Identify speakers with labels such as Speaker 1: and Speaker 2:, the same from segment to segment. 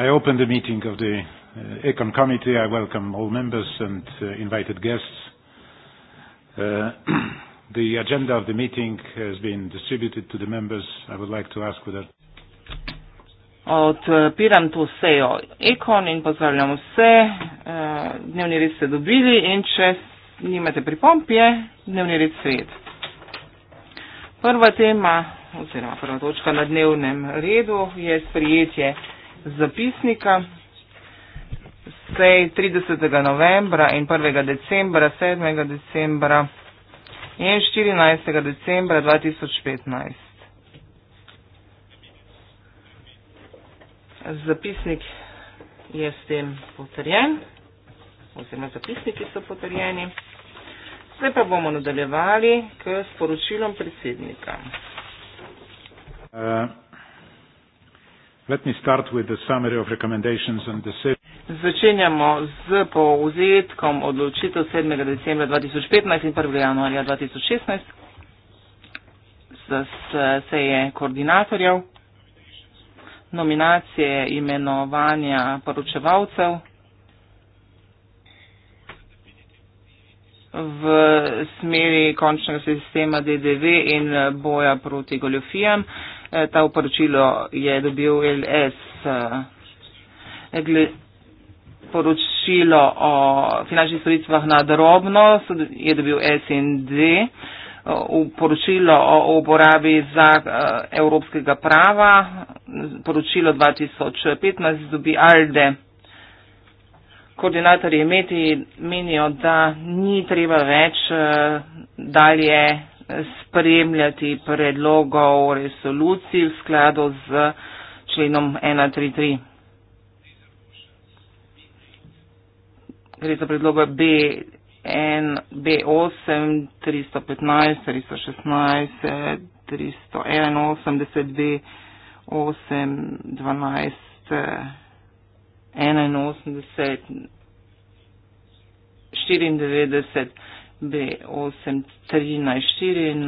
Speaker 1: I open the meeting of the uh, Econ Committee. I welcome all members and uh, invited guests. Uh, the agenda of the meeting has been distributed to the members. I would like to ask whether
Speaker 2: Odpiram to sejo Econ in pozdravljam vse. Uh, dnevni red ste dobili in če nimate pripomp, je dnevni red svet. Prva tema oziroma prva točka na dnevnem redu je sprijetje zapisnika. Sej 30. novembra in 1. decembra, 7. decembra in 14. decembra 2015. Zapisnik je s tem potrjen, oziroma zapisniki so potrjeni. Zdaj pa bomo nadaljevali k sporočilom predsednika.
Speaker 1: Uh. Let me start with the summary of recommendations and decisions.
Speaker 2: Začenjamo z povzetkom odločitev 7. decembra 2015 in 1. januarja 2016 za seje koordinatorjev, nominacije imenovanja poročevalcev. v smeri končnega sistema DDV in boja proti goljofijam. Uh, Eh, ta uporočilo je dobil LS. Eh, poročilo o finančnih storitvah na drobno je dobil SND, eh, poročilo o uporabi za evropskega prava, poročilo 2015 dobi ALDE. Koordinatorji meti menijo, da ni treba več dalje spremljati predlogov resolucij v skladu z členom 133. Gre za predloga B1, B8, 315, 316, 381, B8, 12, 81, 94. B8, 13, 14,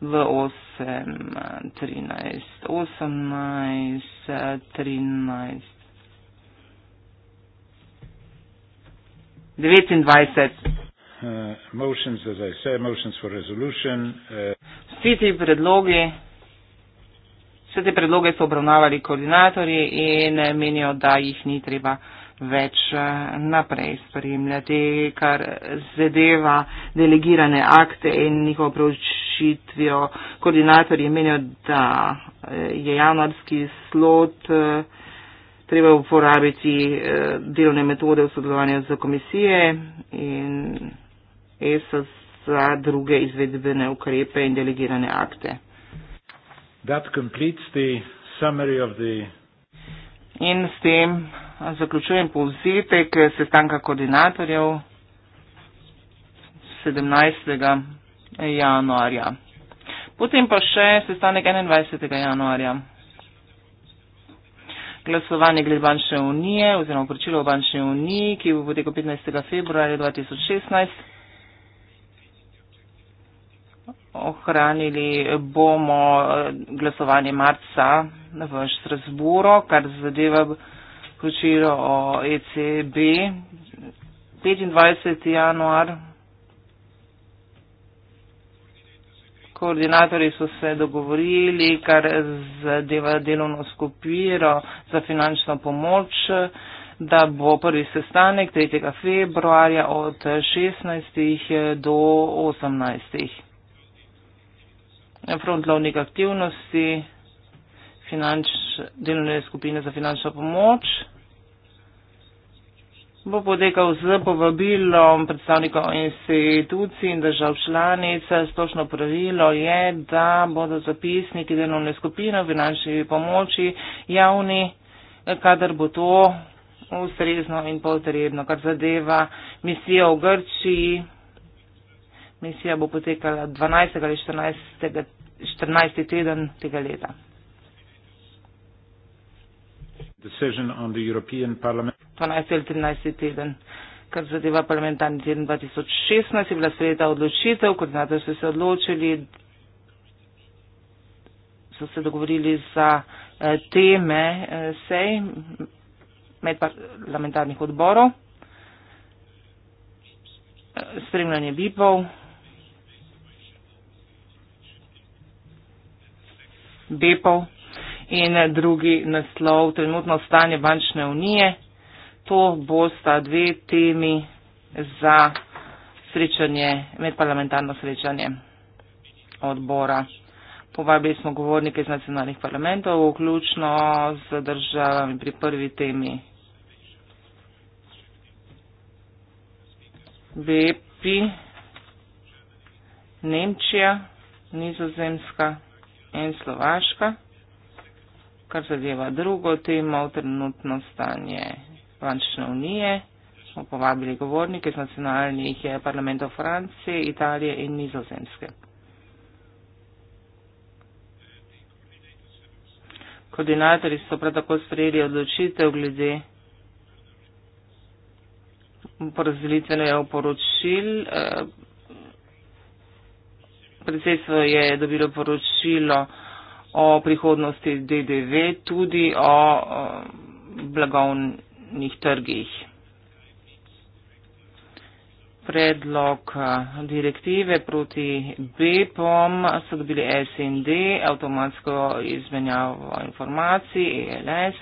Speaker 2: V8, 13, 18, 13,
Speaker 1: 29. Uh, motions, as I say, motions for resolution. Uh. Vsi
Speaker 2: ti predlogi, vse te predloge so obravnavali koordinatorji in menijo, da jih ni treba več eh, naprej spremljati, kar zadeva delegirane akte in njihovo preučitvijo. Koordinatorji menijo, da eh, je januarski slot eh, treba uporabiti delovne metode v sodelovanju z komisije in ESA za druge izvedbene ukrepe in delegirane akte. In s tem zaključujem povzetek sestanka koordinatorjev 17. januarja. Potem pa še sestanek 21. januarja. Glasovanje glede bančne unije oziroma poročilo o bančni uniji, ki bo potekalo 15. februarja 2016. Ohranili bomo eh, glasovanje marca v Štrasburu, kar zadeva poročilo o ECB. 25. januar. Koordinatorji so se dogovorili, kar zadeva delovno skupino za finančno pomoč, da bo prvi sestanek 3. februarja od 16. do 18. Frontlovnik aktivnosti finanč, delovne skupine za finančno pomoč bo potekal z povabilom predstavnikov institucij in držav članic. Splošno pravilo je, da bodo zapisniki delovne skupine v finančni pomoči javni, kadar bo to ustrezno in potrebno, kar zadeva misijo v Grčiji. Misija bo potekala 12. ali 14. 14. teden tega leta.
Speaker 1: Decision on the European Parliament.
Speaker 2: 12 ali 13 teden. Kar zadeva parlamentarni teden 2016, je bila sveta odločitev, koordinatorji so se odločili, so se dogovorili za eh, teme eh, sej med parlamentarnih odborov, eh, spremljanje bipov, bepov in eh, drugi naslov, trenutno stanje bančne unije to bosta dve temi za srečanje, medparlamentarno srečanje odbora. Povabili smo govornike iz nacionalnih parlamentov, vključno z državami pri prvi temi. Bepi, Nemčija, Nizozemska in Slovaška. Kar zadeva drugo temo, trenutno stanje Bančne unije. Smo povabili govornike z nacionalnih eh, parlamentov Francije, Italije in Nizozemske. Koordinatorji so prav tako sprejeli odločitev glede porazdelitvenega poročil. Eh, predsedstvo je dobilo poročilo o prihodnosti DDV, tudi o eh, blagovni javnih trgih. Predlog eh, direktive proti BEPOM so dobili SND, avtomatsko izmenjavo informacij, ELS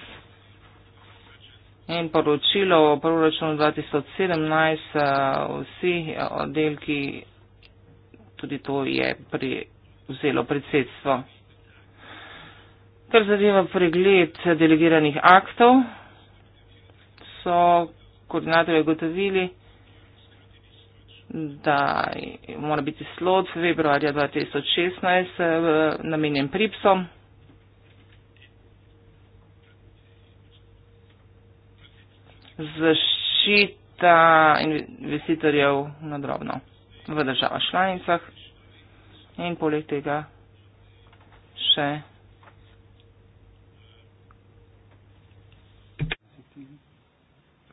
Speaker 2: in poročilo o proračunu 2017 eh, vsi oddelki, tudi to je pri, vzelo predsedstvo. Kar zadeva pregled delegiranih aktov, so koordinatorji ugotovili, da mora biti slot februarja 2016 eh, namenjen pripsom. Zaščita investitorjev nadrobno v državah članicah in poleg tega še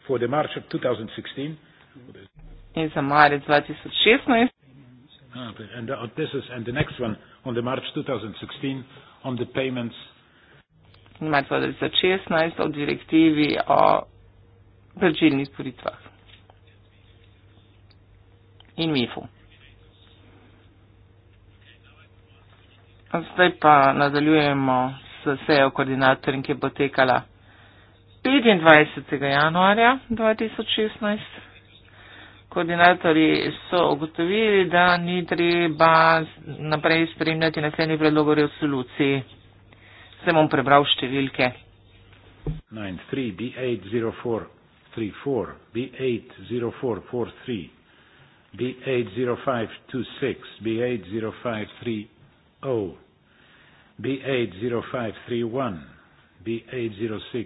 Speaker 1: for the March of 2016. In za marec 2016. Ah, and uh, this is and the next one on the March 2016 on the payments. In marca
Speaker 2: 2016 o direktivi o plačilnih storitvah. In MIF-u. Zdaj pa nadaljujemo s sejo koordinatorjem, ki bo tekala 25. januarja 2016 koordinatorji so ugotovili, da ni treba naprej spremljati naslednjih predlogov resolucij. Se bom prebral številke.
Speaker 1: 93 B8 0434 B8 0443 B8 0526 B8 0530 B8 0531 B8 06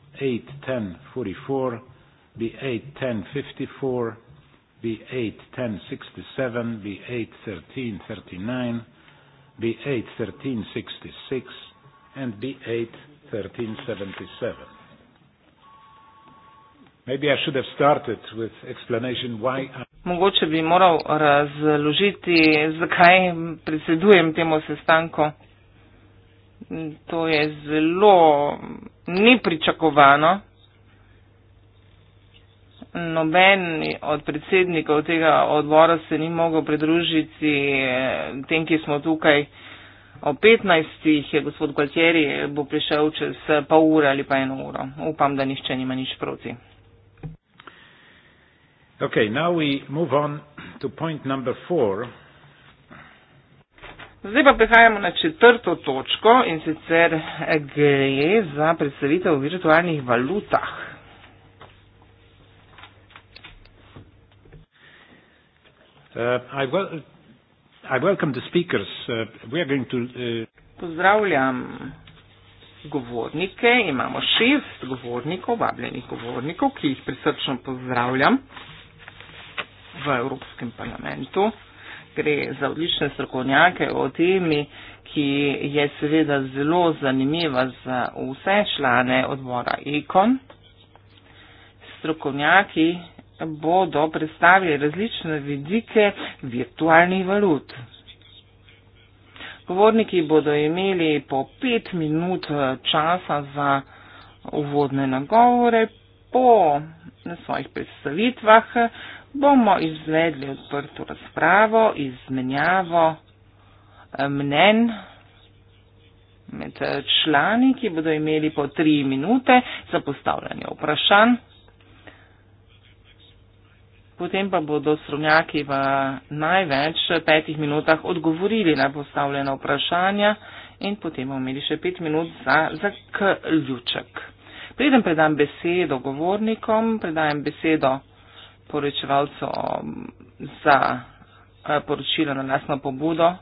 Speaker 1: 8.10.44, B8.10.54, B8.10.67, B8.13.39, B8.13.66, and B8.13.77. Maybe I should have started with explanation why I
Speaker 2: Mogoče bi moral razložiti, zakaj predsedujem temu sestanku. To je zelo ni pričakovano. Noben od predsednikov tega odbora se ni mogel pridružiti eh, tem, ki smo tukaj. O 15. je gospod Gualtieri, eh, bo prišel čez eh, pol ure ali pa eno uro. Upam, da nišče nima nič proti.
Speaker 1: Okay, now we move on to point number four. Zdaj pa prehajamo na četrto točko in sicer
Speaker 2: gre za predstavitev v virtualnih valutah.
Speaker 1: Uh, uh, uh, to, uh... Pozdravljam
Speaker 2: govornike. Imamo šest govornikov, vabljenih govornikov, ki jih prisrčno pozdravljam v Evropskem parlamentu gre za odlične strokovnjake o temi, ki je seveda zelo zanimiva za vse člane odbora ECON. Strokovnjaki bodo predstavili različne vidike virtualnih valut. Govorniki bodo imeli po pet minut eh, časa za uvodne nagovore, po svojih predstavitvah bomo izvedli odprto razpravo, izmenjavo eh, mnen med eh, člani, ki bodo imeli po tri minute za postavljanje vprašanj. Potem pa bodo strunjaki v največ petih minutah odgovorili na postavljena vprašanja in potem bomo imeli še pet minut za zaključek. Preden predam besedo govornikom, predajem besedo poročevalcu um, za uh, poročilo na lasno pobudo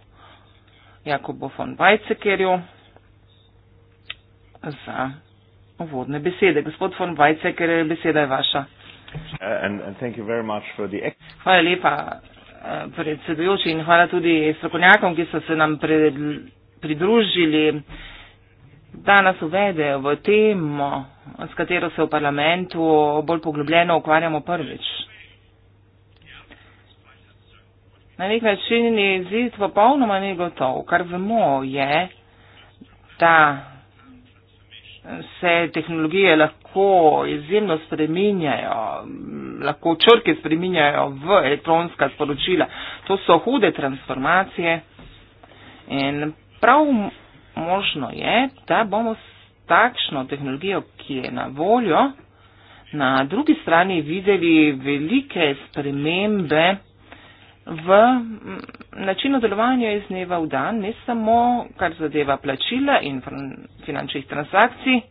Speaker 2: Jakobo von Weizsäckerju za uvodne besede. Gospod von Weizsäcker, beseda je vaša.
Speaker 1: Uh, and, and thank you very much for the...
Speaker 2: Hvala lepa uh, predsedujoči in hvala tudi strokovnjakom, ki so se nam pridružili, da nas uvedejo v temo, s katero se v parlamentu bolj poglobljeno ukvarjamo prvič. na nek način je izid popolnoma negotov. Kar vemo je, da se tehnologije lahko izjemno spreminjajo, lahko črke spreminjajo v elektronska sporočila. To so hude transformacije in prav možno je, da bomo s takšno tehnologijo, ki je na voljo, na drugi strani videli velike spremembe v mm, načinu delovanja iz dneva v dan, ne samo kar zadeva plačila in finančnih transakcij,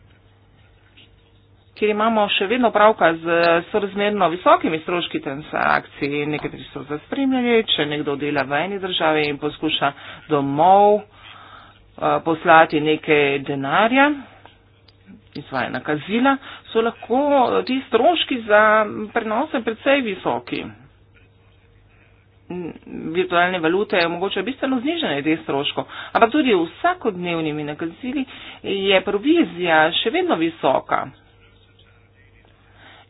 Speaker 2: kjer imamo še vedno pravka z sorazmerno visokimi stroški transakcij, nekateri so zaspremljali, če nekdo dela v eni državi in poskuša domov eh, poslati nekaj denarja, izvaja nakazila, so lahko ti stroški za prenose predvsej visoki virtualne valute omogočajo bistveno znižanje teh stroškov, ampak tudi vsakodnevnimi nakazili je provizija še vedno visoka,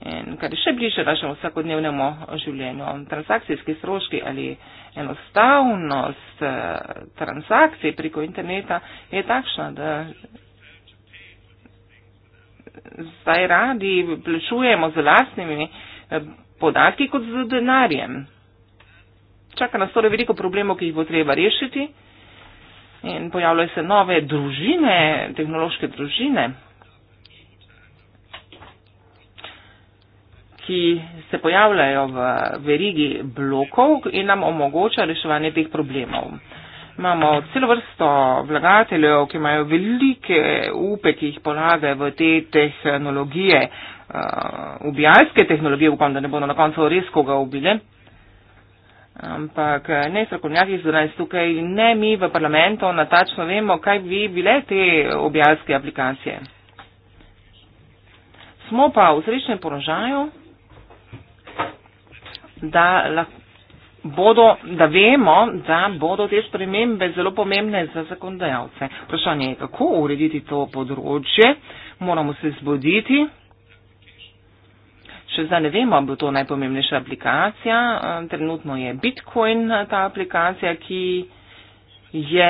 Speaker 2: in kar je še bliže našemu vsakodnevnemu življenju. Transakcijski stroški ali enostavnost eh, transakcij preko interneta je takšna, da. Zdaj radi plačujemo z vlastnimi eh, podatki kot z denarjem čaka nas torej veliko problemov, ki jih bo treba rešiti. In pojavljajo se nove družine, tehnološke družine, ki se pojavljajo v verigi blokov in nam omogoča reševanje teh problemov. Imamo celo vrsto vlagateljev, ki imajo velike upe, ki jih polagajo v te tehnologije, eh, ubijalske tehnologije, upam, da ne bodo na koncu res koga ubile. Ampak eh, ne strokovnjaki zdaj tukaj, ne mi v parlamentu, natačno vemo, kaj bi bile te objavske aplikacije. Smo pa v srečnem porožaju, da lahko. Bodo, da vemo, da bodo te spremembe zelo pomembne za zakondajalce. Vprašanje je, kako urediti to področje. Moramo se zbuditi, še zdaj ne vemo, ali bo to najpomembnejša aplikacija. Trenutno je Bitcoin ta aplikacija, ki je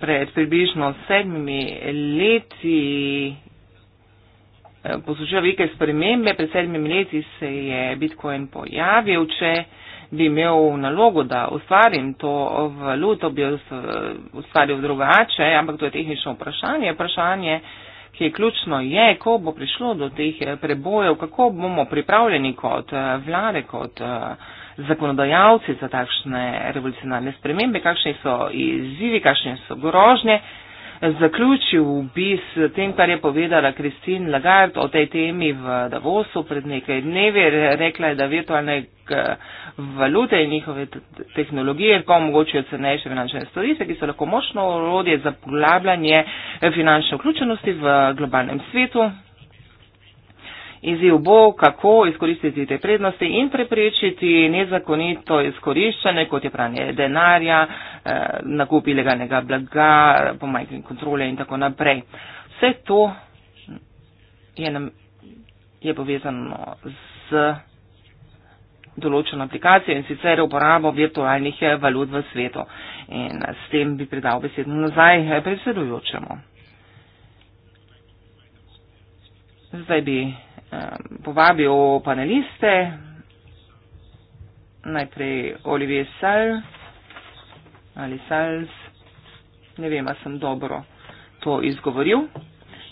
Speaker 2: pred približno sedmimi leti poslušal velike spremembe. Pred sedmimi leti se je Bitcoin pojavil. Če bi imel nalogo, da ustvarim to valuto, bi jo ustvaril drugače, ampak to je tehnično vprašanje. vprašanje ki je ključno, je, ko bo prišlo do teh eh, prebojev, kako bomo pripravljeni kot eh, vlade, kot eh, zakonodajalci za takšne revolucionarne spremembe, kakšni so izzivi, kakšne so grožnje zaključil bi s tem, kar je povedala Kristin Lagarde o tej temi v Davosu pred nekaj dnevi. Rekla je, da virtualne eh, valute in njihove tehnologije pa omogočajo cenejše finančne storitve, ki so lahko močno orodje za poglabljanje finančne vključenosti v globalnem svetu. Izjiv bo, kako izkoristiti te prednosti in preprečiti nezakonito izkoriščanje, kot je pranje denarja, uh, eh, nakup ilegalnega blaga, pomanjkanje kontrole in tako naprej. Vse to je, nam, je povezano z določeno aplikacijo in sicer uporabo virtualnih eh, valut v svetu. In s tem bi predal besedo nazaj eh, predsedujočemu. Zdaj bi eh, povabil paneliste. Najprej Olivier Sell ali Sales. Ne vem, ali sem dobro to izgovoril,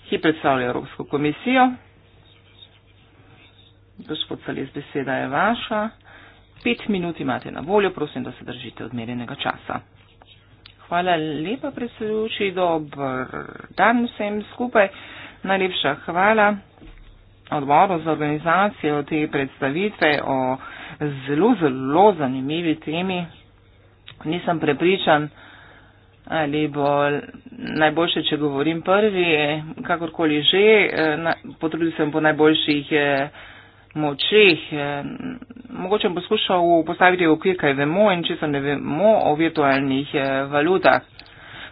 Speaker 2: ki predstavlja Evropsko komisijo. Gospod Sales, beseda je vaša. Pet minut imate na voljo, prosim, da se držite odmerjenega časa. Hvala lepa, predsedujoči, dober dan vsem skupaj. Najlepša hvala odboru za organizacijo te predstavitve o zelo, zelo zanimivi temi, nisem prepričan ali bo najboljše, če govorim prvi, eh, kakorkoli že, eh, potrudil sem po najboljših eh, močeh. Mogoče bom skušal postaviti v okvir, kaj vemo in če se ne vemo o virtualnih valutah.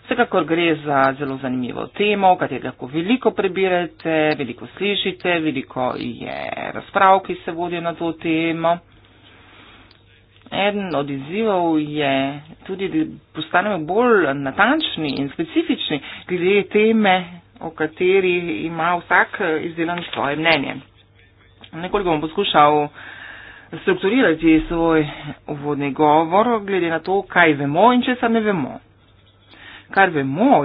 Speaker 2: Vsekakor gre za zelo zanimivo temo, o kateri lahko veliko prebirate, veliko slišite, veliko je razprav, ki se vodijo na to temo. Eden od izzivov je tudi, da postanemo bolj natančni in specifični glede teme, o kateri ima vsak izdelan svoje mnenje. Nekoliko bom poskušal strukturirati svoj uvodni govor glede na to, kaj vemo in česa ne vemo. Kar vemo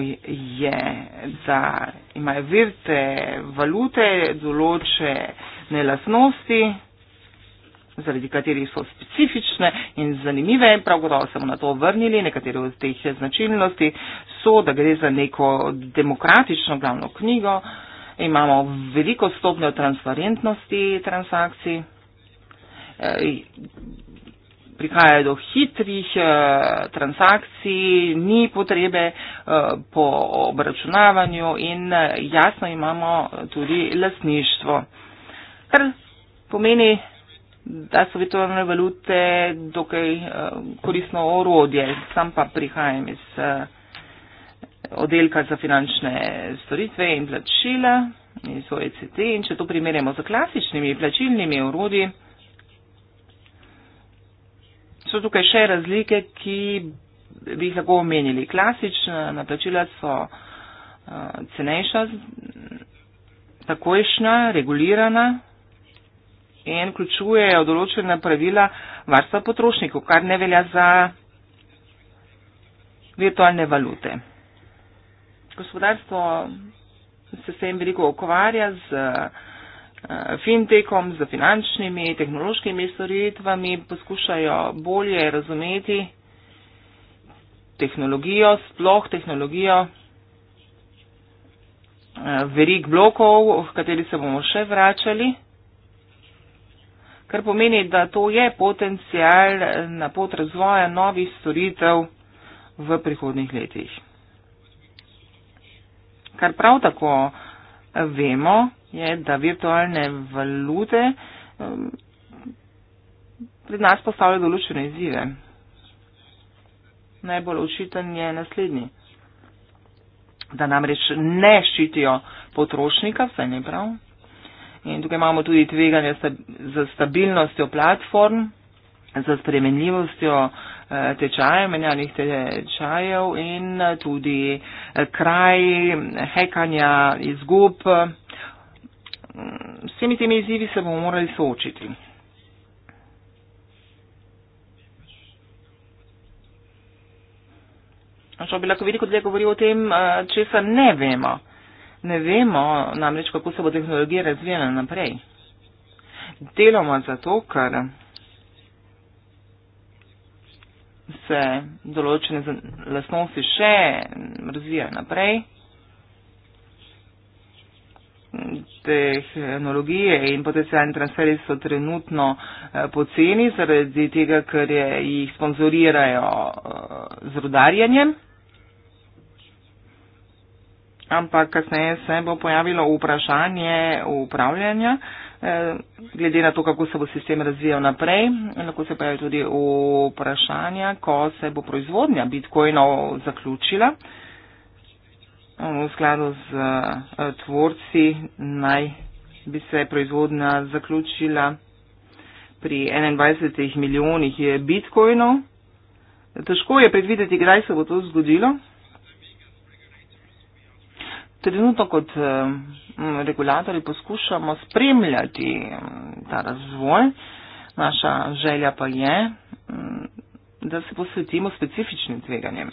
Speaker 2: je, da imajo virte valute določene lasnosti, zaradi katerih so specifične in zanimive. Prav gotovo se bomo na to vrnili. Nekatere od teh značilnosti so, da gre za neko demokratično glavno knjigo. Imamo veliko stopnjo transparentnosti transakcij. Eh, prihaja do hitrih eh, transakcij, ni potrebe eh, po obračunavanju in jasno imamo tudi lasništvo. Kar pomeni, da so virtualne valute dokaj uh, koristno orodje. Sam pa prihajam iz uh, oddelka za finančne storitve in plačila iz OECD in če to primerjamo z klasičnimi plačilnimi orodji, so tukaj še razlike, ki bi jih lahko omenili. Klasična naplačila so uh, cenejša, takojšnja, regulirana, in vključujejo določene pravila varstva potrošnikov, kar ne velja za virtualne valute. Gospodarstvo se s tem veliko okvarja z eh, fintechom, z finančnimi, tehnološkimi storitvami, poskušajo bolje razumeti tehnologijo, sploh tehnologijo eh, verig blokov, v kateri se bomo še vračali kar pomeni, da to je potencijal na pot razvoja novih storitev v prihodnih letih. Kar prav tako vemo, je, da virtualne valute um, pred nas postavljajo določene izzive. Najbolj očiten je naslednji, da namreč ne ščitijo potrošnika, vse ne prav, In tukaj imamo tudi tveganje za stabilnostjo platform, za spremenljivostjo eh, tečajev, menjanih tečajev in eh, tudi eh, kraj hekanja izgub. Mm, s temi temi izzivi se bomo morali soočiti. Če bi lahko veliko dlje govoril o tem, česa ne vemo ne vemo namreč, kako se bo tehnologija razvijala naprej. Deloma zato, ker se določene lasnosti še razvijajo naprej. Tehnologije in potencijalni transferi so trenutno eh, poceni, zaradi tega, ker jih sponzorirajo eh, z rudarjanjem ampak kasneje se bo pojavilo vprašanje upravljanja, eh, glede na to, kako se bo sistem razvijal naprej. Lahko se pojavijo tudi vprašanja, ko se bo proizvodnja bitcoinov zaključila. V skladu z eh, tvorci naj bi se proizvodnja zaključila pri 21 milijonih bitcoinov. Težko je predvideti, kdaj se bo to zgodilo trenutno kot eh, regulatorji poskušamo spremljati ta razvoj. Naša želja pa je, da se posvetimo specifičnim tveganjem.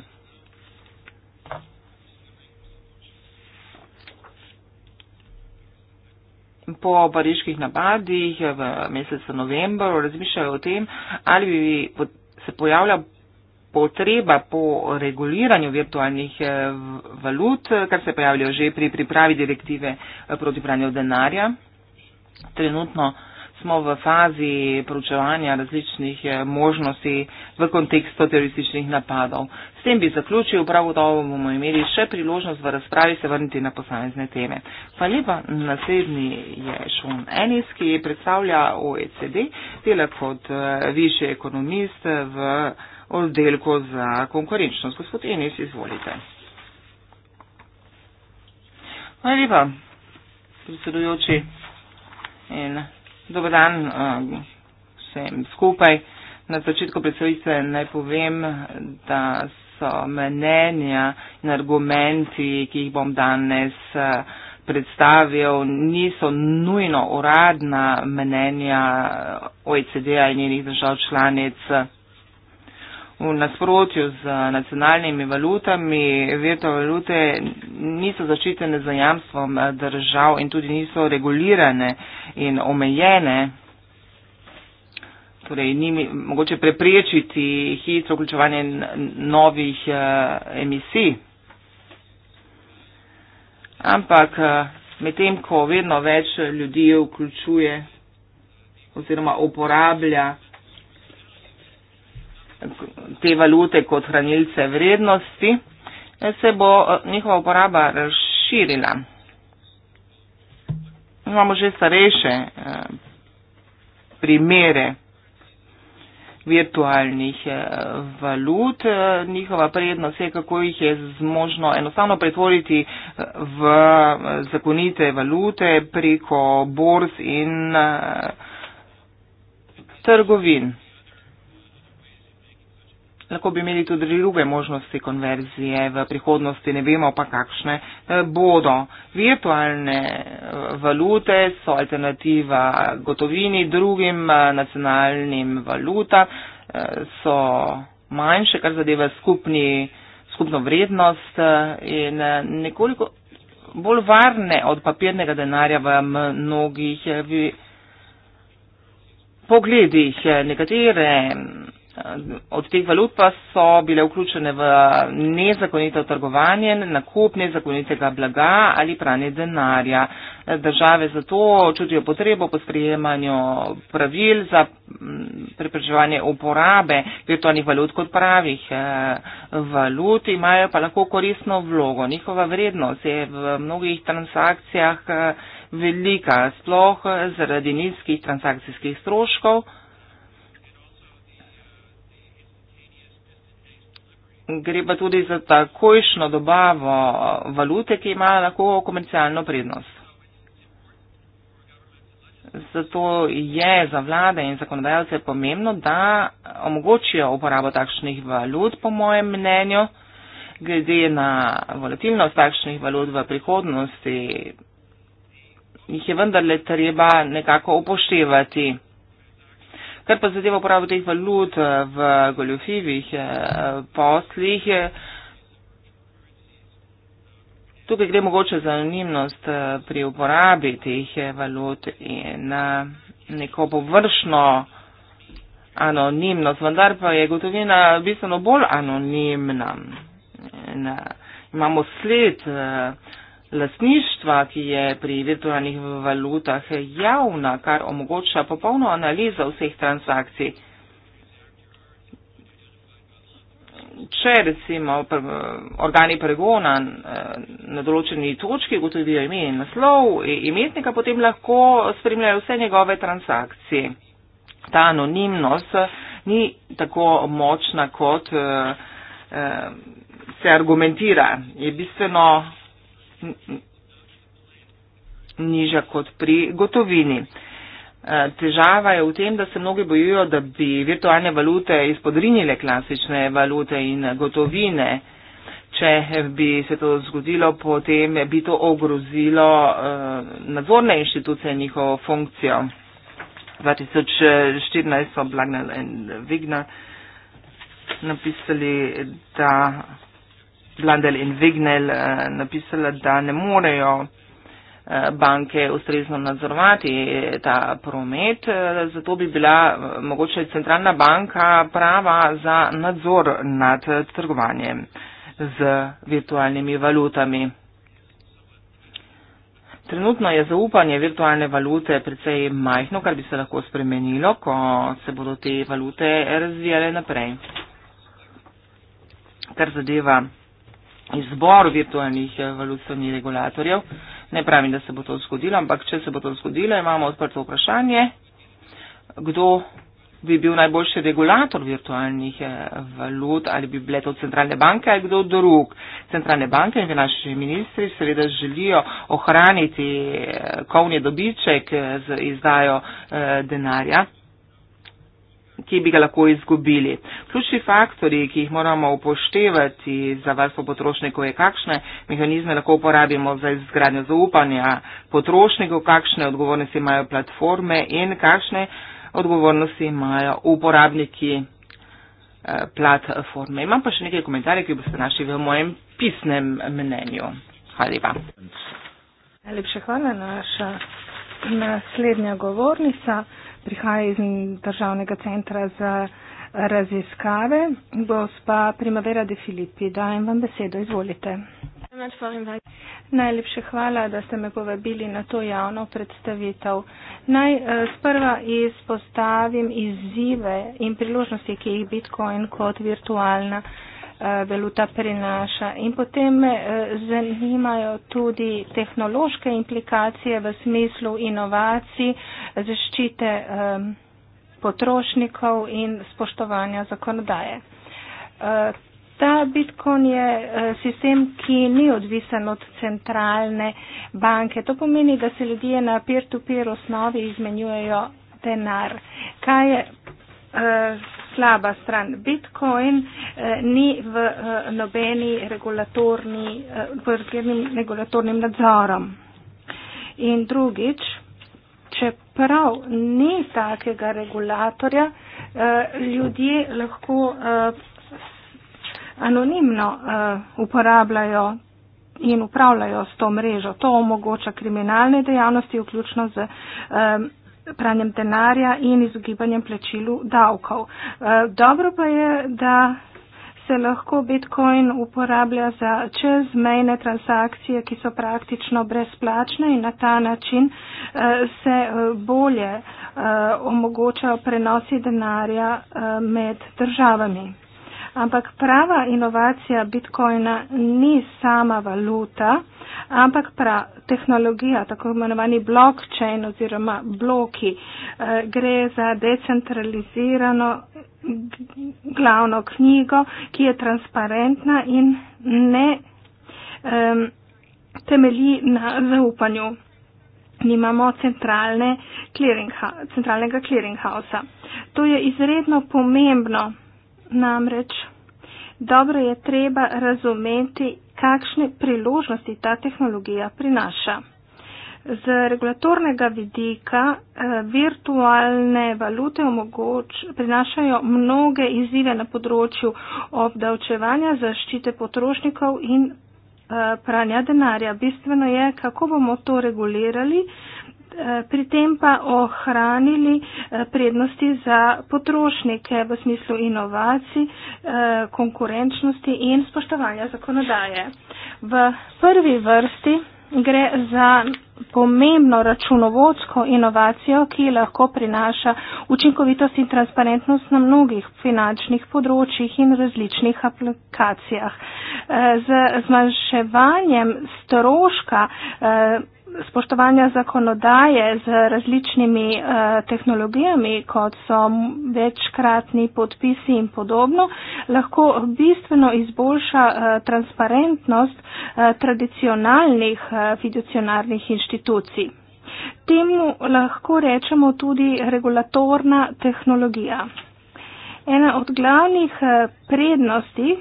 Speaker 2: Po pariških napadih v mesecu novembru razmišljajo o tem, ali bi se pojavljal potreba po reguliranju virtualnih eh, valut, eh, kar se pojavljajo že pri pripravi direktive eh, proti pranju denarja. Trenutno smo v fazi proučevanja različnih možnosti v kontekstu terorističnih napadov. S tem bi zaključil, prav gotovo bomo imeli še priložnost v razpravi se vrniti na posamezne teme. Hvala lepa, naslednji je Šon Enis, ki predstavlja OECD, dela kot višji ekonomist v oddelku za konkurenčnost. Gospod Enis, izvolite. Hvala lepa, predsedujoči. In dober dan um, vsem skupaj. Na začetku predstavitve naj povem, da so menenja in argumenti, ki jih bom danes uh, predstavil, niso nujno uradna menenja OECD-a in njenih držav članic v nasprotju z nacionalnimi valutami. Virtualne valute niso zaščitene za jamstvom držav in tudi niso regulirane in omejene. Torej, ni mogoče preprečiti hitro vključevanje novih eh, emisij. Ampak eh, medtem, ko vedno več ljudi vključuje oziroma uporablja te valute kot hranilce vrednosti, eh, se bo eh, njihova uporaba razširila. Imamo že starejše eh, primere virtualnih valut. Njihova prednost je, kako jih je možno enostavno pretvoriti v zakonite valute preko borz in trgovin lahko bi imeli tudi druge možnosti konverzije v prihodnosti, ne vemo pa kakšne eh, bodo. Virtualne eh, valute so alternativa gotovini, drugim eh, nacionalnim valuta so manjše, kar zadeva skupni, skupno vrednost in nekoliko bolj varne od papirnega denarja v mnogih pogledih. Nekatere od teh valut pa so bile vključene v nezakonito trgovanje, nakup nezakonitega blaga ali pranje denarja. Države zato čutijo potrebo po sprejemanju pravil za mm, preprečevanje uporabe virtualnih valut kot pravih eh, valut, imajo pa lahko koristno vlogo. Njihova vrednost je v mnogih transakcijah eh, velika, sploh eh, zaradi nizkih transakcijskih stroškov. gre pa tudi za takojšno dobavo eh, valute, ki ima lahko komercialno prednost. Zato je za vlade in zakonodajalce pomembno, da omogočijo uporabo takšnih valut, po mojem mnenju, glede na volatilnost takšnih valut v prihodnosti, jih je vendarle treba nekako upoštevati. Kar pa zadeva uporabo teh valut eh, v goljofivih eh, poslih, eh, tukaj gre mogoče za anonimnost pri uporabi teh valut in neko površno anonimnost, vendar pa je gotovina bistveno bolj anonimna. In, imamo sled lastništva, ki je pri virtualnih valutah javna, kar omogoča popolno analizo vseh transakcij. Če recimo organi pregona eh, na določeni točki ugotovijo ime in naslov imetnika, potem lahko spremljajo vse njegove transakcije. Ta anonimnost eh, ni tako močna, kot eh, se argumentira. Je bistveno niža kot pri gotovini. E, težava je v tem, da se mnogi bojujo, da bi virtualne valute izpodrinile klasične valute in gotovine. Če bi se to zgodilo, potem bi to ogrozilo e, nadzorne inštitucije in njihovo funkcijo. 2014 so Blagna in Vigna napisali, da Blandel in Vignel eh, napisala, da ne morejo eh, banke ustrezno nadzorovati eh, ta promet, eh, zato bi bila eh, mogoče centralna banka prava za nadzor nad eh, trgovanjem z virtualnimi valutami. Trenutno je zaupanje virtualne valute precej majhno, kar bi se lahko spremenilo, ko se bodo te valute razvijale naprej. Kar zadeva izbor virtualnih eh, valutnih regulatorjev. Ne pravim, da se bo to zgodilo, ampak če se bo to zgodilo, imamo odprto vprašanje, kdo bi bil najboljši regulator virtualnih eh, valut, ali bi bile to centralne banke ali kdo drug. Centralne banke in finančni ministri seveda želijo ohraniti eh, kovni dobiček z izdajo denarja ki bi ga lahko izgubili. Ključni faktori, ki jih moramo upoštevati za varstvo potrošnikov, je kakšne mehanizme lahko uporabimo za izgradnjo zaupanja potrošnikov, kakšne odgovornosti imajo platforme in kakšne odgovornosti imajo uporabniki eh, platforme. Imam pa še nekaj komentarjev, ki boste našli v mojem pisnem mnenju. Hvala lepa.
Speaker 3: Najlepša hvala, naša naslednja govornica prihaja iz državnega centra za raziskave. Gospa Primavera de Filipi, dajem vam besedo, izvolite. Najlepše hvala, da ste me povabili na to javno predstavitev. Naj eh, sprva izpostavim izzive in priložnosti, ki jih Bitcoin kot virtualna valuta prinaša. In potem me eh, zanimajo tudi tehnološke implikacije v smislu inovacij, zaščite eh, potrošnikov in spoštovanja zakonodaje. Eh, ta bitcoin je sistem, ki ni odvisen od centralne banke. To pomeni, da se ljudje na peer-to-peer -peer osnovi izmenjujejo denar. Kaj je uh, slaba stran. Bitcoin eh, ni v eh, nobeni regulatorni, podrejenim eh, regulatornim nadzorom. In drugič, čeprav ni takega regulatorja, ljudje lahko anonimno uporabljajo in upravljajo s to mrežo. To omogoča kriminalne dejavnosti, vključno z um, pranjem denarja in izogibanjem plačilu davkov. Eh, dobro pa je, da se lahko bitcoin uporablja za čezmejne transakcije, ki so praktično brezplačne in na ta način eh, se eh, bolje omogočajo prenosi denarja med državami. Ampak prava inovacija bitcoina ni sama valuta, ampak pra tehnologija, tako imenovani blockchain oziroma bloki, eh, gre za decentralizirano glavno knjigo, ki je transparentna in ne um, temelji na zaupanju. Nimamo centralne clearingha, centralnega clearinghausa. To je izredno pomembno. Namreč dobro je treba razumeti, kakšne priložnosti ta tehnologija prinaša. Z regulatornega vidika eh, virtualne valute omogoč, prinašajo mnoge izzive na področju obdavčevanja, zaščite potrošnikov in eh, pranja denarja. Bistveno je, kako bomo to regulirali, pri tem pa ohranili eh, prednosti za potrošnike v smislu inovacij, eh, konkurenčnosti in spoštovanja zakonodaje. V prvi vrsti gre za pomembno računovodsko inovacijo, ki lahko prinaša učinkovitost in transparentnost na mnogih finančnih področjih in različnih aplikacijah. Eh, z zmanjševanjem stroška spoštovanja zakonodaje z različnimi eh, tehnologijami, kot so večkratni podpisi in podobno, lahko bistveno izboljša eh, transparentnost eh, tradicionalnih eh, fiducionarnih inštitucij. Temu lahko rečemo tudi regulatorna tehnologija. Ena od glavnih eh, prednosti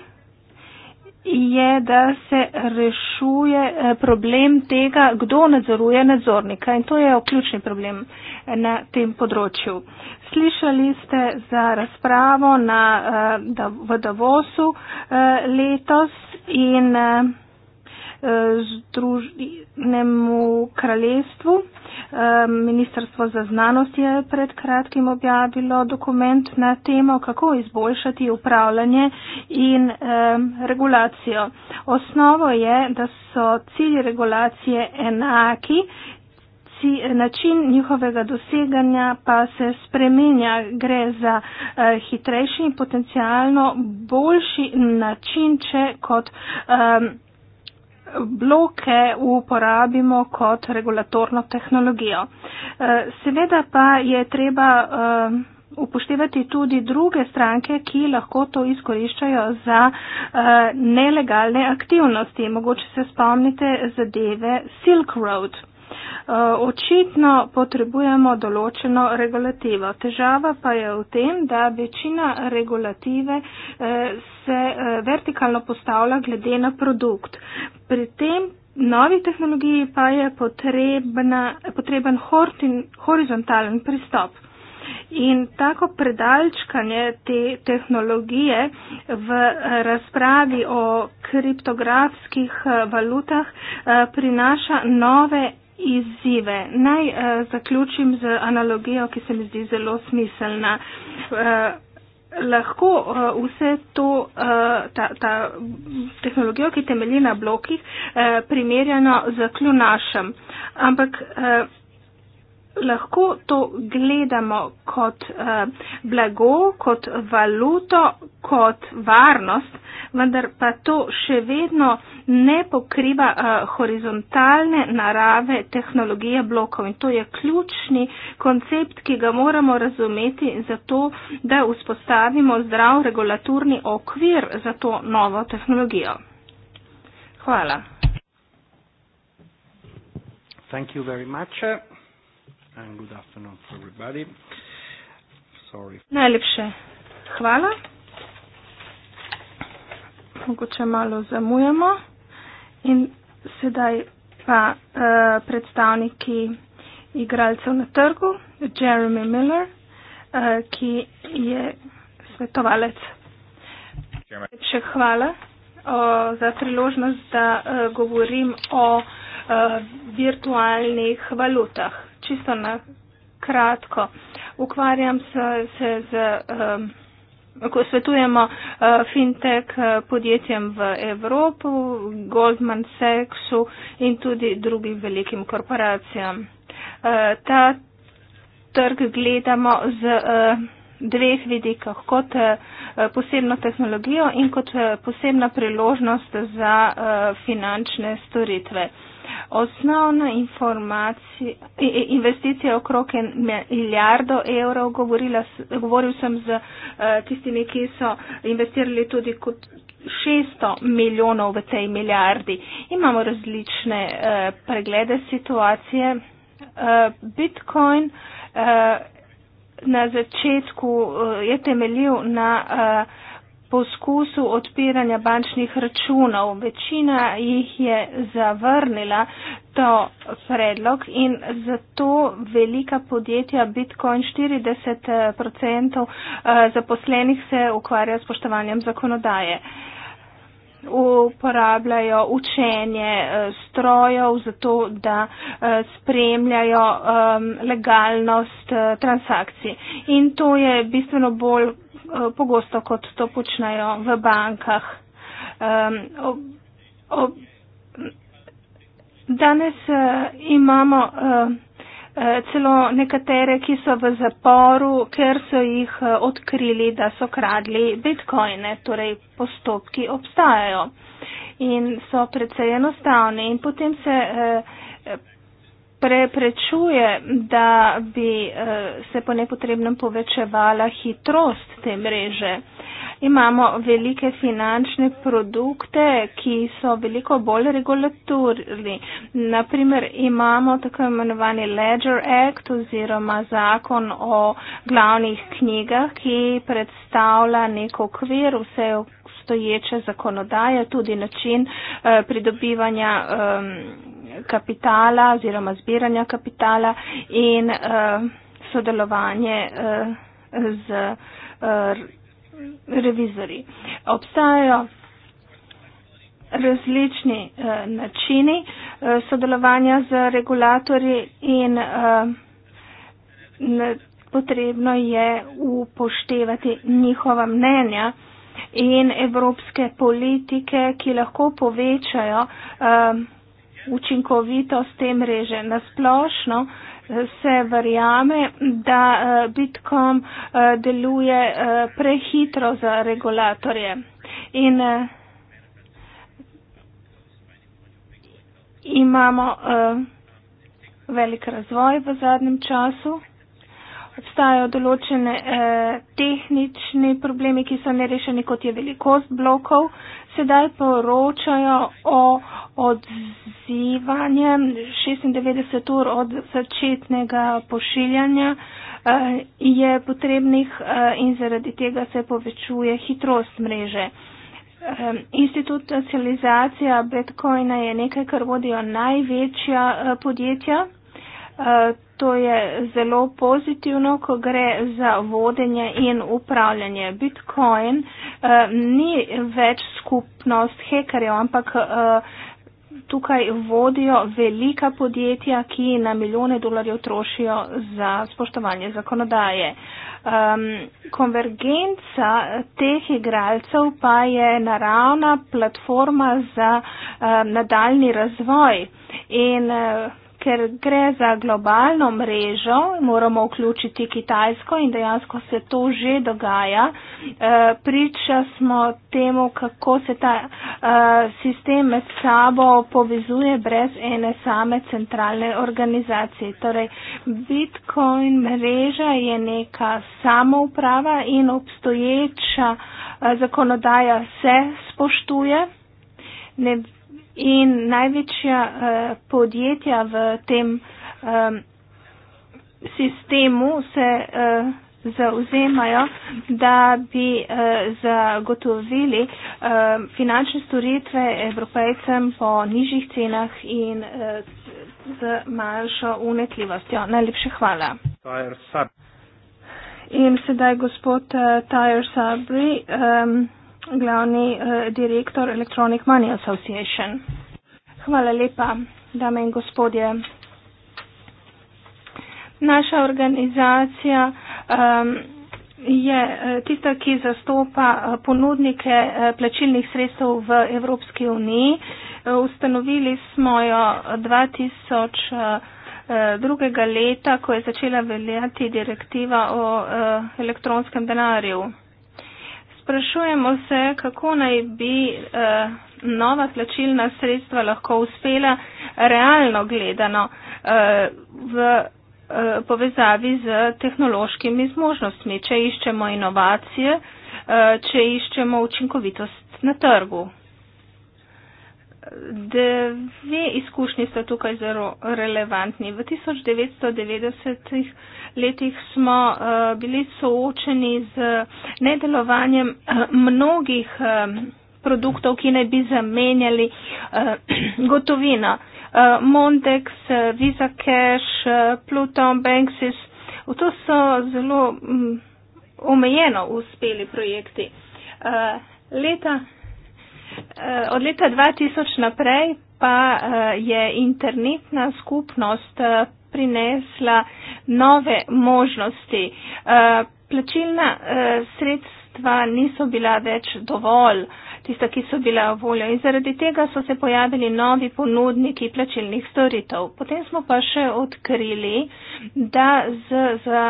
Speaker 3: je, da se rešuje eh, problem tega, kdo nadzoruje nadzornika in to je ključni problem eh, na tem področju. Slišali ste za razpravo na, eh, v Davosu letos in Eh, združnemu kraljestvu. Eh, Ministrstvo za znanost je pred kratkim objavilo dokument na temo, kako izboljšati upravljanje in eh, regulacijo. Osnovo je, da so cilji regulacije enaki. Način njihovega doseganja pa se spremenja, gre za eh, hitrejši in potencialno boljši način, če kot. Eh, bloke uporabimo kot regulatorno tehnologijo. Eh, seveda pa je treba eh, upoštevati tudi druge stranke, ki lahko to izkoriščajo za eh, nelegalne aktivnosti. Mogoče se spomnite zadeve Silk Road. Eh, očitno potrebujemo določeno regulativo. Težava pa je v tem, da večina regulative eh, se eh, vertikalno postavlja glede na produkt. Pri tem novi tehnologiji pa je potrebna, potreben horizontalen pristop. In tako predalčkanje te tehnologije v razpravi o kriptografskih valutah prinaša nove izzive. Naj uh, zaključim z analogijo, ki se mi zdi zelo smiselna. Uh, lahko uh, vse to, uh, ta, ta tehnologijo, ki temelji na blokih, uh, primerjeno z kljunašem. Ampak uh, lahko to gledamo kot eh, blago, kot valuto, kot varnost, vendar pa to še vedno ne pokriva eh, horizontalne narave tehnologije blokov. In to je ključni koncept, ki ga moramo razumeti za to, da vzpostavimo zdrav regulaturni okvir za to novo tehnologijo. Hvala.
Speaker 1: Thank you very much and good afternoon for everybody. Sorry.
Speaker 3: Najlepše hvala. Mogoče malo zamujamo in sedaj pa uh, predstavniki igralcev na trgu, Jeremy Miller, uh, ki je svetovalec. Najlepše hvala uh, za priložnost, da uh, govorim o uh, virtualnih valutah čisto na kratko. Ukvarjam se, se z. Um, Ko svetujemo uh, fintech uh, podjetjem v Evropi, Goldman Sachsu in tudi drugim velikim korporacijam. Uh, ta trg gledamo z uh, dveh vidikov, kot uh, posebno tehnologijo in kot uh, posebna priložnost za uh, finančne storitve. Osnovna informacija, investicija okrog milijardo evrov, govorila, govoril sem z eh, tistimi, ki so investirali tudi kot 600 milijonov v tej milijardi. Imamo različne eh, preglede situacije. Eh, Bitcoin na začetku je temeljil na poskusu odpiranja bančnih računov. Večina jih je zavrnila to predlog in zato velika podjetja Bitcoin 40% eh, zaposlenih se ukvarja s poštovanjem zakonodaje. Uporabljajo učenje eh, strojev zato, da eh, spremljajo ehm, legalnost transakcij. In to je bistveno bolj Eh, pogosto, kot to počnejo v bankah. Um, ob, ob, danes uh, imamo uh, uh, celo nekatere, ki so v zaporu, ker so jih uh, odkrili, da so kradli bitcoine, torej postopki obstajajo in so precej enostavni. In potem se. Uh, preprečuje, da bi eh, se po nepotrebnem povečevala hitrost te mreže. Imamo velike finančne produkte, ki so veliko bolj regulatorni. Naprimer, imamo tako imenovani Ledger Act oziroma zakon o glavnih knjigah, ki predstavlja nek okvir vse obstoječe zakonodaje, tudi način eh, pridobivanja. Eh, kapitala oziroma zbiranja kapitala in uh, sodelovanje uh, z uh, eh, revizori. Obstajajo različni uh, načini uh, sodelovanja z regulatorji in uh, ne, potrebno je upoštevati njihova mnenja in evropske politike, ki lahko povečajo uh, učinkovito s tem reže. Nasplošno eh, se verjame, da eh, bitkom eh, deluje prehitro za regulatorje. In imamo velik razvoj v zadnjem času. Obstajajo določene eh, tehnični problemi, ki so nerešeni, kot je velikost blokov, sedaj poročajo o odzivanju 96 ur od začetnega pošiljanja. Eh, je potrebnih eh, in zaradi tega se povečuje hitrost mreže. Eh, institucionalizacija Bitcoina je nekaj, kar vodijo največja podjetja to je zelo pozitivno, ko gre za vodenje in upravljanje. Bitcoin uh, ni več skupnost hekarjev, ampak. Uh, Tukaj vodijo velika podjetja, ki na milijone dolarjev trošijo za spoštovanje zakonodaje. Um, konvergenca teh igralcev pa je naravna platforma za um, eh, nadaljni razvoj. In, uh, ker gre za globalno mrežo, moramo vključiti Kitajsko in dejansko se to že dogaja. Eh, priča smo temu, kako se ta eh, sistem med sabo povezuje brez ene same centralne organizacije. Torej, Bitcoin mreža je neka samouprava in obstoječa eh, zakonodaja se spoštuje. Ne in največja uh, podjetja v tem um, sistemu se uh, eh, zauzemajo, da bi uh, zagotovili uh, finančne storitve evropejcem po nižjih cenah in uh, z manjšo unetljivostjo. Najlepše hvala. In sedaj gospod uh, Tyre Sabri. Um, glavni uh, direktor Electronic Money Association. Hvala lepa, dame in gospodje. Naša organizacija um, je eh, tista, ki zastopa eh, ponudnike plačilnih sredstev v Evropski uniji. Ustanovili smo jo 2002. leta, ko je začela veljati direktiva o elektronskem denarju sprašujemo se, kako naj bi uh, nova plačilna sredstva lahko uspela realno gledano uh, v eh, povezavi z tehnološkimi zmožnostmi, če iščemo inovacije, če iščemo učinkovitost na trgu dve izkušnji sta tukaj zelo relevantni. V 1990 letih smo eh, bili soočeni z nedelovanjem eh, mnogih eh, produktov, ki naj bi zamenjali gotovino. Mondex, Visa Cash, Pluton Banksys, to so zelo mm, omejeno uspeli projekti. Leta Eh, od leta 2000 naprej pa eh, je internetna skupnost eh, prinesla nove možnosti. Plačilna sredstva niso bila več dovolj, tista, ki so bila voljo in zaradi tega so se pojavili novi ponudniki plačilnih storitev. Potem smo pa še odkrili, da z, za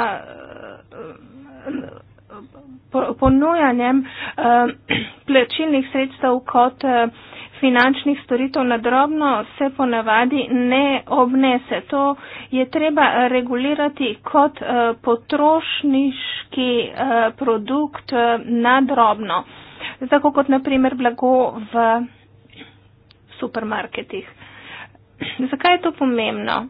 Speaker 3: ponujanjem eh, plačilnih sredstev kot eh, finančnih storitev na drobno se ponavadi ne obnese. To je treba regulirati kot eh, potrošniški produkt na drobno, tako kot naprimer blago v supermarketih. Zakaj je to pomembno?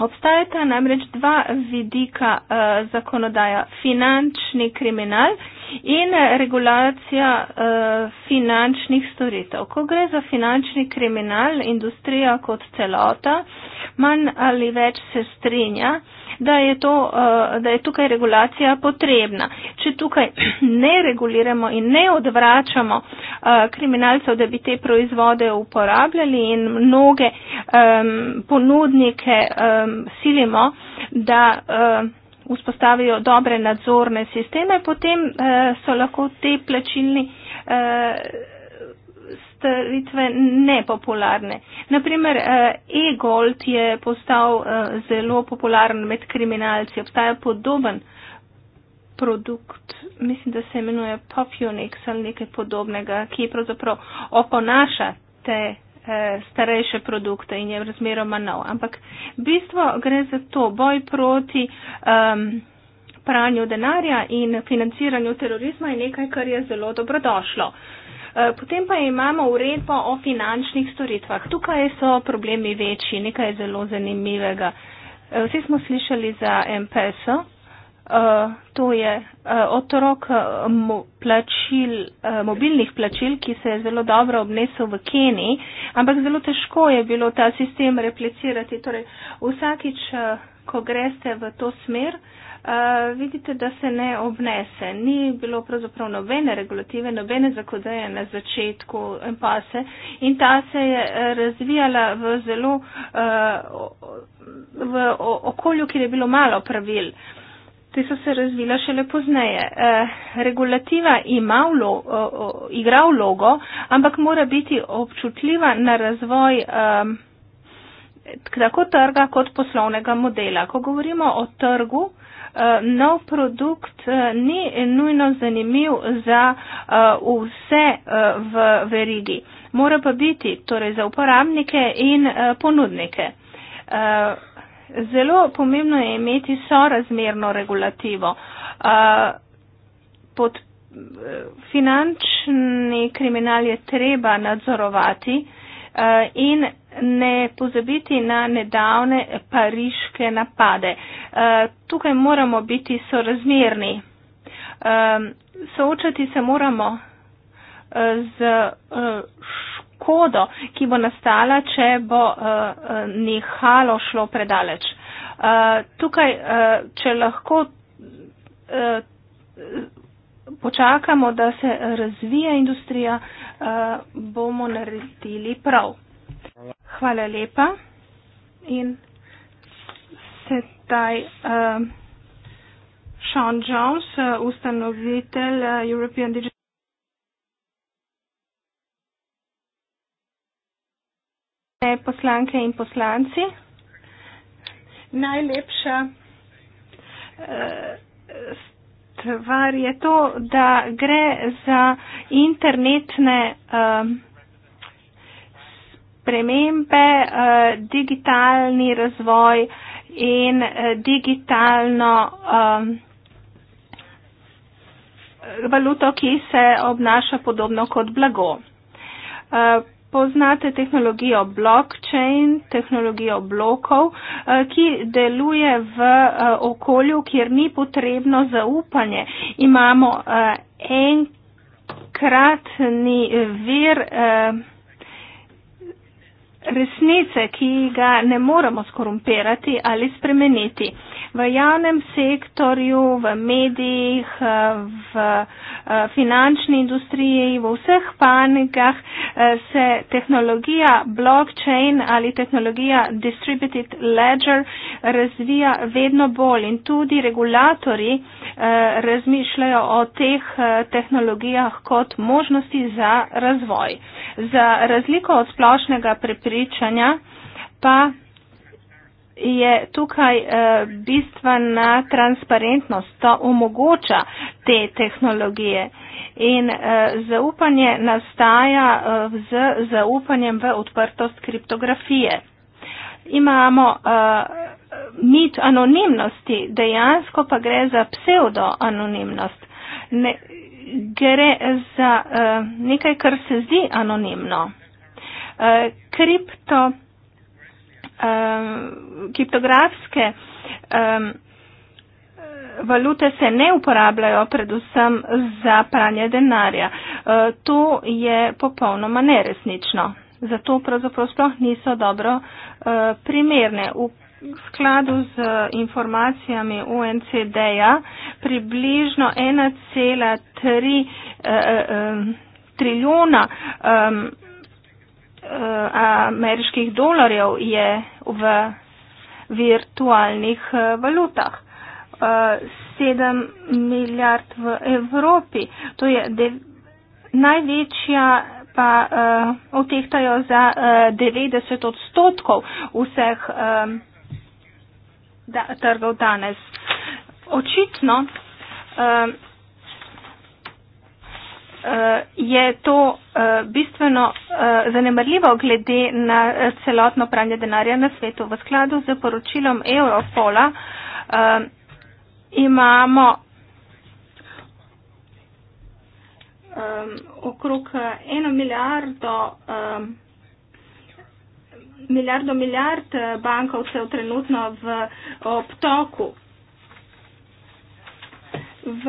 Speaker 3: Obstajata namreč dva vidika uh, zakonodaja, finančni kriminal in eh, regulacija uh, finančnih storitev. Ko gre za finančni kriminal, industrija kot celota manj ali več se strinja, da je, to, uh, da je tukaj regulacija potrebna. Če tukaj ne reguliramo in ne odvračamo uh, kriminalcev, da bi te proizvode uporabljali in mnoge um, ponudnike um, silimo, da. Uh, vzpostavijo dobre nadzorne sisteme, potem eh, so lahko te plačilni eh, storitve nepopularne. Naprimer, eh, e-gold je postal zelo popularen med kriminalci. Obstaja podoben produkt, mislim, da se imenuje Popunix ali nekaj podobnega, ki pravzaprav oponaša te Eh, starejše produkte in je razmeroma nov. Ampak bistvo gre za to boj proti um, pranju denarja in financiranju terorizma je nekaj, kar je zelo dobrodošlo. Eh, potem pa imamo uredbo o finančnih storitvah. Tukaj so problemi večji, nekaj je zelo zanimivega. Eh, vsi smo slišali za MPS-o, Uh, to je uh, otrok uh, mo plačil, uh, mobilnih plačil, ki se je zelo dobro obnesel v Keniji, ampak zelo težko je bilo ta sistem replicirati. Torej, vsakič, uh, ko greste v to smer, uh, vidite, da se ne obnese. Ni bilo pravzaprav nobene regulative, nobene zakodeje na začetku in pa se. In ta se je razvijala v zelo uh, v okolju, kjer je bilo malo pravil. Uh, Te so se razvila šele pozneje. Eh, regulativa ima vlo, igra vlogo, ampak mora biti občutljiva na razvoj tako trga kot poslovnega modela. Ko govorimo o trgu, eh, nov produkt eh, ni nujno zanimiv za vse v verigi. Mora pa biti torej za uporabnike in ponudnike zelo pomembno je imeti sorazmerno regulativo. Uh, pod, finančni kriminal je treba nadzorovati uh, in ne pozabiti na nedavne pariške napade. Uh, tukaj moramo biti sorazmerni. Uh, soočati se moramo uh, z uh, škodo, ki bo nastala, če bo eh, nehalo šlo predaleč. Eh, tukaj, eh, če lahko počakamo, da se razvija industrija, bomo naredili prav. Hvala lepa in sedaj. Sean Jones, ustanovitelj European Digital. Spoštovane poslanke in poslanci, najlepša eh, stvar je to, da gre za internetne eh, spremembe, eh, digitalni razvoj in digitalno valuto, ki se obnaša podobno kot blago poznate tehnologijo blockchain, tehnologijo blokov, eh, ki deluje v eh, okolju, kjer ni potrebno zaupanje. Imamo eh, enkratni vir resnice, ki ga ne moremo skorumpirati ali spremeniti v javnem sektorju, v medijih, v eh, finančni industriji, v vseh panikah eh, se tehnologija blockchain ali tehnologija distributed ledger razvija vedno bolj in tudi regulatori eh, razmišljajo o teh tehnologijah kot možnosti za razvoj. Za razliko od splošnega prepričanja pa je tukaj eh, bistvena transparentnost, to omogoča te tehnologije. In eh, zaupanje nastaja eh, z zaupanjem v odprtost kriptografije. Imamo uh, mit anonimnosti, dejansko pa gre za pseudoanonimnost. Ne, gre za uh, nekaj, kar se zdi anonimno. Uh, kripto um, kriptografske um, valute se ne uporabljajo predvsem za pranje denarja. Uh, to je popolnoma neresnično. Zato pravzaprav sploh niso dobro uh, primerne. V skladu z uh, informacijami UNCD-ja približno 1,3 uh, uh, um, trilijona. Um, Eh, ameriških dolarjev je v virtualnih eh, valutah. 7 eh, milijard v Evropi. To je dev, največja, pa uh, otehtajo za uh, 90 odstotkov vseh um, da, trgov danes. Očitno um, Eh, je to eh, bistveno eh, zanemarljivo glede na celotno pranje denarja na svetu. V skladu z poročilom Europola imamo okrog eno milijardo milijardo milijard bankov se v trenutno v obtoku. V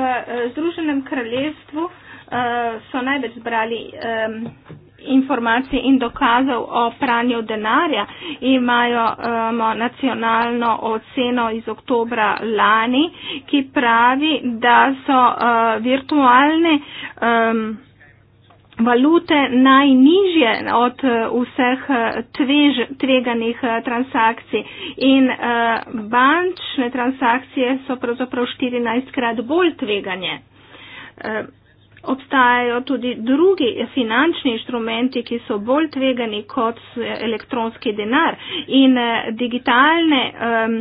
Speaker 3: Združenem kraljestvu Eh, so največ zbrali um, informacij in dokazov o pranju denarja. Imajo um, nacionalno oceno iz oktobra lani, ki pravi, da so uh, virtualne um, valute najnižje od eh, vseh tvež, tveganih transakcij in uh, bančne transakcije so pravzaprav 14 krat bolj tveganje. Uh, Obstajajo tudi drugi finančni inštrumenti, ki so bolj tvegani kot elektronski denar in eh, digitalne um,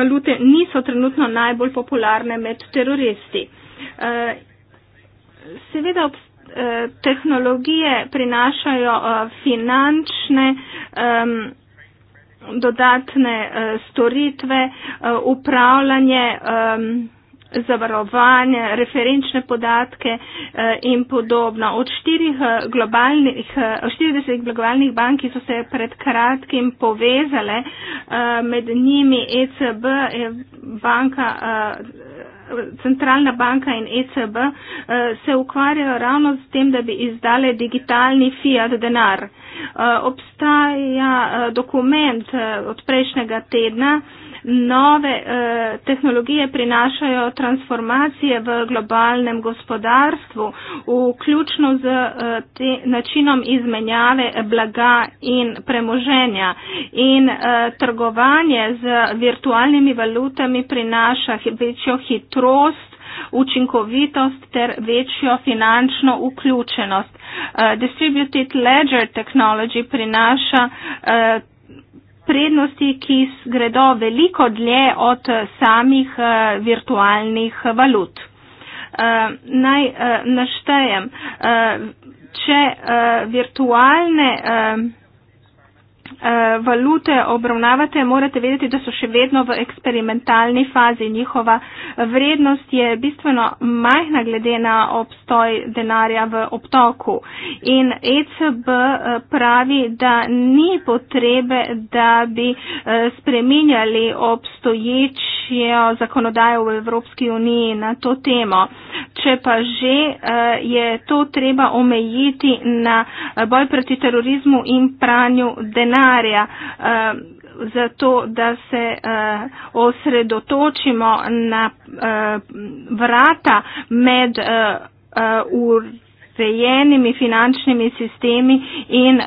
Speaker 3: valute niso trenutno najbolj popularne med teroristi. Uh, seveda uh, tehnologije prinašajo uh, finančne um, dodatne uh, storitve, uh, upravljanje. Um, zavarovanje, referenčne podatke eh, in podobno. Od 40 eh, eh, globalnih bank, ki so se pred kratkim povezale, med njimi ECB, banka, centralna banka in ECB, se ukvarjajo ravno s tem, da bi izdale digitalni fiat denar. Obstaja dokument od prejšnjega tedna, nove eh, tehnologije prinašajo transformacije v globalnem gospodarstvu, vključno z eh, te, načinom izmenjave blaga in premoženja. In eh, trgovanje z virtualnimi valutami prinaša večjo hitrost učinkovitost ter večjo finančno vključenost. Uh, distributed ledger technology prinaša uh, prednosti, ki gredo veliko dlje od eh, samih eh, virtualnih eh, valut. Naj naštejem, če virtualne Eh, valute obravnavate, morate vedeti, da so še vedno v eksperimentalni fazi. Njihova vrednost je bistveno majhna glede na obstoj denarja v obtoku. In ECB eh, pravi, da ni potrebe, da bi eh, spreminjali obstoječjo zakonodajo v Evropski uniji na to temo. Če pa že je to treba omejiti na boj proti terorizmu in pranju denarja, denarja eh, za to, da se eh, osredotočimo na eh, vrata med urejenimi finančnimi sistemi in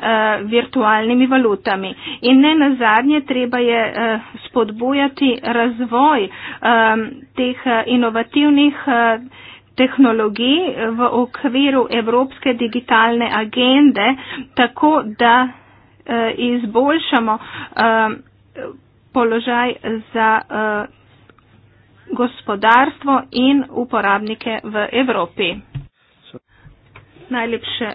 Speaker 3: virtualnimi valutami. In ne na zadnje, treba je spodbujati razvoj teh inovativnih tehnologij v okviru Evropske digitalne agende, tako da Eh, izboljšamo eh, položaj za eh, gospodarstvo in uporabnike v Evropi. Najlepše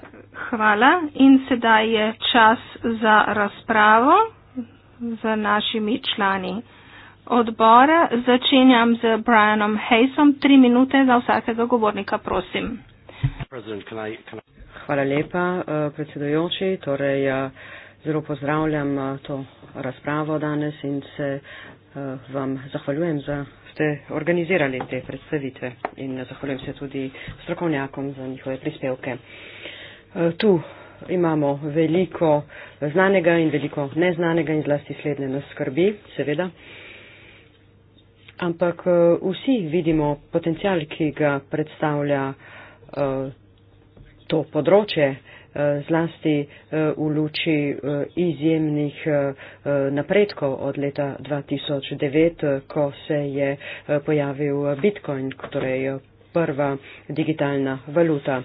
Speaker 3: hvala in sedaj je čas za razpravo z našimi člani odbora. Začenjam z Brianom Hayesom. Tri minute za vsakega govornika, prosim.
Speaker 4: Hvala lepa, predsedujoči. Torej, Zelo pozdravljam eh, to razpravo danes in se eh, vam zahvaljujem, da ste organizirali te predstavitve in zahvaljujem se tudi strokovnjakom za njihove prispevke. Eh, tu imamo veliko znanega in veliko neznanega in zlasti slednje nas skrbi, seveda. Ampak vsi vidimo potencial, ki ga predstavlja to področje, Eh, zlasti eh, v luči eh, izjemnih napredkov od leta 2009, ko se je pojavil bitcoin, torej prva digitalna valuta.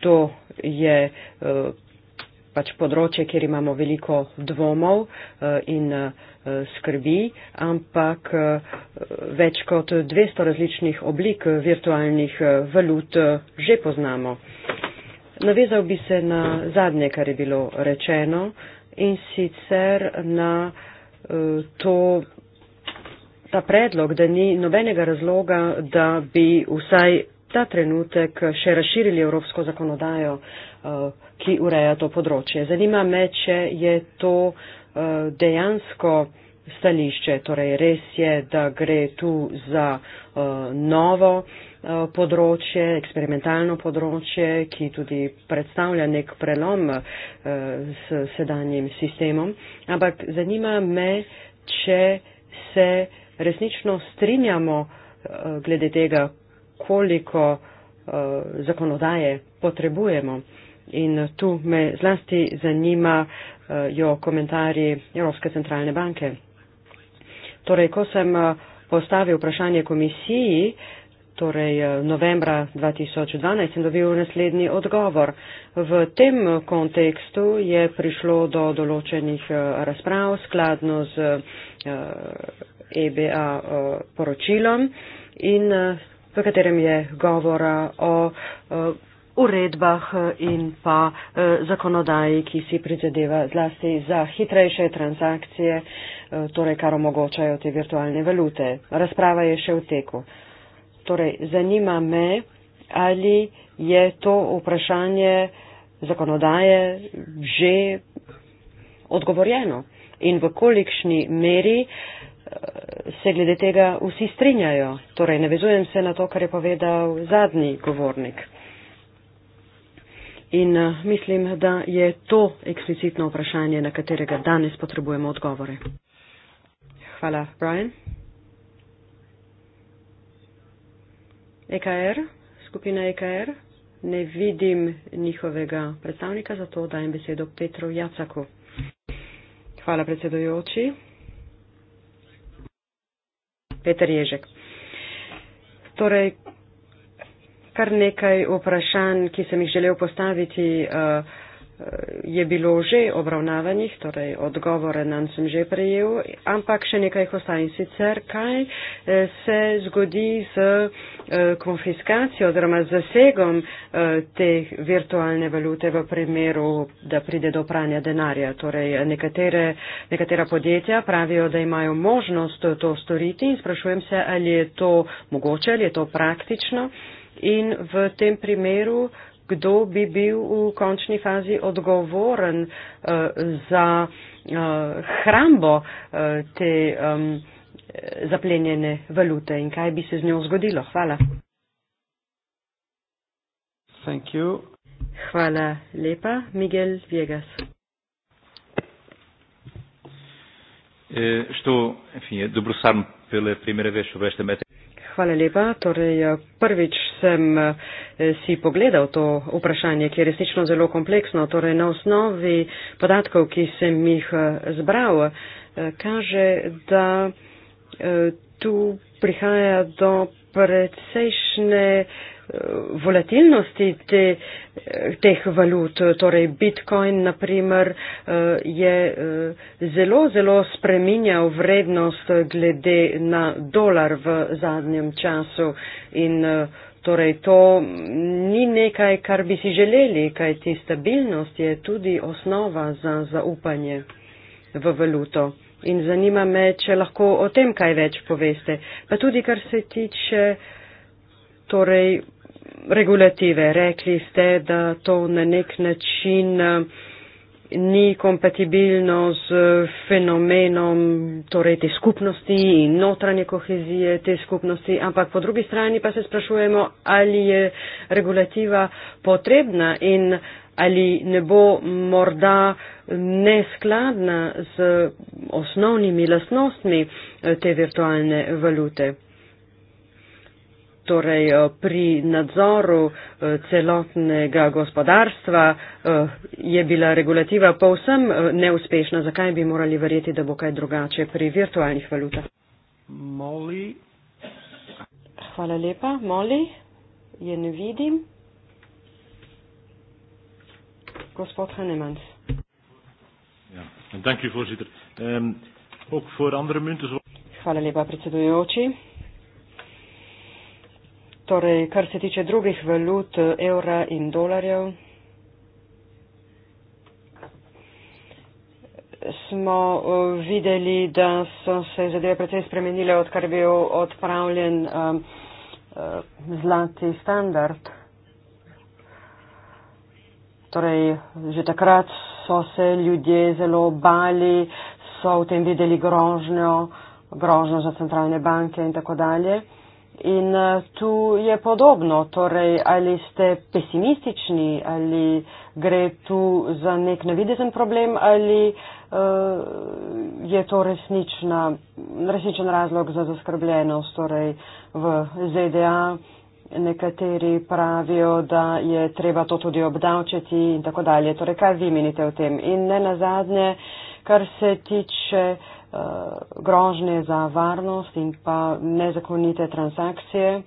Speaker 4: To je pač področje, kjer imamo veliko dvomov in Eh, skrbi, ampak eh, več kot 200 različnih oblik eh, virtualnih valut že poznamo. Navezal bi se na zadnje, kar je bilo rečeno in sicer na to, ta predlog, da ni nobenega razloga, da bi vsaj ta trenutek še razširili evropsko zakonodajo, ki ureja to področje. Zanima me, če je to uh, Eh, dejansko stališče. Torej, res je, da gre tu za eh, novo eh, področje, eksperimentalno področje, ki tudi predstavlja nek prelom s sedanjim sistemom. Ampak zanima me, če se resnično strinjamo glede tega, koliko zakonodaje potrebujemo. In tu me zlasti zanimajo eh, komentarji Evropske centralne banke. Torej, ko sem eh, postavil vprašanje komisiji, torej eh, novembra 2012, sem dobil naslednji odgovor. V tem kontekstu je prišlo do določenih razprav skladno z EBA e poročilom, in, v katerem je govora o uredbah eh, in pa eh, zakonodaji, ki si prizadeva zlasti za hitrejše transakcije, eh, torej kar omogočajo te virtualne valute. Razprava je še v teku. Torej, zanima me, ali je to vprašanje zakonodaje že odgovorjeno in v kolikšni meri se glede tega vsi strinjajo. Torej, ne vezujem se na to, kar je povedal zadnji govornik. In eh, mislim, da je to eksplicitno vprašanje, na katerega danes potrebujemo odgovore. Hvala, Brian. EKR, er? skupina EKR, er? ne vidim njihovega predstavnika, zato dajem besedo Petru Jacaku. Hvala, predsedojoči. Peter Ježek. Torej, kar nekaj vprašanj, ki sem jih želel postaviti, eh, eh, je bilo že obravnavanih, torej odgovore nam sem že prejel, ampak še nekaj jih ostaje in sicer, kaj eh, se zgodi z konfiskacijo oziroma z zasegom te virtualne valute v primeru, da pride do pranja denarja. Torej, nekatere, nekatera podjetja pravijo, da imajo možnost to storiti in sprašujem se, ali je to mogoče, ali je to praktično in v tem primeru, kdo bi bil v končni fazi odgovoren eh, za eh, hrambo eh, te zaplenjene valute in kaj bi se z njo zgodilo. Hvala. Thank you. Hvala lepa. Miguel Viegas.
Speaker 1: Estou, enfim, a debruçar-me pela primeira vez sobre esta matéria
Speaker 4: hvala lepa. Torej, eh, prvič sem eh, si pogledal to vprašanje, ki je resnično zelo kompleksno. Torej, na osnovi podatkov, ki sem jih eh, zbral, kaže, da tu prihaja do precejšnje volatilnosti te, teh valut, torej bitcoin naprimer, eh, je eh, zelo, zelo spreminjal vrednost glede na dolar v zadnjem času in eh, torej to ni nekaj, kar bi si želeli, kajti stabilnost je tudi osnova za zaupanje v valuto. In zanima me, če lahko o tem kaj več poveste. Pa tudi, kar se tiče torej regulative. Rekli ste, da to na nek način eh, ni kompatibilno z fenomenom torej te skupnosti in notranje kohezije te skupnosti, ampak po drugi strani pa se sprašujemo, ali je regulativa potrebna in ali ne bo morda neskladna z osnovnimi lasnostmi eh, te virtualne valute torej eh, pri nadzoru eh, celotnega gospodarstva eh, je bila regulativa povsem neuspešna. Zakaj bi morali verjeti, da bo kaj drugače pri virtualnih valutah?
Speaker 1: Moli.
Speaker 4: Hvala lepa. Moli, je ne vidim. Gospod Hanemans.
Speaker 1: Ja, thank you, um, ook voor andere munten.
Speaker 4: Hvala lepa, predsedujoči. Torej, kar se tiče drugih valut, evra in dolarjev, smo eh, videli, da so se zadeve precej spremenile, odkar je bil odpravljen um, zlati standard. Torej, že takrat so se ljudje zelo bali, so v tem videli grožnjo, grožnjo za centralne banke in tako dalje. In uh, tu je podobno, torej ali ste pesimistični, ali gre tu za nek navidezen problem, ali uh, je to resnična, resničen razlog za zaskrbljenost. Torej v ZDA nekateri pravijo, da je treba to tudi obdavčiti in tako dalje. Torej, kaj vi menite o tem? In ne nazadnje, kar se tiče. Uh, Eh, grožnje za varnost in pa nezakonite transakcije.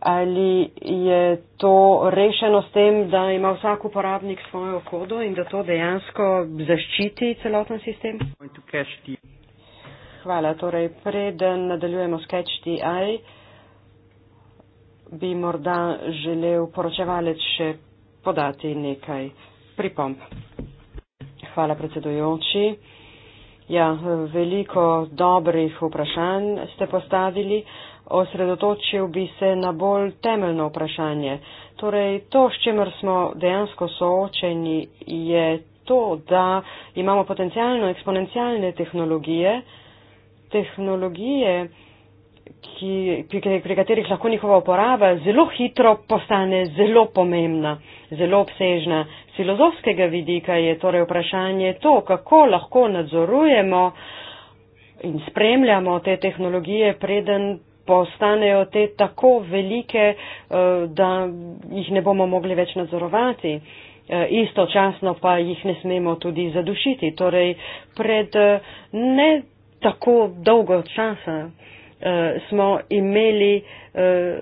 Speaker 4: Ali je to rešeno s tem, da ima vsak uporabnik svojo kodo in da to dejansko zaščiti celoten sistem? Hvala. Torej, preden nadaljujemo s CatchDI, bi morda želel poročevalec še podati nekaj pripomb. Hvala predsedujoči. Ja, veliko dobrih vprašanj ste postavili. Osredotočil bi se na bolj temeljno vprašanje. Torej, to, s čemer smo dejansko soočeni, je to, da imamo potencijalno eksponencialne tehnologije, tehnologije, ki, pri, pri katerih lahko njihova uporaba zelo hitro postane zelo pomembna, zelo obsežna. Z filozofskega vidika je torej vprašanje to, kako lahko nadzorujemo in spremljamo te tehnologije, preden postanejo te tako velike, eh, da jih ne bomo mogli več nadzorovati. Eh, istočasno pa jih ne smemo tudi zadušiti, torej pred eh, ne tako dolgo časa uh, smo imeli uh, eh,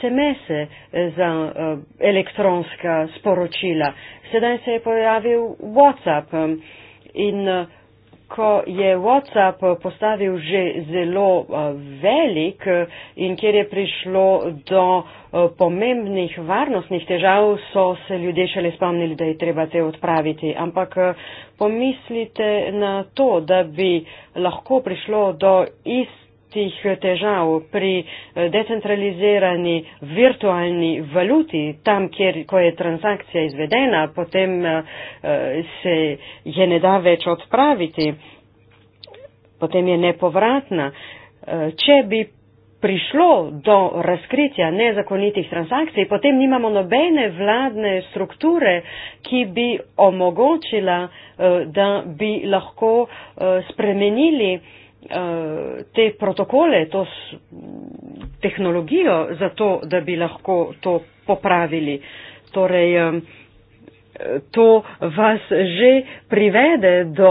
Speaker 4: SMS-e eh, za uh, elektronska sporočila. Sedaj se je pojavil WhatsApp um, in uh, ko je WhatsApp postavil že zelo eh, velik eh, in kjer je prišlo do eh, pomembnih varnostnih težav, so se ljudje šele spomnili, da je treba te odpraviti. Ampak pomislite na to, da bi lahko prišlo do istih tih eh, težav pri eh, decentralizirani virtualni valuti, tam, kjer, ko je transakcija izvedena, potem eh, se je ne da več odpraviti, potem je nepovratna. Če bi prišlo do razkritja nezakonitih transakcij, potem nimamo nobene vladne strukture, ki bi omogočila, da bi lahko spremenili Eh, te protokole, to tehnologijo za to, da bi lahko to popravili. Torej, eh, to vas že privede do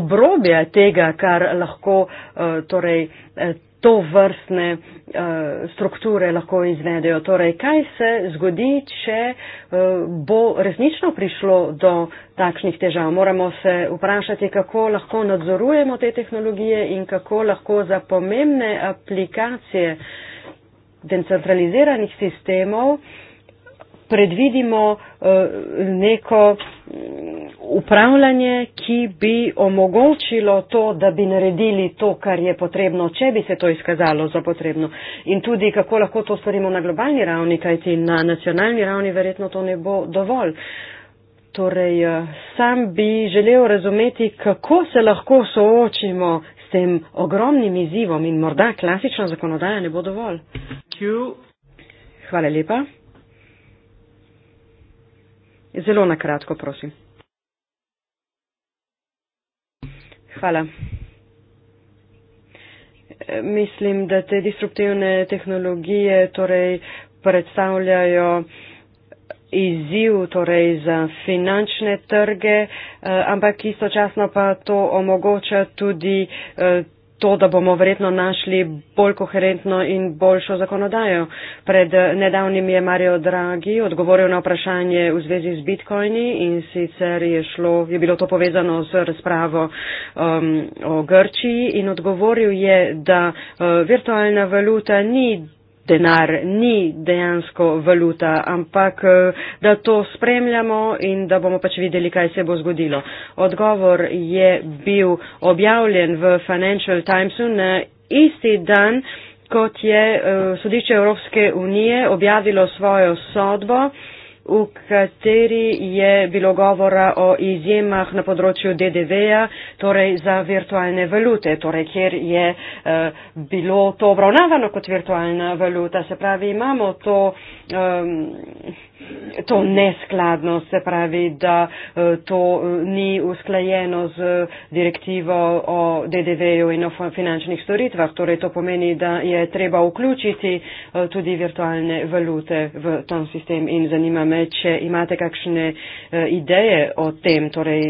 Speaker 4: obrobja tega, kar lahko eh, torej, to vrstne uh, eh, strukture lahko izvedejo. Torej, kaj se zgodi, če uh, bo resnično prišlo do takšnih težav? Moramo se vprašati, kako lahko nadzorujemo te tehnologije in kako lahko za pomembne aplikacije decentraliziranih sistemov uh, predvidimo eh, neko mm, upravljanje, ki bi omogočilo to, da bi naredili to, kar je potrebno, če bi se to izkazalo za potrebno. In tudi, kako lahko to storimo na globalni ravni, kajti na nacionalni ravni verjetno to ne bo dovolj. Torej, eh, sam bi želel razumeti, kako se lahko soočimo s tem ogromnim izzivom in morda klasična zakonodaja ne bo dovolj. Hvala lepa. Zelo na kratko, prosim. Hvala. Mislim, da te disruptivne tehnologije torej predstavljajo izziv torej za finančne trge, eh, ampak istočasno pa to omogoča tudi eh, to, da bomo verjetno našli bolj koherentno in boljšo zakonodajo. Pred eh, nedavnim je Mario Draghi odgovoril na vprašanje v zvezi z bitcoini in sicer je, šlo, je bilo to povezano z razpravo um, o Grčiji in odgovoril je, da uh, virtualna valuta ni denar ni dejansko valuta, ampak eh, da to spremljamo in da bomo pač videli, kaj se bo zgodilo. Odgovor je bil objavljen v Financial Timesu na isti dan, kot je eh, sodišče Evropske unije objavilo svojo sodbo v kateri je bilo govora o izjemah na področju DDV-ja, torej za virtualne valute, torej kjer je uh, bilo to obravnavano kot virtualna valuta. Se pravi, imamo to. Um, to neskladno, se pravi, da eh, to eh, ni usklajeno z direktivo o DDV-ju in o finančnih storitvah. Torej, to pomeni, da je treba vključiti eh, tudi virtualne valute v tam sistem in zanima me, če imate kakšne ideje o tem. Torej,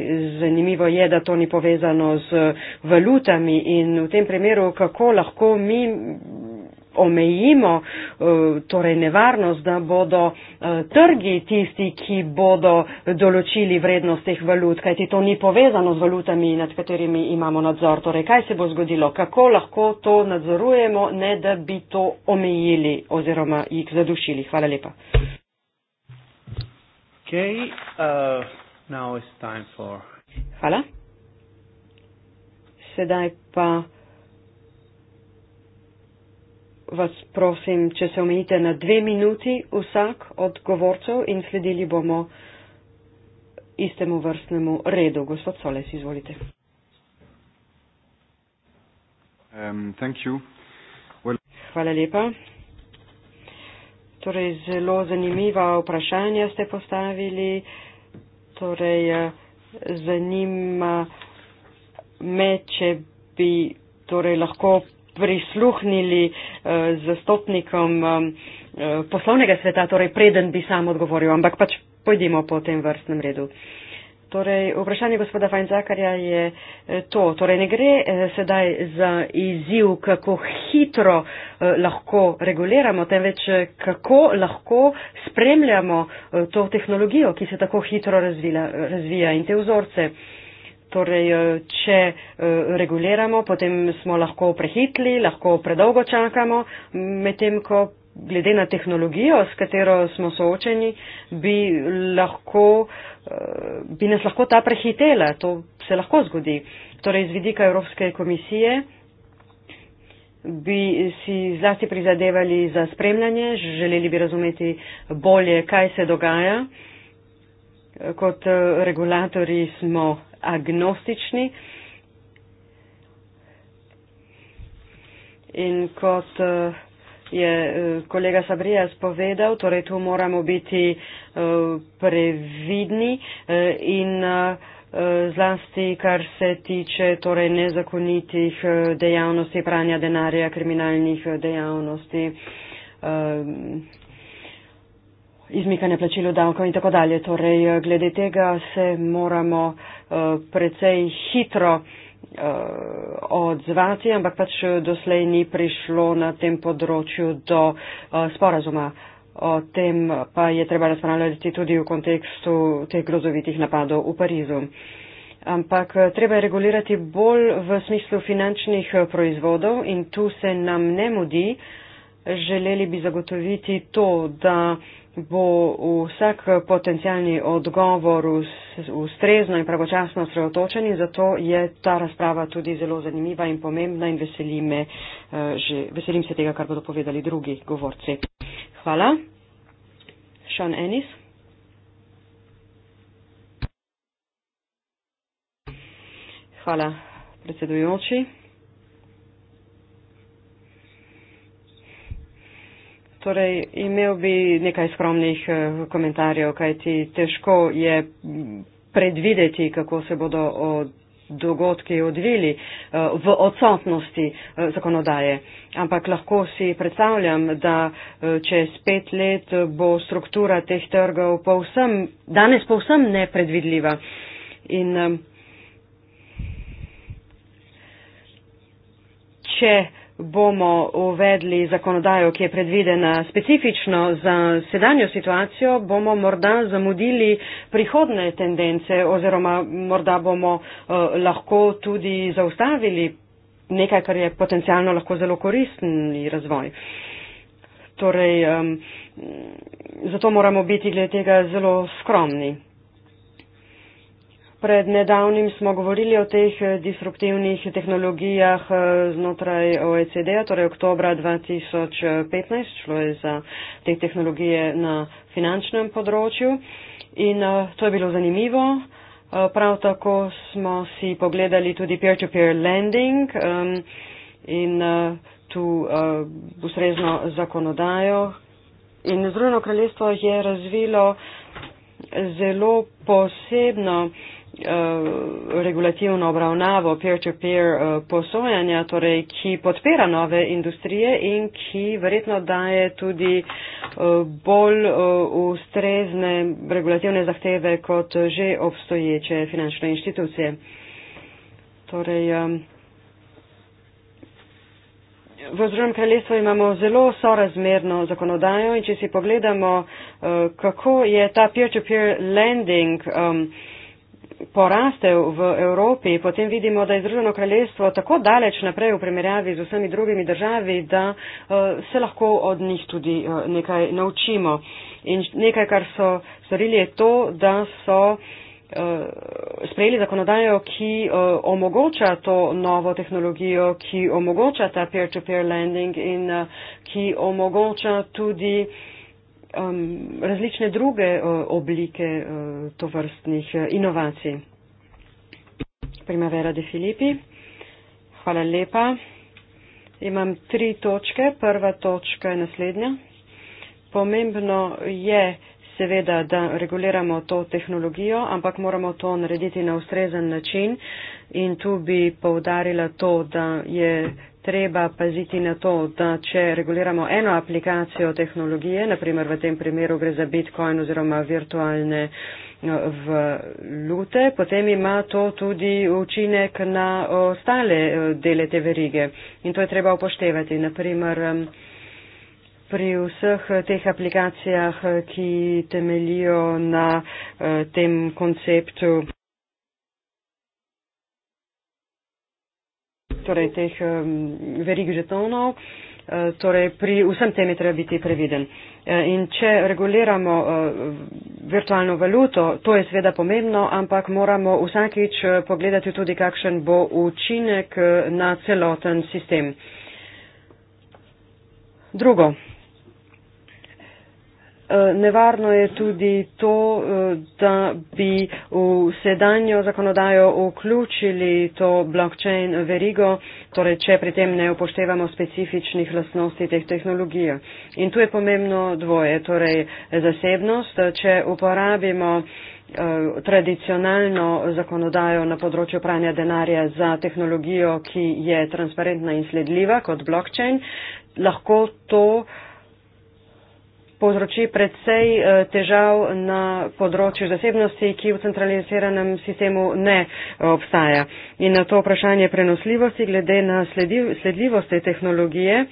Speaker 4: zanimivo je, da to ni povezano z valutami in v tem primeru, kako lahko mi omejimo eh, torej nevarnost, da bodo eh, trgi tisti, ki bodo določili vrednost teh valut, kajti to ni povezano z valutami, nad katerimi imamo nadzor. Torej, kaj se bo zgodilo? Kako lahko to nadzorujemo, ne da bi to omejili oziroma jih zadušili? Hvala lepa.
Speaker 3: Okay, uh,
Speaker 4: Hvala. Sedaj pa vas prosim, če se omejite na dve minuti vsak od govorcev in sledili bomo istemu vrstnemu redu. Gospod Soles, izvolite.
Speaker 1: Um, well...
Speaker 4: Hvala lepa. Torej, zelo zanimiva vprašanja ste postavili. Torej, eh, zanima me, če bi torej, lahko prisluhnili uh, zastopnikom um, uh, poslovnega sveta, torej preden bi sam odgovoril, ampak pač pojdimo po tem vrstnem redu. Torej, vprašanje gospoda Fajnzakarja je to. Torej, ne gre eh, sedaj za izziv, kako hitro eh, lahko reguliramo, temveč kako lahko spremljamo eh, to tehnologijo, ki se tako hitro razvila, razvija in te vzorce. Eh, Torej, eh, če eh, reguliramo, potem smo lahko prehitli, lahko predolgo čakamo, medtem ko glede na tehnologijo, s katero smo soočeni, bi, lahko, eh, bi nas lahko ta prehitela. To se lahko zgodi. Torej, z vidika Evropske komisije bi si zlasti prizadevali za spremljanje, želeli bi razumeti bolje, kaj se dogaja. Kot regulatori smo agnostični. In kot eh, je eh, kolega Sabrijas povedal, torej tu moramo biti eh, previdni in zlasti, kar se tiče torej nezakonitih dejavnosti, pranja denarja, kriminalnih dejavnosti izmikanja plačilu davkov in tako dalje. Torej, eh, glede tega se moramo uh, precej hitro uh, odzvati, ampak pač doslej ni prišlo na tem področju do uh, sporazuma. O tem pa je treba razpravljati tudi v kontekstu teh grozovitih napadov v Parizu. Ampak treba je regulirati bolj v smislu finančnih proizvodov in tu se nam ne mudi. Želeli bi zagotoviti to, da bo vsak potencijalni odgovor ustrezno in pravočasno sreotočen in zato je ta razprava tudi zelo zanimiva in pomembna in veseli me, eh, že, veselim se tega, kar bodo povedali drugi govorci. Hvala. Sean Ennis. Hvala, predsedujoči. Torej, imel bi nekaj skromnih eh, komentarjev, kajti težko je predvideti, kako se bodo dogodki odvili eh, v odsotnosti eh, zakonodaje. Ampak lahko si predstavljam, da čez pet let bo struktura teh trgov povsem, danes povsem nepredvidljiva. In če bomo uvedli zakonodajo, ki je predvidena specifično za sedanjo situacijo, bomo morda zamudili prihodne tendence oziroma morda bomo eh, lahko tudi zaustavili nekaj, kar je potencialno lahko zelo koristni razvoj. Torej, eh, zato moramo biti glede tega zelo skromni. Pred nedavnim smo govorili o teh eh, disruptivnih tehnologijah eh, znotraj OECD-a, torej oktobra 2015, šlo je za te tehnologije na finančnem področju in eh, to je bilo zanimivo. Prav tako smo si pogledali tudi peer-to-peer -peer lending in tu ustrezno zakonodajo. In Združeno kraljestvo je razvilo zelo posebno Eh, regulativno obravnavo peer-to-peer -peer eh, posojanja, torej, ki podpira nove industrije in ki verjetno daje tudi eh, bolj ustrezne regulativne zahteve kot že obstoječe finančne inštitucije. Torej, V Združenem kraljestvu imamo zelo sorazmerno zakonodajo in če si pogledamo, kako je ta peer-to-peer -peer lending um, poraste v Evropi, potem vidimo, da je Združeno kraljestvo tako daleč naprej v primerjavi z vsemi drugimi državi, da eh, se lahko od njih tudi eh, nekaj naučimo. In nekaj, kar so storili, je to, da so eh, sprejeli zakonodajo, ki omogoča to novo tehnologijo, ki omogoča ta peer-to-peer -peer lending in ki omogoča tudi um, različne druge uh, oblike uh, tovrstnih uh, inovacij. Primavera de Filipi, hvala lepa. Imam tri točke. Prva točka je naslednja. Pomembno je seveda, da reguliramo to tehnologijo, ampak moramo to narediti na ustrezen način. In tu bi povdarila to, da je treba paziti na to, da če reguliramo eno aplikacijo tehnologije, naprimer v tem primeru gre za bitcoin oziroma virtualne no, valute, potem ima to tudi učinek na ostale dele te verige. In to je treba upoštevati. Naprimer, pri vseh teh aplikacijah, ki temelijo na eh, tem konceptu. torej teh um, verig žetonov. Eh, torej, pri vsem tem je treba biti previden. Eh, in če reguliramo eh, virtualno valuto, to je seveda pomembno, ampak moramo vsakič pogledati tudi, kakšen bo učinek na celoten sistem. Drugo. Eh, nevarno je tudi to, eh, da bi v sedanjo zakonodajo vključili to blockchain verigo, torej če pri tem ne upoštevamo specifičnih lastnosti teh tehnologij. In tu je pomembno dvoje, torej zasebnost, če uporabimo eh, tradicionalno zakonodajo na področju pranja denarja za tehnologijo, ki je transparentna in sledljiva kot blockchain, lahko to povzroči predvsej eh, težav na področju zasebnosti, ki v centraliziranem sistemu ne eh, obstaja. In na to vprašanje prenosljivosti glede na sledljivosti tehnologije.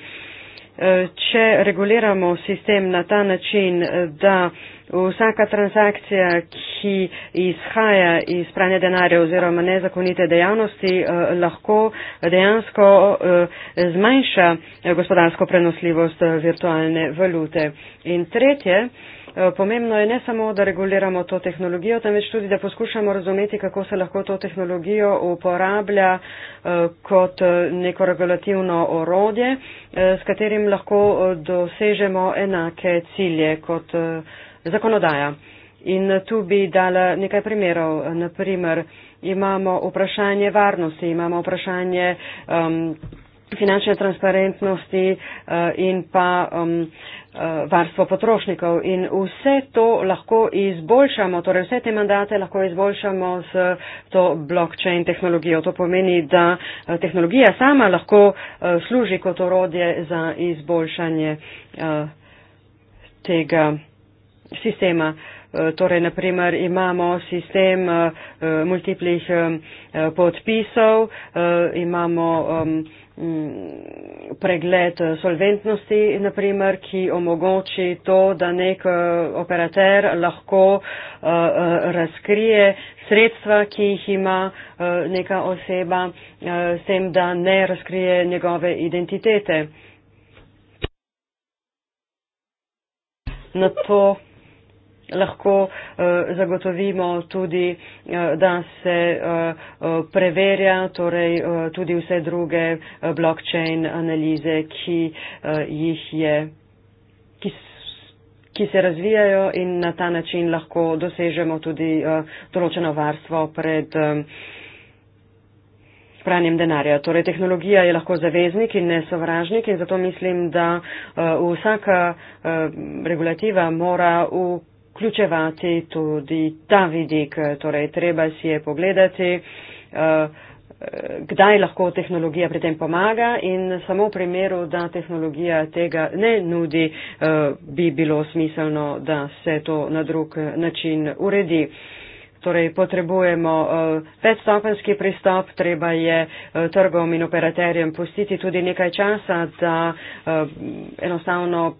Speaker 4: Eh, če reguliramo sistem na ta način, eh, da vsaka transakcija, ki izhaja iz pranja denarja oziroma nezakonite dejavnosti, eh, lahko dejansko zmanjša gospodarsko prenosljivost virtualne valute. In tretje, Eh, pomembno je ne samo, da reguliramo to tehnologijo, temveč tudi, da poskušamo razumeti, kako se lahko to tehnologijo uporablja eh, kot eh, neko regulativno orodje, s katerim lahko dosežemo enake cilje kot zakonodaja. In tu bi dala nekaj primerov. Naprimer, imamo vprašanje varnosti, imamo vprašanje. Um, finančne transparentnosti eh, in pa um, eh, varstvo potrošnikov. In vse to lahko izboljšamo, torej vse te mandate lahko izboljšamo s to blockchain tehnologijo. To pomeni, da eh, tehnologija sama lahko služi kot orodje za izboljšanje tega sistema. Torej, naprimer, imamo sistem multiplih podpisov, imamo um, Mm, pregled solventnosti, naprimer, ki omogoči to, da nek eh, operater lahko eh, eh, razkrije sredstva, ki jih ima neka oseba, s tem, da ne razkrije njegove identitete. Na to lahko eh, zagotovimo tudi, eh, da se eh, eh, preverja torej, eh, tudi vse druge eh, blockchain analize, ki eh, jih je. Ki ki se razvijajo in na ta način lahko dosežemo tudi uh, določeno varstvo pred um, pranjem denarja. Torej, tehnologija je lahko zaveznik in ne sovražnik in zato mislim, da uh, vsaka uh, regulativa mora v vključevati tudi ta vidik. Torej, treba si je pogledati, eh, kdaj lahko tehnologija pri tem pomaga in samo v primeru, da tehnologija tega ne nudi, eh, bi bilo smiselno, da se to na drug način uredi. Torej, potrebujemo uh, eh, petstopenski pristop, treba je uh, trgom in operaterjem pustiti tudi nekaj časa, da uh, enostavno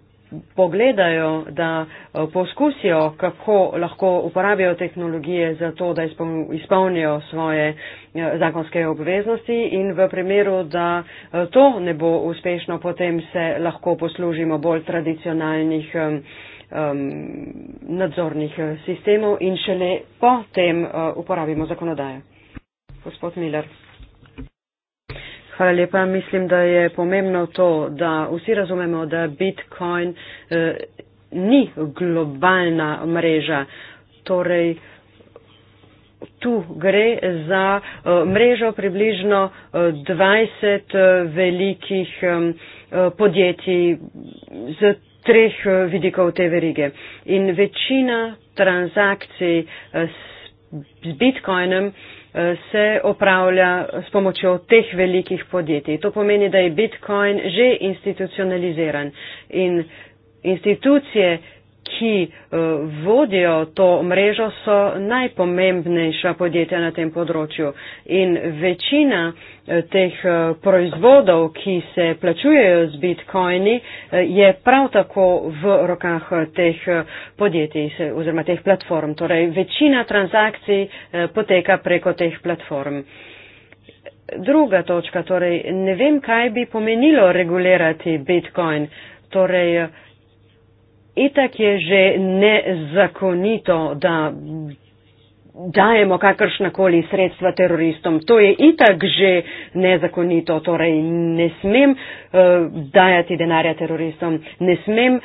Speaker 4: pogledajo, da eh, poskusijo, kako lahko uporabijo tehnologije za to, da izpolnijo svoje eh, zakonske obveznosti in v primeru, da eh, to ne bo uspešno, potem se lahko poslužimo bolj tradicionalnih um, nadzornih sistemov in šele potem uporabimo zakonodajo. Gospod Miller. Hvala lepa. Mislim, da je pomembno to, da vsi razumemo, da Bitcoin eh, ni globalna mreža. Torej, tu gre za eh, mrežo približno eh, 20 eh, velikih eh, eh, podjetij z treh eh, vidikov te verige. In večina transakcij eh, s, s Bitcoinem eh, Eh, se opravlja s pomočjo teh velikih podjetij. To pomeni, da je bitcoin že institucionaliziran in institucije, ki eh, vodijo to mrežo, so najpomembnejša podjetja na tem področju. In večina eh, teh eh, proizvodov, ki se plačujejo z bitcoini, je prav tako v rokah teh podjetij oziroma teh platform. Torej, večina transakcij poteka preko teh platform. Druga točka, torej, ne vem, kaj bi pomenilo regulirati bitcoin. Torej, itak je že nezakonito, da dajemo kakršnakoli sredstva teroristom. To je itak že nezakonito, torej ne smem uh, dajati denarja teroristom, ne smem uh,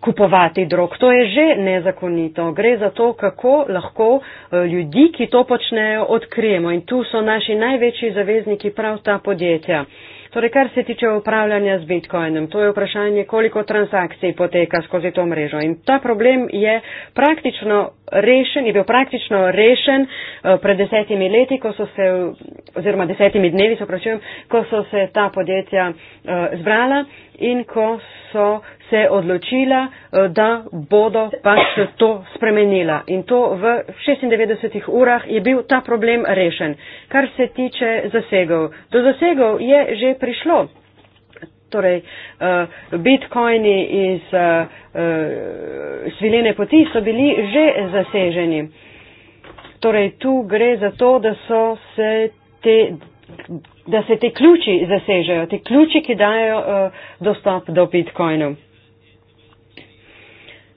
Speaker 4: kupovati drog. To je že nezakonito. Gre za to, kako lahko uh, ljudi, ki to počnejo, odkrijemo. In tu so naši največji zavezniki prav ta podjetja. Uh, Torej, kar se tiče upravljanja z bitcoinom, to je vprašanje, koliko transakcij poteka skozi to mrežo. In ta problem je praktično rešen, je bil praktično rešen eh, pred desetimi leti, ko so se, oziroma desetimi dnevi, so pravčujem, ko so se ta podjetja eh, zbrala in ko so se odločila, eh, da bodo pač to spremenila. In to v 96 urah je bil ta problem rešen. Kar se tiče zasegov, do zasegov je že prišlo torej uh, bitcoini iz uh, eh, uh, eh, svilene poti so bili že zaseženi. Torej, tu gre za to, da, se te, da se te ključi zasežejo, te ključi, ki dajo uh, dostop do bitcoinu.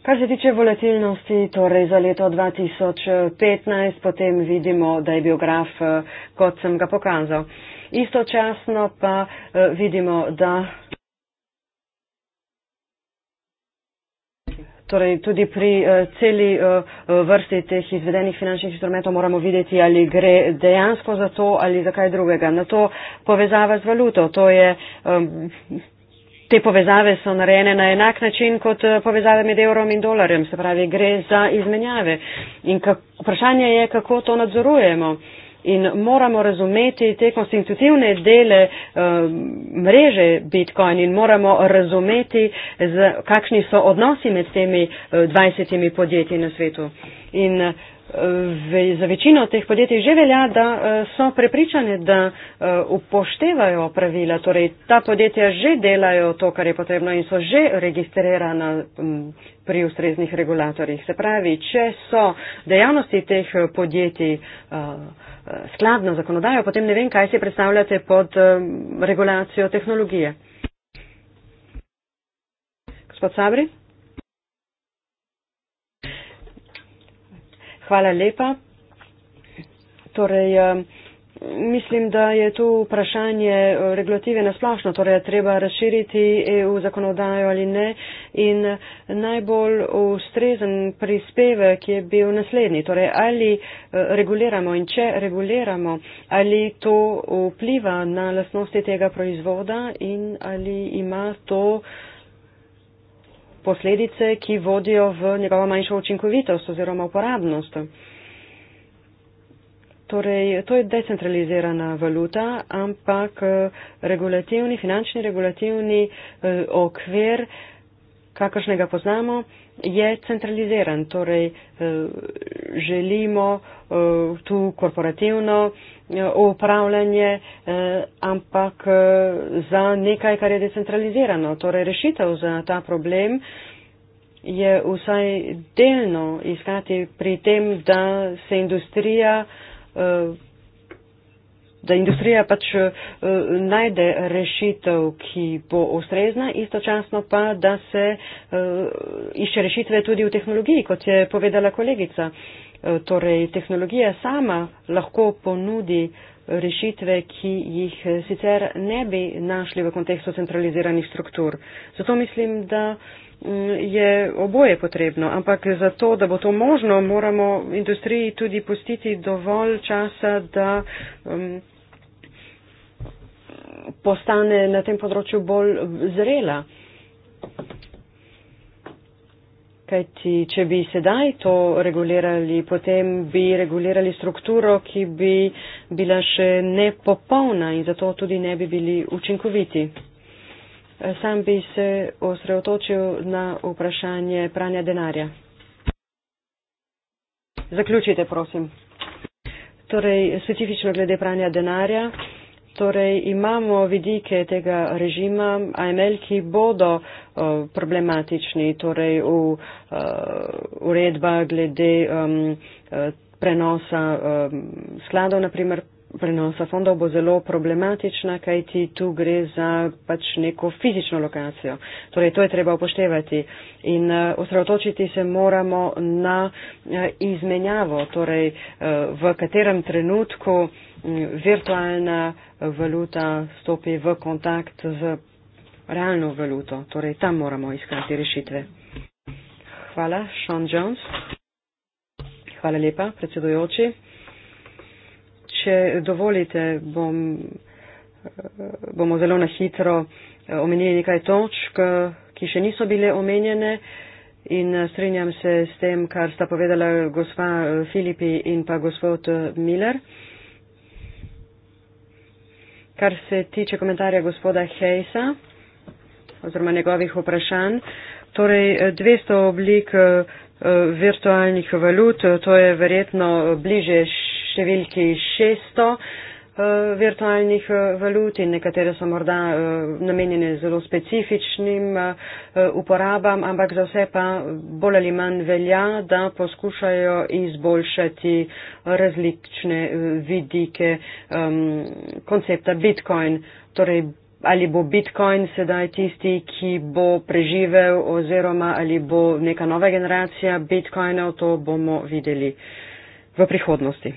Speaker 4: Kar se tiče volatilnosti, torej za leto 2015, potem vidimo, da je bil graf, kot sem ga pokazal. Uh, istočasno pa eh, vidimo, da Torej, tudi pri uh, celi uh, vrsti teh izvedenih finančnih instrumentov moramo videti, ali gre dejansko za to ali za kaj drugega. Na to povezava z valuto. Je, um, te povezave so narejene na enak način kot uh, povezave med evrom in dolarjem, se pravi, gre za izmenjave. In kak, vprašanje je, kako to nadzorujemo. Uh, in moramo razumeti te konstitutivne dele um, mreže Bitcoin in moramo razumeti, z, kakšni so odnosi med temi uh, eh, 20 podjetji na svetu. In, eh, Za večino teh podjetij že velja, da so prepričane, da upoštevajo pravila, torej ta podjetja že delajo to, kar je potrebno in so že registrirana mm, pri ustreznih regulatorjih. Se pravi, če so dejavnosti teh podjetij. Uh, Eh, skladno zakonodajo, potem ne vem, kaj si predstavljate pod eh, regulacijo tehnologije. Gospod Sabri? Hvala lepa. Torej, um, Mislim, da je tu vprašanje eh, regulative nasplošno, torej je treba razširiti EU zakonodajo ali ne. In najbolj ustrezen prispevek je bil naslednji, torej ali eh, reguliramo in če reguliramo, ali to vpliva na lasnosti tega proizvoda in ali ima to posledice, ki vodijo v njegovo manjšo učinkovitost oziroma uporabnost. Torej, to je decentralizirana valuta, ampak eh, regulativni, finančni regulativni eh, okvir, kakršnega poznamo, je centraliziran. Torej, eh, želimo tu korporativno upravljanje, ampak za nekaj, kar je decentralizirano. Torej, rešitev za ta problem je vsaj delno iskati pri tem, da se industrija Eh, da industrija pač uh, najde rešitev, ki bo ustrezna, istočasno pa, da se uh, išče rešitve tudi v tehnologiji, kot je povedala kolegica. Uh, torej, tehnologija sama lahko ponudi rešitve, ki jih sicer ne bi našli v kontekstu centraliziranih struktur. Zato mislim, da uh, Mm, je oboje potrebno. Ampak za to, da bo to možno, moramo industriji tudi pustiti dovolj časa, da um, postane na tem področju bolj zrela. Kajti, če bi sedaj to regulirali, potem bi regulirali strukturo, ki bi bila še nepopolna in zato tudi ne bi bili učinkoviti. Eh, sam bi se osredotočil na vprašanje pranja denarja. Zaključite, prosim. Torej, specifično glede pranja denarja, torej imamo vidike tega režima AML, ki bodo uh, problematični, torej v uh, uredba glede um, uh, prenosa um, skladov, naprimer prenosa fondov bo zelo problematična, kajti tu gre za pač neko fizično lokacijo. Torej, to je treba upoštevati in uh, osredotočiti se moramo na uh, izmenjavo, torej uh, v katerem trenutku uh, virtualna valuta stopi v kontakt z realno valuto. Torej, tam moramo iskati rešitve. Hvala, Sean Jones. Hvala lepa, predsedujoči če dovolite, bom, bomo zelo na hitro eh, omenili nekaj točk, ki še niso bile omenjene in eh, strinjam se s tem, kar sta povedala gospa eh, Filipi in pa gospod Miller. Kar se tiče komentarja gospoda Hejsa oziroma njegovih vprašanj, torej 200 oblik virtualnih valut, to je verjetno bliže številki 600 eh, virtualnih eh, valut in nekatere so morda eh, namenjene zelo specifičnim uporabam, ampak za vse pa bolj ali manj velja, da poskušajo izboljšati različne vidike koncepta Bitcoin. Torej, ali bo Bitcoin sedaj tisti, ki bo preživel oziroma ali bo neka nova generacija Bitcoinov, to bomo videli v prihodnosti.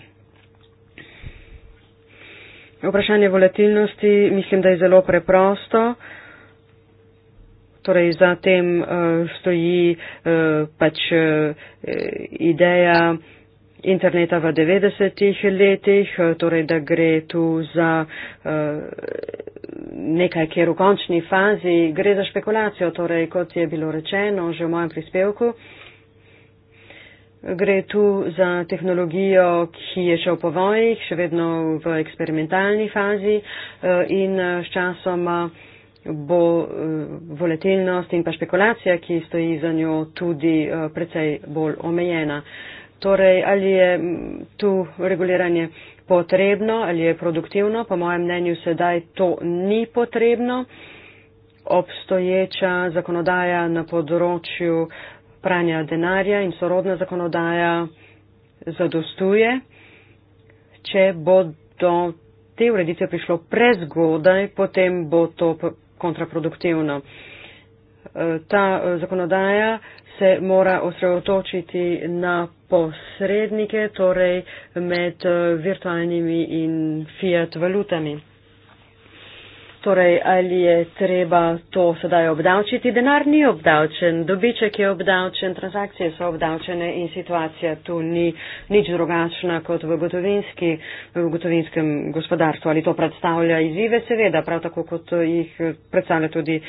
Speaker 4: Vprašanje volatilnosti mislim, da je zelo preprosto. Torej, za tem uh, stoji uh, pač uh, ideja interneta v 90-ih letih, uh, torej, da gre tu za. Uh, nekaj, kjer v končni fazi gre za špekulacijo, torej kot je bilo rečeno že v mojem prispevku. Uh, Gre tu za tehnologijo, ki je še v povojih, še vedno v eksperimentalni fazi eh, in eh, s časoma bo eh, volatilnost in pa špekulacija, ki stoji za njo, tudi precej bolj omejena. Torej, ali je tu reguliranje potrebno, ali je produktivno, po mojem mnenju sedaj to ni potrebno. Obstoječa zakonodaja na področju uh, pranja denarja in sorodna zakonodaja zadostuje, če bo do te ureditve prišlo prezgodaj, potem bo to kontraproduktivno. E, ta e, zakonodaja se mora osredotočiti na posrednike, torej med e, virtualnimi in fiat valutami. Torej, ali je treba to sedaj obdavčiti? Denar ni obdavčen, dobiček je obdavčen, transakcije so obdavčene in situacija tu ni nič drugačna kot v, gotovinski, v gotovinskem gospodarstvu. Ali to predstavlja izzive? Seveda, prav tako kot jih predstavlja tudi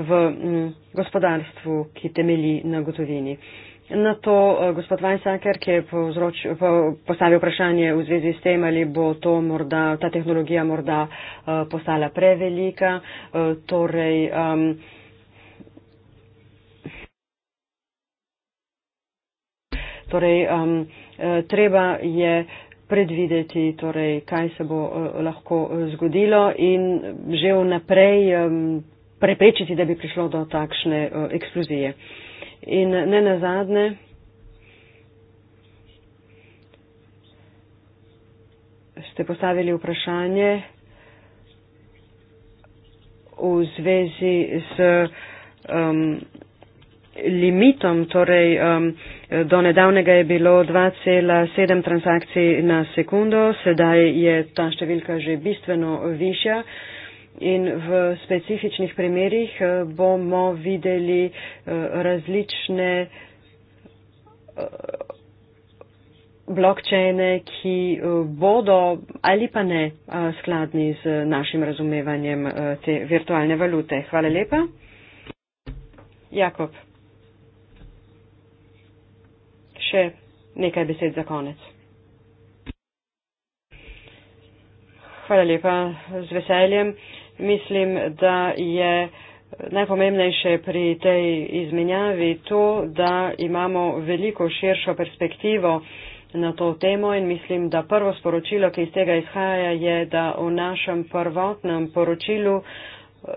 Speaker 4: v m, mm, gospodarstvu, ki temelji na gotovini. Uh, Na to eh, gospod Weinsacker, ki je povzroč, postavil vprašanje v zvezi s tem, ali bo morda, ta tehnologija morda eh, postala prevelika. Eh, torej, um, torej um, treba je predvideti, torej, kaj se bo lahko zgodilo in že vnaprej um, preprečiti, da bi prišlo do takšne uh, eksplozije in ne nazadne. Ste postavili vprašanje v zvezi z um, limitom, torej um, do nedavnega je bilo 2,7 transakcij na sekundo, sedaj je ta številka že bistveno višja. Um, in v specifičnih primerjih eh, bomo videli eh, različne eh, blokčene, ki bodo ali pa ne skladni z našim razumevanjem te virtualne valute. Hvala lepa. Jakob, še nekaj besed za konec. Hvala lepa, z veseljem. Uh, mislim, da je najpomembnejše pri tej izmenjavi to, da imamo veliko širšo perspektivo na to temo in mislim, da prvo sporočilo, ki iz tega izhaja, je, da v našem prvotnem poročilu eh,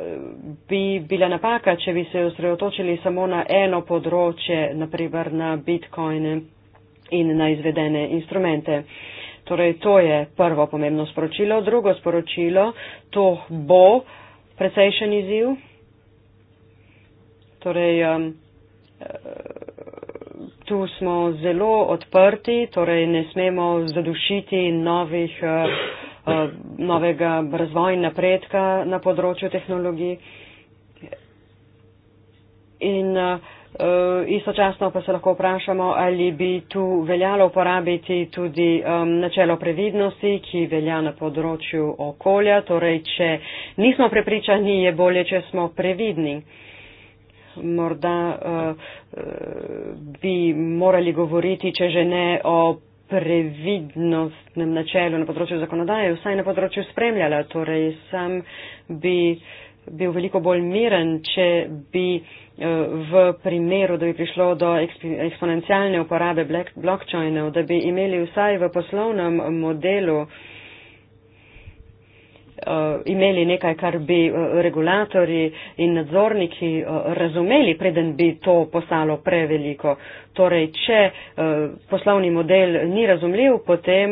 Speaker 4: bi bila napaka, če bi se osredotočili samo na eno področje, naprimer na bitcoine in na izvedene instrumente. Uh, Torej, to je prvo pomembno sporočilo. Drugo sporočilo, to bo precejšen izziv. Torej, um, eh, tu smo zelo odprti, torej ne smemo zadušiti novih, uh, novega razvoja in napredka na področju tehnologij. In, uh, Eh, istočasno pa se lahko vprašamo, ali bi tu veljalo uporabiti tudi um, načelo previdnosti, ki velja na področju okolja. Torej, če nismo prepričani, je bolje, če smo previdni. Morda uh, bi morali govoriti, če že ne, o previdnostnem načelu na področju zakonodaje, vsaj na področju spremljala. Torej, sam bi. Uh, bil veliko bolj miren, če bi eh, v primeru, da bi prišlo do eksponencialne uporabe blockchainov, da bi imeli vsaj v poslovnem modelu eh, imeli nekaj, kar bi eh, regulatori in nadzorniki razumeli, preden bi to postalo preveliko. Torej, če poslovni model ni razumljiv, potem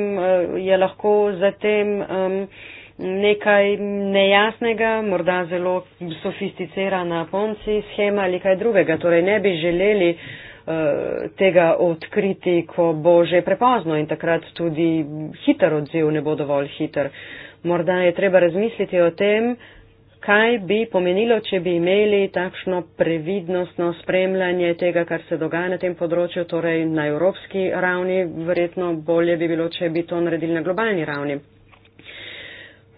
Speaker 4: je lahko zatem. Um, nekaj nejasnega, morda zelo sofisticirana ponci schema ali kaj drugega. Torej ne bi želeli eh, tega odkriti, ko bo že prepozno in takrat tudi hiter odziv ne bo dovolj hiter. Morda je treba razmisliti o tem, kaj bi pomenilo, če bi imeli takšno previdnostno spremljanje tega, kar se dogaja na tem področju, torej na evropski ravni, verjetno bolje bi bilo, če bi to naredili na globalni ravni.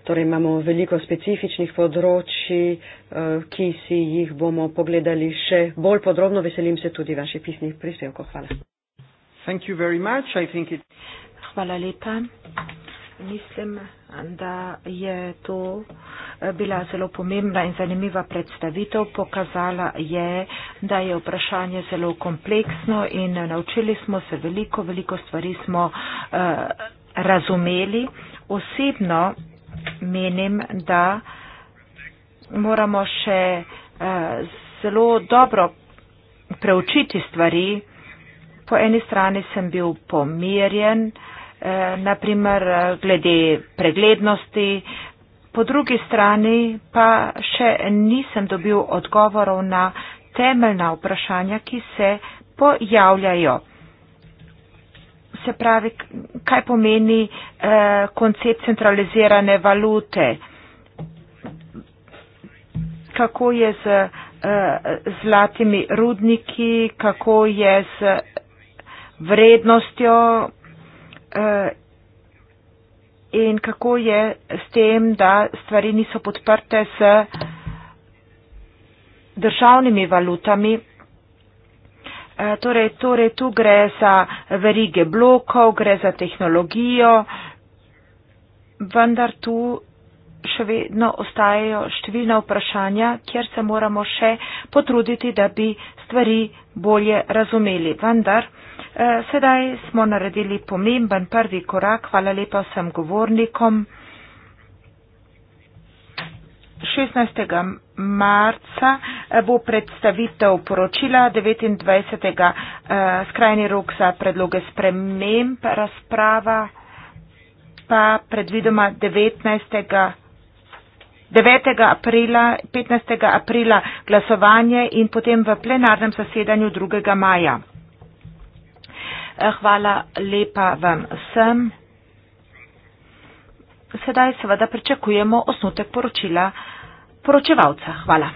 Speaker 4: Torej imamo veliko specifičnih področji, eh, ki si jih bomo pogledali še bolj podrobno. Veselim se tudi vaših pisnih prispevkov. Hvala. Hvala lepa.
Speaker 5: Mislim, da je to eh, bila zelo pomembna in zanimiva predstavitev. Pokazala je, da je vprašanje zelo kompleksno in naučili smo se veliko, veliko stvari smo uh, razumeli. Osebno menim, da moramo še eh, zelo dobro preučiti stvari. Po eni strani sem bil pomirjen, eh, naprimer eh, glede preglednosti, po drugi strani pa še nisem dobil odgovorov na temeljna vprašanja, ki se pojavljajo se pravi, kaj pomeni eh, koncept centralizirane valute, kako je z eh, zlatimi rudniki, kako je z vrednostjo eh, in kako je s tem, da stvari niso podprte z državnimi valutami. Eh, torej, torej, tu gre za verige blokov, gre za tehnologijo, vendar tu še vedno ostajajo številna vprašanja, kjer se moramo še potruditi, da bi stvari bolje razumeli. Vendar, eh, sedaj smo naredili pomemben prvi korak. Hvala lepa vsem govornikom. 16 marca eh, bo predstavitev poročila 29. Eh, skrajni rok za predloge sprememb razprava pa predvidoma 19. 9. aprila, 15. aprila glasovanje in potem v plenarnem zasedanju 2. maja. Eh, hvala lepa vam vsem. Sedaj seveda pričakujemo osnutek poročila poročevalca. Hvala.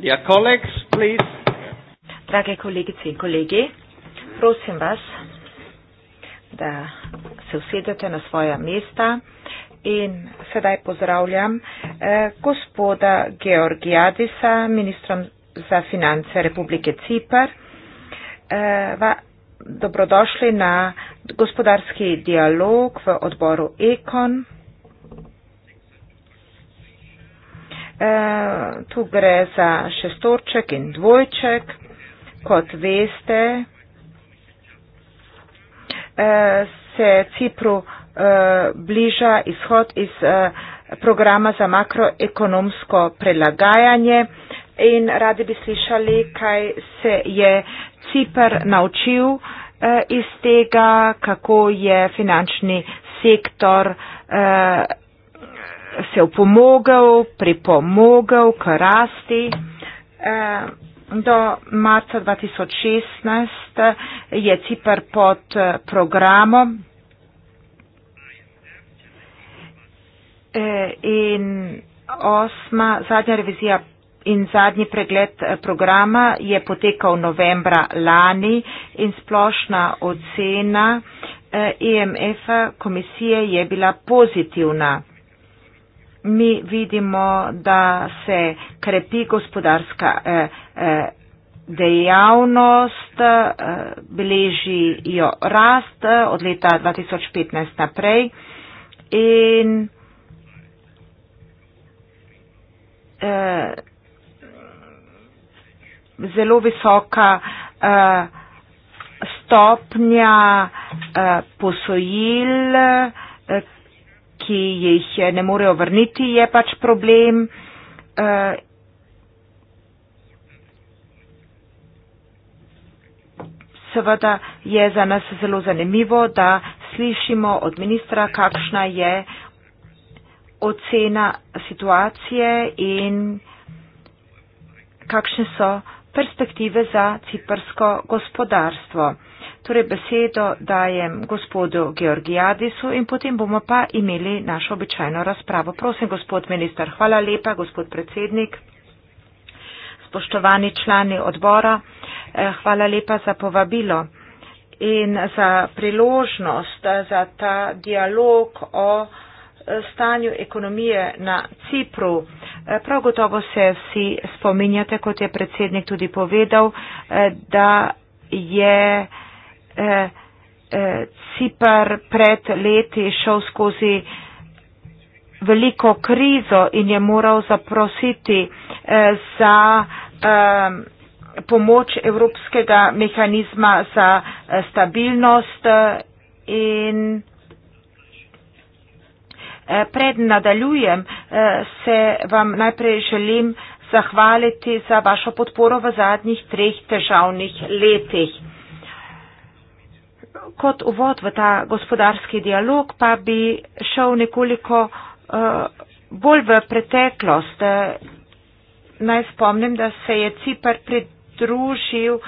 Speaker 5: Dear colleagues, please. Drage kolegice in kolegi, prosim vas, da se usedete na svoja mesta in sedaj pozdravljam eh, gospoda Georgiadisa, ministra za finance Republike Cipr. Eh, dobrodošli na gospodarski dialog v odboru Ekon. E, tu gre za šestorček in dvojček. Kot veste, e, se Cipru e, bliža izhod iz programa za makroekonomsko prelagajanje in radi bi slišali, kaj se je Cipr naučil iz tega, kako je finančni sektor se opomogel, pripomogel k rasti. Eh, do marca 2016 eh, je Cipr pod eh, programom in osma zadnja revizija in zadnji pregled programa je potekal novembra lani in splošna ocena. EMF e komisije je bila pozitivna mi vidimo, da se krepi gospodarska eh, eh, dejavnost, eh, beleži jo rast od leta 2015 naprej in zelo visoka stopnja posojil, ki jih ne morejo vrniti, je pač problem. Eh, seveda je za nas zelo zanimivo, da slišimo od ministra, kakšna je ocena situacije in kakšne so perspektive za ciprsko gospodarstvo. Torej besedo dajem gospodu Georgijadisu in potem bomo pa imeli našo običajno razpravo. Prosim, gospod minister, hvala lepa, gospod predsednik, spoštovani člani odbora, eh, hvala lepa za povabilo in za priložnost eh, za ta dialog o eh, stanju ekonomije na Cipru. Prav gotovo se vsi spominjate, kot je predsednik tudi povedal, da je eh, eh Cipr pred leti šel skozi veliko krizo in je moral zaprositi eh, za eh, pomoč Evropskega mehanizma za eh, stabilnost eh, in pred nadaljujem se vam najprej želim zahvaliti za vašo podporo v zadnjih treh težavnih letih kot uvod v ta gospodarski dialog pa bi šel nekoliko uh, bolj v preteklost. Uh, naj spomnim, da se je Cipr pridružil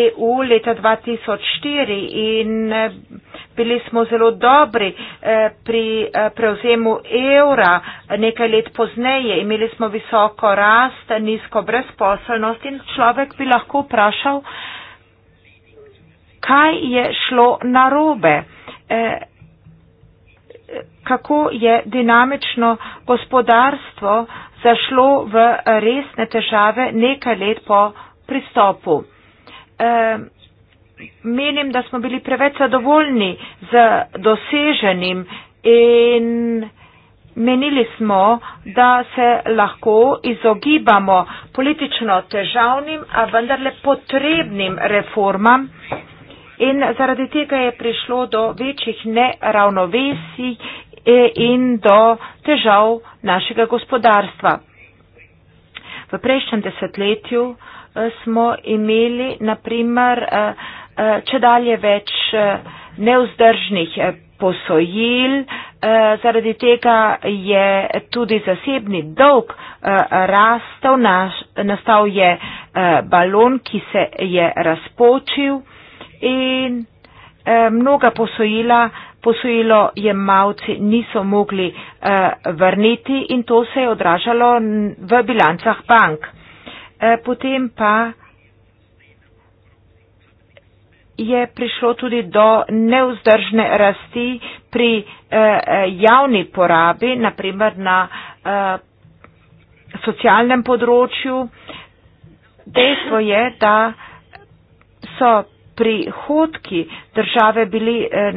Speaker 5: EU leta 2004 in uh, bili smo zelo dobri uh, pri uh, prevzemu evra nekaj let pozneje. Imeli smo visoko rast, nizko brezposelnost in človek bi lahko vprašal, uh, kaj je šlo narobe, e, kako je dinamično gospodarstvo zašlo v resne težave nekaj let po pristopu. E, menim, da smo bili preveč zadovoljni z doseženim in menili smo, da se lahko izogibamo politično težavnim, a vendarle potrebnim reformam in zaradi tega je prišlo do večjih neravnovesij e, in do težav našega gospodarstva. V prejšnjem desetletju e, smo imeli, na primer, e, če dalje več neuzdržnih posojil, zaradi tega je tudi zasebni dolg rastel, nastal je balon, ki se je razpočil in e, mnoga posojila, posojilo jemalci niso mogli e, vrniti in to se je odražalo v bilancah bank. E, potem pa je prišlo tudi do neuzdržne rasti pri eh, javni porabi, naprimer na eh, socialnem področju. Dejstvo je, da so prihodki države bili eh,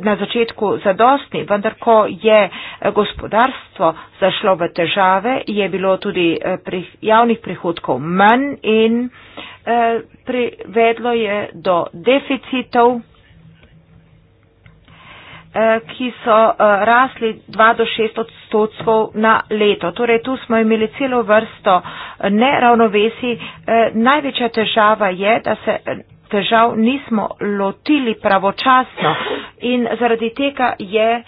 Speaker 5: na začetku zadostni, vendar ko je eh, gospodarstvo zašlo v težave, je bilo tudi eh, javnih prihodkov manj in privedlo je do deficitov, ki so rasli 2 do 6 odstotkov na leto. Torej, tu smo imeli celo vrsto neravnovesi. Največja težava je, da se težav nismo lotili pravočasno in zaradi tega je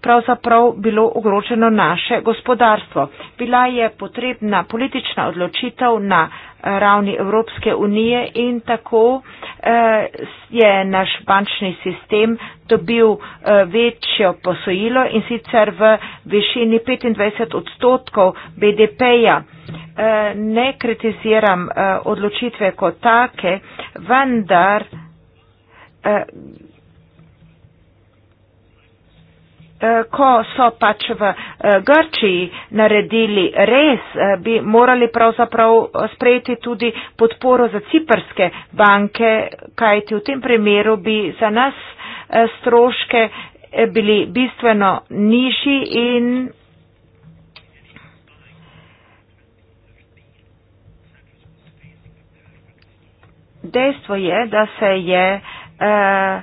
Speaker 5: pravzaprav bilo ogroženo naše gospodarstvo. Bila je potrebna politična odločitev na ravni Evropske unije in tako eh, je naš bančni sistem dobil eh, večjo posojilo in sicer v višini 25 odstotkov BDP-ja. Eh, ne kritiziram eh, odločitve kot take, vendar eh, ko so pač v Grčiji naredili res, bi morali pravzaprav sprejeti tudi podporo za ciprske banke, kajti v tem primeru bi za nas stroške bili bistveno nižji in dejstvo je, da se je eh,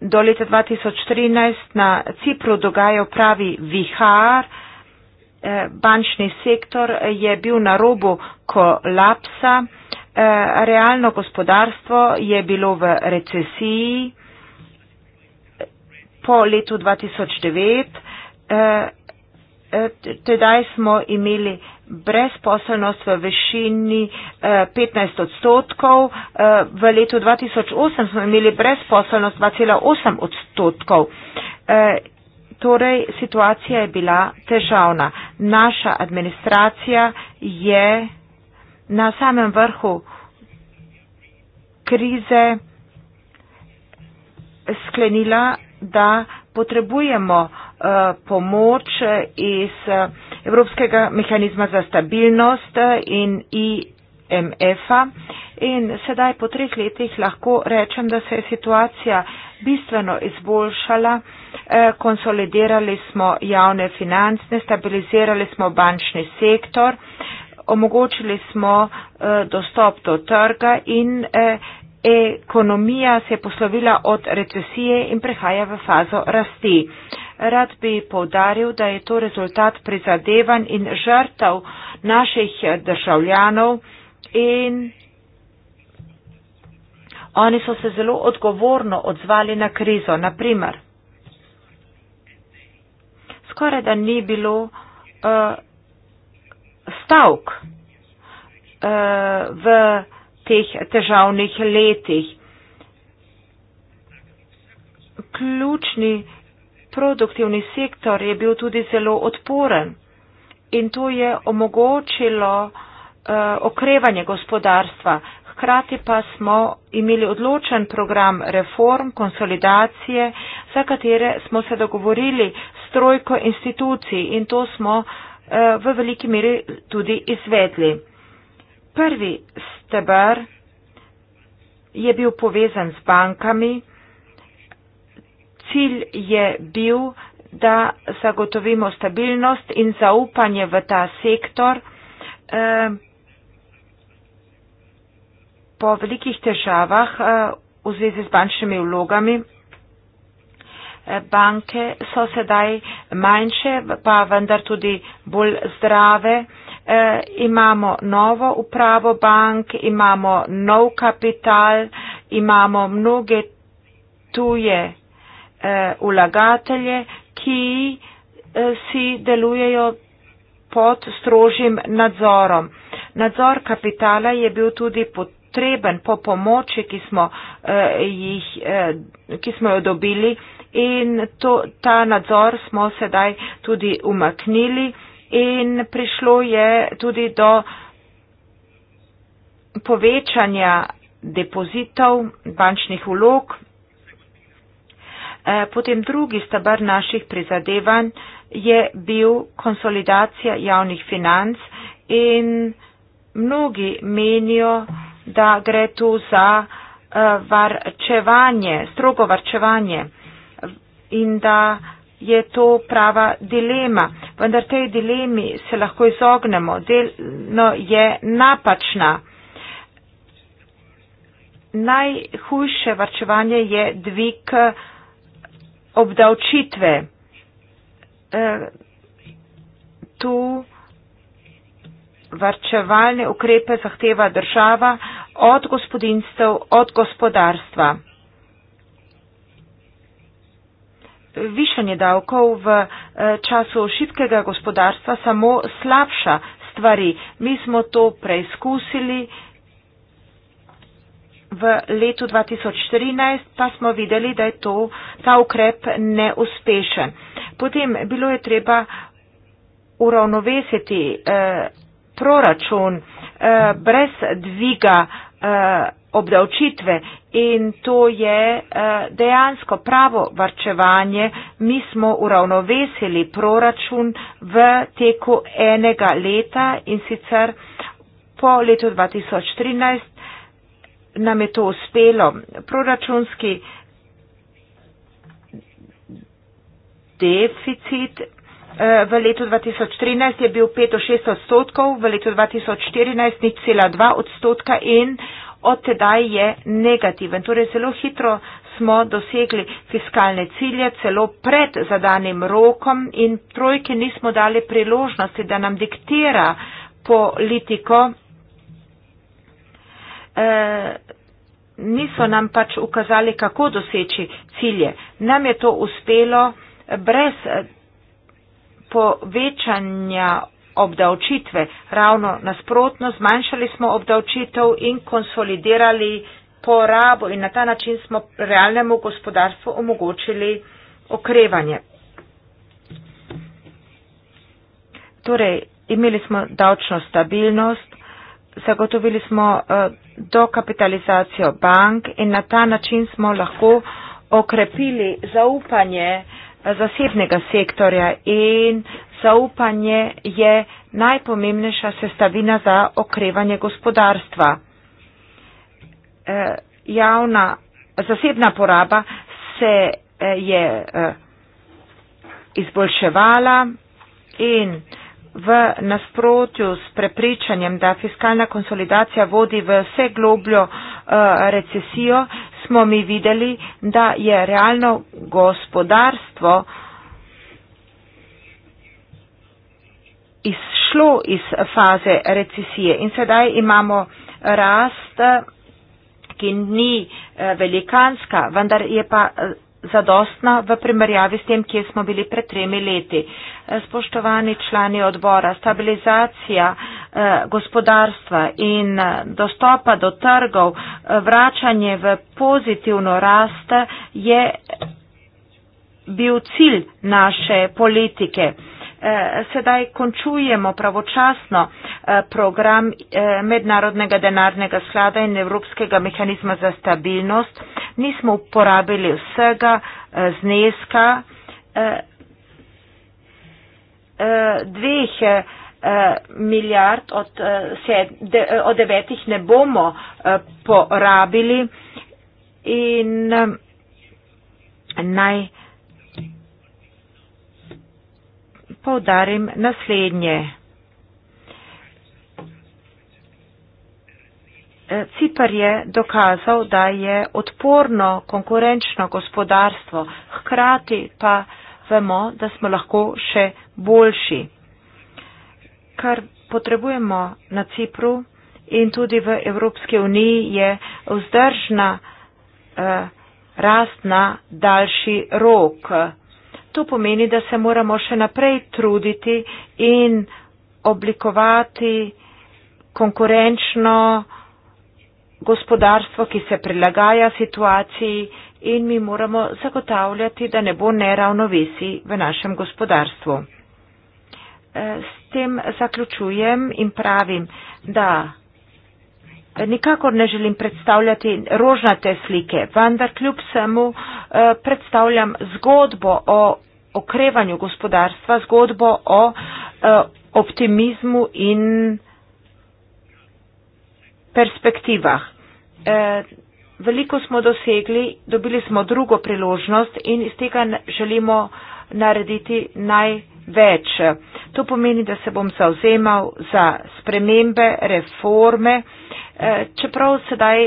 Speaker 5: do leta 2013 na Cipru dogajal pravi vihar, eh, bančni sektor je bil na robu kolapsa, eh, realno gospodarstvo je bilo v recesiji. Po letu 2009 eh, eh, tedaj smo imeli brezposelnost v višini 15 eh, odstotkov, eh, v letu 2008 smo imeli brezposelnost 2,8 odstotkov. Eh, torej, situacija je bila težavna. Naša administracija je na samem vrhu krize sklenila, da potrebujemo pomoč iz Evropskega mehanizma za stabilnost eh, in IMF-a. In sedaj po treh letih lahko rečem, da se je situacija bistveno izboljšala. Eh, konsolidirali smo javne finance, stabilizirali smo bančni sektor, omogočili smo eh, dostop do trga in ekonomija se je poslovila od recesije in prehaja v fazo rasti. Rad bi povdaril, da je to rezultat prizadevanj in žrtav naših državljanov in oni so se zelo odgovorno odzvali na krizo. Naprimer, skoraj da ni bilo uh, stavk uh, v teh težavnih letih. Ključni produktivni sektor je bil tudi zelo odporen in to je omogočilo uh, okrevanje gospodarstva. Hkrati pa smo imeli odločen program reform, konsolidacije, za katere smo se dogovorili s trojko institucij in to smo uh, v veliki meri tudi izvedli. Prvi stebr je bil povezan z bankami. Cilj je bil, da zagotovimo stabilnost in zaupanje v ta sektor. Eh, po velikih težavah eh, v zvezi z bančnimi vlogami eh, banke so sedaj manjše, pa vendar tudi bolj zdrave eh, imamo novo upravo bank, imamo nov kapital, imamo mnoge tuje eh, ulagatelje, ki eh, si delujejo pod strožim nadzorom. Nadzor kapitala je bil tudi potreben po pomoči, ki smo, eh, jih, eh, ki smo jo dobili in to, ta nadzor smo sedaj tudi umaknili in prišlo je tudi do povečanja depozitov, bančnih ulog. Eh, potem drugi stabar naših prizadevanj je bil konsolidacija javnih financ in mnogi menijo, da gre tu za eh, varčevanje, strogo varčevanje in da je to prava dilema. Vendar tej dilemi se lahko izognemo. Delno je napačna. Najhujše varčevanje je dvig eh, obdavčitve. Eh, tu varčevalne ukrepe zahteva država od gospodinstv, od gospodarstva. višanje davkov v eh, času šitkega gospodarstva samo slabša stvari. Mi smo to preizkusili v letu 2014, pa smo videli, da je to, ta ukrep neuspešen. Potem bilo je treba uravnovesiti eh, proračun eh, brez dviga. Eh, obdavčitve in to je eh, dejansko pravo varčevanje. Mi smo uravnovesili proračun v teku enega leta in sicer po letu 2013 nam je to uspelo. Proračunski deficit eh, v letu 2013 je bil 5-6 odstotkov, v letu 2014 nič cela 2 odstotka in od tedaj je negativen. Torej, zelo hitro smo dosegli fiskalne cilje, celo pred zadanim rokom in trojke nismo dali priložnosti, da nam diktira politiko. E, niso nam pač ukazali, kako doseči cilje. Nam je to uspelo brez eh, povečanja obdavčitve. Ravno nasprotno, zmanjšali smo obdavčitev in konsolidirali porabo in na ta način smo realnemu gospodarstvu omogočili okrevanje. Torej, imeli smo davčno stabilnost, zagotovili smo uh, dokapitalizacijo bank in na ta način smo lahko okrepili zaupanje eh, zasebnega sektorja in zaupanje je najpomembnejša sestavina za okrevanje gospodarstva. Eh, javna, zasebna poraba se eh, je eh, izboljševala in v nasprotju s prepričanjem, da fiskalna konsolidacija vodi v vse globljo recesijo, smo mi videli, da je realno gospodarstvo izšlo iz faze recesije in sedaj imamo rast, ki ni eh, velikanska, vendar je pa eh, zadostna v primerjavi s tem, kje smo bili pred tremi leti. Eh, spoštovani člani odbora, stabilizacija gospodarstva in dostopa do trgov, vračanje v pozitivno raste je bil cilj naše politike. Eh, sedaj končujemo pravočasno eh, program eh, Mednarodnega denarnega sklada in Evropskega mehanizma za stabilnost. Nismo uporabili vsega zneska dveh milijard od, od devetih ne bomo porabili in naj poudarim naslednje. Eh, Cipr je dokazal, da je odporno konkurenčno gospodarstvo, hkrati pa vemo, da smo lahko še boljši. Kar potrebujemo na Cipru in tudi v Evropski uniji je vzdržna eh, rast na daljši rok. Eh, To pomeni, da se moramo še naprej truditi in oblikovati konkurenčno gospodarstvo, ki se prilagaja situaciji in mi moramo zagotavljati, da ne bo neravnovesi v našem gospodarstvu. E, s tem zaključujem in pravim, da nikakor ne želim predstavljati rožnate slike, vendar kljub samo e, predstavljam zgodbo o okrevanju gospodarstva, zgodbo o e, optimizmu in perspektivah. E, veliko smo dosegli, dobili smo drugo priložnost in iz tega želimo narediti največ. To pomeni, da se bom zauzemal za spremembe, reforme, e, čeprav sedaj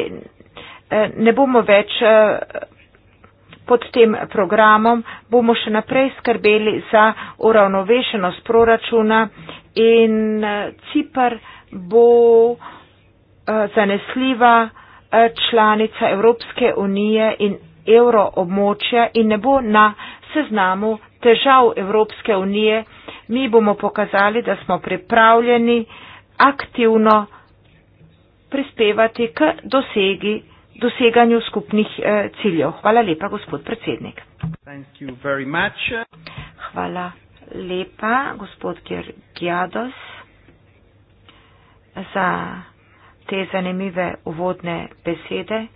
Speaker 5: ne bomo več pod tem programom bomo še naprej skrbeli za uravnovešenost proračuna in eh, Cipr bo eh, zanesljiva eh, članica Evropske unije in euroobmočja in ne bo na seznamu težav Evropske unije. Mi bomo pokazali, da smo pripravljeni aktivno prispevati k dosegi doseganju skupnih eh, ciljev. Hvala lepa, gospod predsednik. Hvala lepa, gospod Gjados, za te zanimive uvodne besede.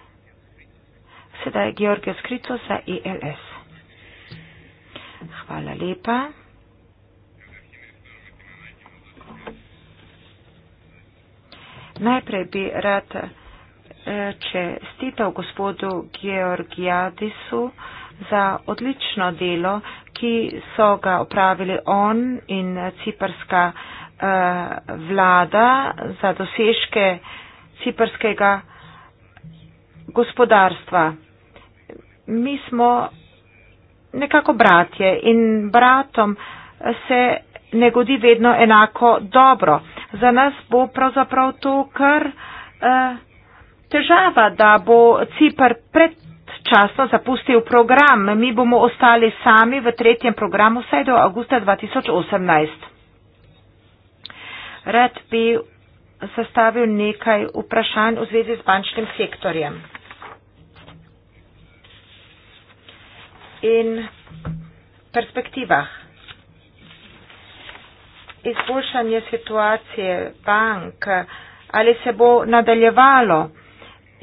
Speaker 5: Sedaj je Georgios Krico za ILS. E Hvala lepa. Najprej bi rad čestitev gospodu Georgiadisu za odlično delo, ki so ga opravili on in ciperska eh, vlada za dosežke ciperskega gospodarstva. Mi smo nekako bratje in bratom se ne godi vedno enako dobro. Za nas bo pravzaprav to, kar uh, težava, da bo Cipr predčasno zapustil program. Mi bomo ostali sami v tretjem programu vsaj do avgusta 2018. Red bi zastavil nekaj vprašanj v zvezi z bančnim sektorjem. In perspektivah. Izboljšanje situacije bank, ali se bo nadaljevalo?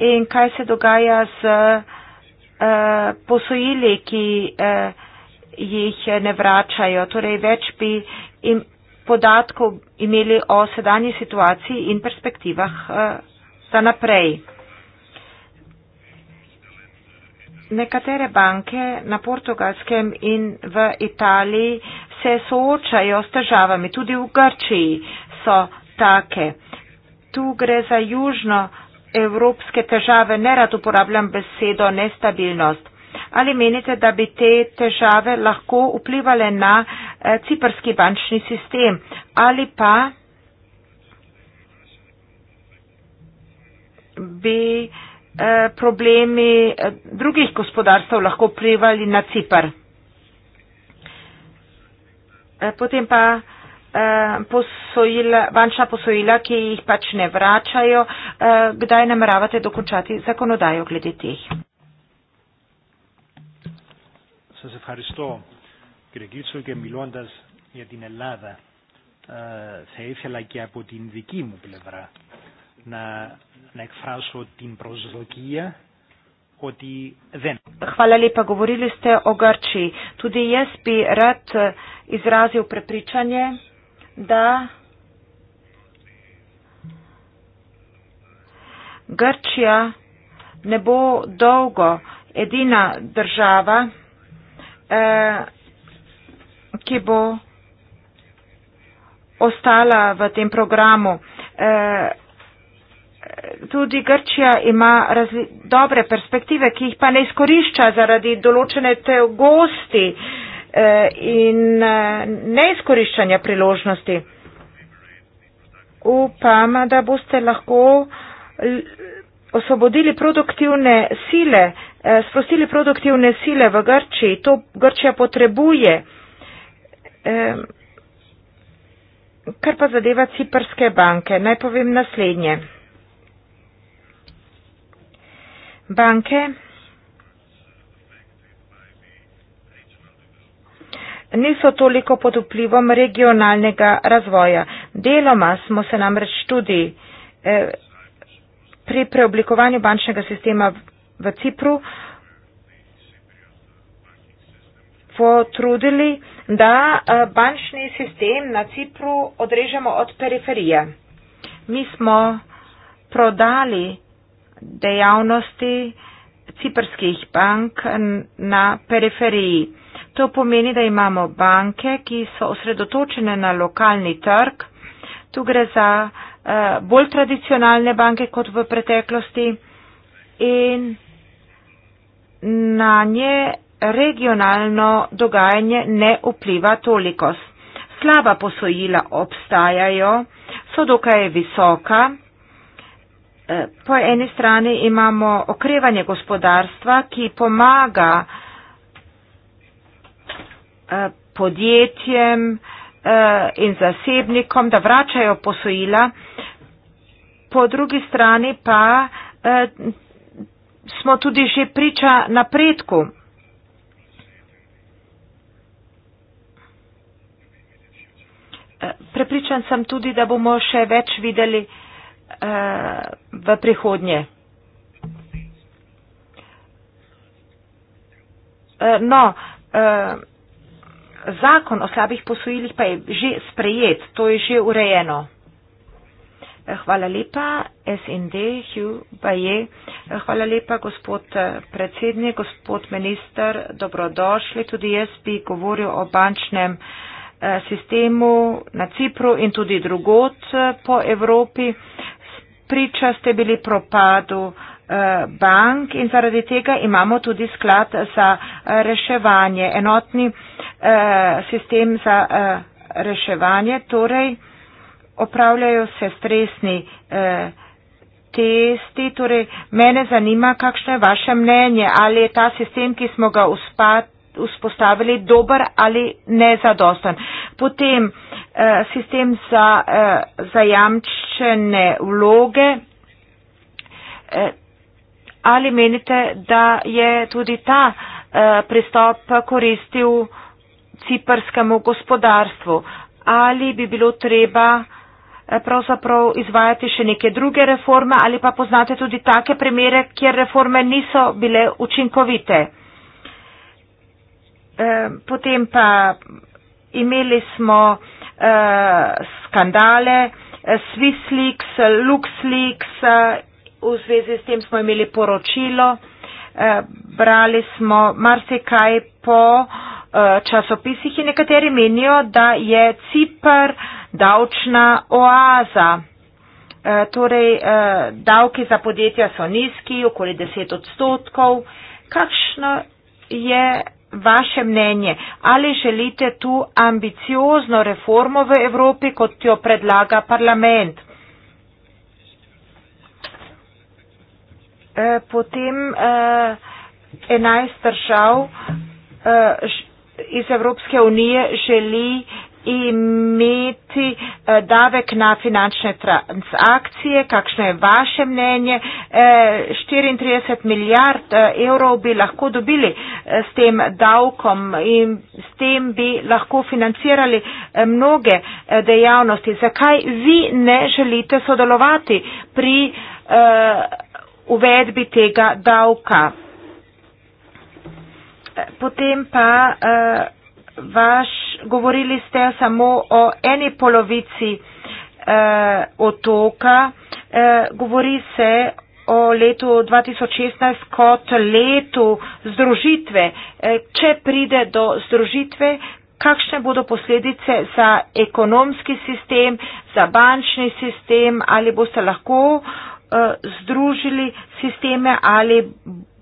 Speaker 5: in kaj se dogaja z uh, posojili, ki uh, jih ne vračajo. Torej, več bi im podatkov imeli o sedanji situaciji in perspektivah uh, za naprej. Nekatere banke na portugalskem in v Italiji se soočajo s težavami, tudi v Grčiji so take. Tu gre za južno evropske težave, ne rad uporabljam besedo nestabilnost. Ali menite, da bi te težave lahko vplivali na eh, ciprski bančni sistem ali pa bi eh, problemi eh, drugih gospodarstv lahko vplivali na Cipr? Potem pa Eh, posojila, bančna posojila, ki jih pač ne vračajo. Eh, kdaj nameravate dokončati zakonodajo glede teh?
Speaker 1: θα ήθελα και από την δική μου πλευρά να, να εκφράσω την προσδοκία ότι δεν.
Speaker 5: Χαλά λίπα, γουβουρίλιστε ο Γκάρτσι. Τούτι εσπι ρατ εισράζει ο πρεπρίτσανιε da Grčija ne bo dolgo edina država, eh, ki bo ostala v tem programu. Eh, tudi Grčija ima dobre perspektive, ki jih pa ne izkorišča zaradi določene te gosti eh, Eh, in eh, neizkoriščanja priložnosti. Upam, da boste lahko osvobodili produktivne sile, eh, sprostili produktivne sile v Grčiji. To Grčija potrebuje. Kar pa zadeva ciprske banke, naj povem naslednje. Banke niso toliko pod vplivom regionalnega razvoja. Deloma smo se namreč tudi eh, pri preoblikovanju bančnega sistema v Cipru potrudili, da eh, bančni sistem na Cipru odrežemo od periferije. Mi smo prodali dejavnosti ciprskih bank na periferiji. To pomeni, da imamo banke, ki so osredotočene na lokalni trg. Tu gre za eh, bolj tradicionalne banke kot v preteklosti in na nje regionalno dogajanje ne vpliva toliko. Slaba posojila obstajajo, so dokaj visoka. Eh, po eni strani imamo okrevanje gospodarstva, ki pomaga eh, Eh, podjetjem eh, in zasebnikom, da vračajo posojila, po drugi strani pa eh, smo tudi že priča napredku. Prepričan sem tudi, da bomo še več videli v prihodnje. No, Zakon o slabih posojilih pa je že sprejet, to je že urejeno. Eh, hvala lepa, SND, Hugh Baje. Eh, hvala lepa, gospod eh, predsednik, gospod minister, dobrodošli. Tudi jaz bi govoril o bančnem sistemu na Cipru in tudi drugot po Evropi. Priča ste bili propadu bank in zaradi tega imamo tudi sklad za eh, reševanje, enotni eh, sistem za eh, reševanje, torej opravljajo se stresni testi. Torej, mene zanima, kakšno je vaše mnenje, ali je ta sistem, ki smo ga vzpostavili, dober ali nezadosten. Potem sistem za zajamčene vloge ali menite, da je tudi ta eh, pristop koristil ciprskemu gospodarstvu? Ali bi bilo treba eh, pravzaprav izvajati še neke druge reforme ali pa poznate tudi take primere, kjer reforme niso bile učinkovite? Eh, potem pa imeli smo skandale, Swissleaks, Luxleaks v zvezi s tem smo imeli poročilo, eh, brali smo marsikaj po eh, časopisih in nekateri menijo, da je Cipr davčna oaza. Eh, torej, davki za podjetja so nizki, okoli 10 odstotkov. Kakšno je vaše mnenje? Ali želite tu ambiciozno reformo v Evropi, kot jo predlaga parlament? Eh, potem eh, 11 držav eh, iz Evropske unije želi imeti eh, davek na finančne transakcije. Kakšno je vaše mnenje? Eh, 34 milijard eh, evrov bi lahko dobili eh, s tem davkom in s tem bi lahko financirali eh, mnoge eh, dejavnosti. Zakaj vi ne želite sodelovati pri. Eh, uvedbi tega davka. Eh, potem pa uh, vaš, govorili ste samo o eni polovici uh, otoka. Uh, govori se o letu 2016 kot letu združitve. Uh, če pride do združitve, kakšne bodo posledice za ekonomski sistem, za bančni sistem ali boste lahko uh, uh, združili sisteme ali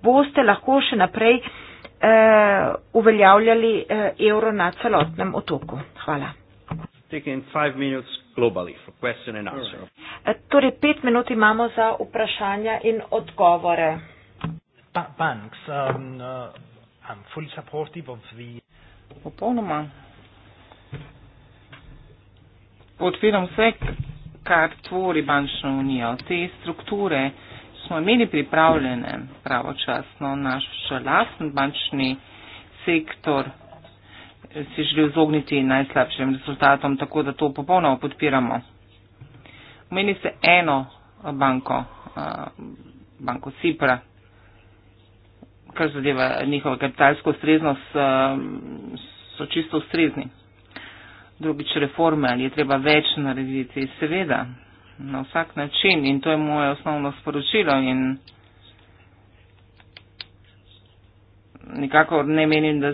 Speaker 5: boste lahko še naprej uh, uveljavljali uh, evro na celotnem
Speaker 3: otoku. Hvala.
Speaker 5: Torej, pet minut imamo za vprašanja in odgovore.
Speaker 1: Um, uh, Popolnoma.
Speaker 2: Podpiram vse, kar tvori bančno unijo. Te strukture smo imeli pripravljene pravočasno. Naš lasten bančni sektor si želi izogniti najslabšim rezultatom, tako da to popolnoma podpiramo. Omeni se eno banko, banko Cipra, kar zadeva njihovo kapitalsko ustreznost, so čisto ustrezni drugič reforme, ali je treba več narediti. Seveda, na vsak način in to je moje osnovno sporočilo in nikakor ne menim, da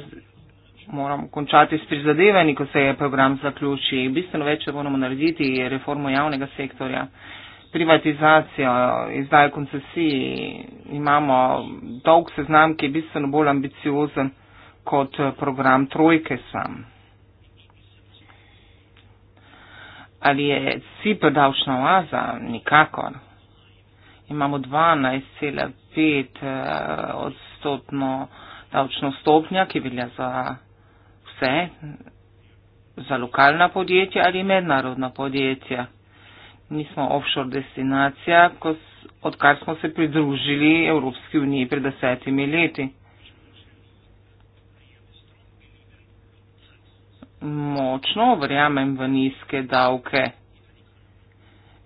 Speaker 2: moramo končati s prizadevanji, ko se je program zaključi. Bistveno več, če moramo narediti, je reformo javnega sektorja privatizacijo, izdajo koncesij, imamo dolg seznam, ki je bistveno bolj ambiciozen kot program trojke sam. ali je Cipr davčna oaza? Nikakor. Imamo 12,5 eh, odstotno davčno stopnja, ki velja za vse, za lokalna podjetja ali mednarodna podjetja. Nismo offshore destinacija, odkar smo se pridružili Evropski uniji pred desetimi leti. močno verjamem v nizke davke.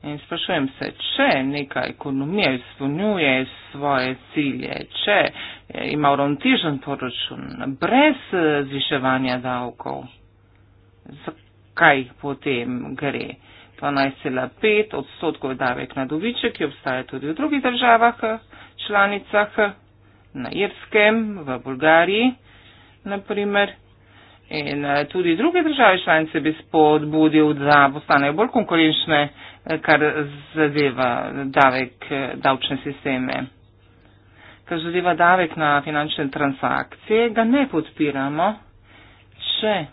Speaker 2: In sprašujem se, če neka ekonomija izpolnjuje svoje cilje, če ima uravnotežen poračun brez eh, zviševanja davkov, zakaj potem gre? 12,5 odstotkov je davek na dobiček, ki obstaja tudi v drugih državah, članicah, na Irskem, v Bulgariji, naprimer. In eh, tudi druge države članice bi spodbudil, da postanejo bolj konkurenčne, eh, kar zadeva davek eh, davčne sisteme. Kar zadeva davek na finančne transakcije, ga ne podpiramo. Če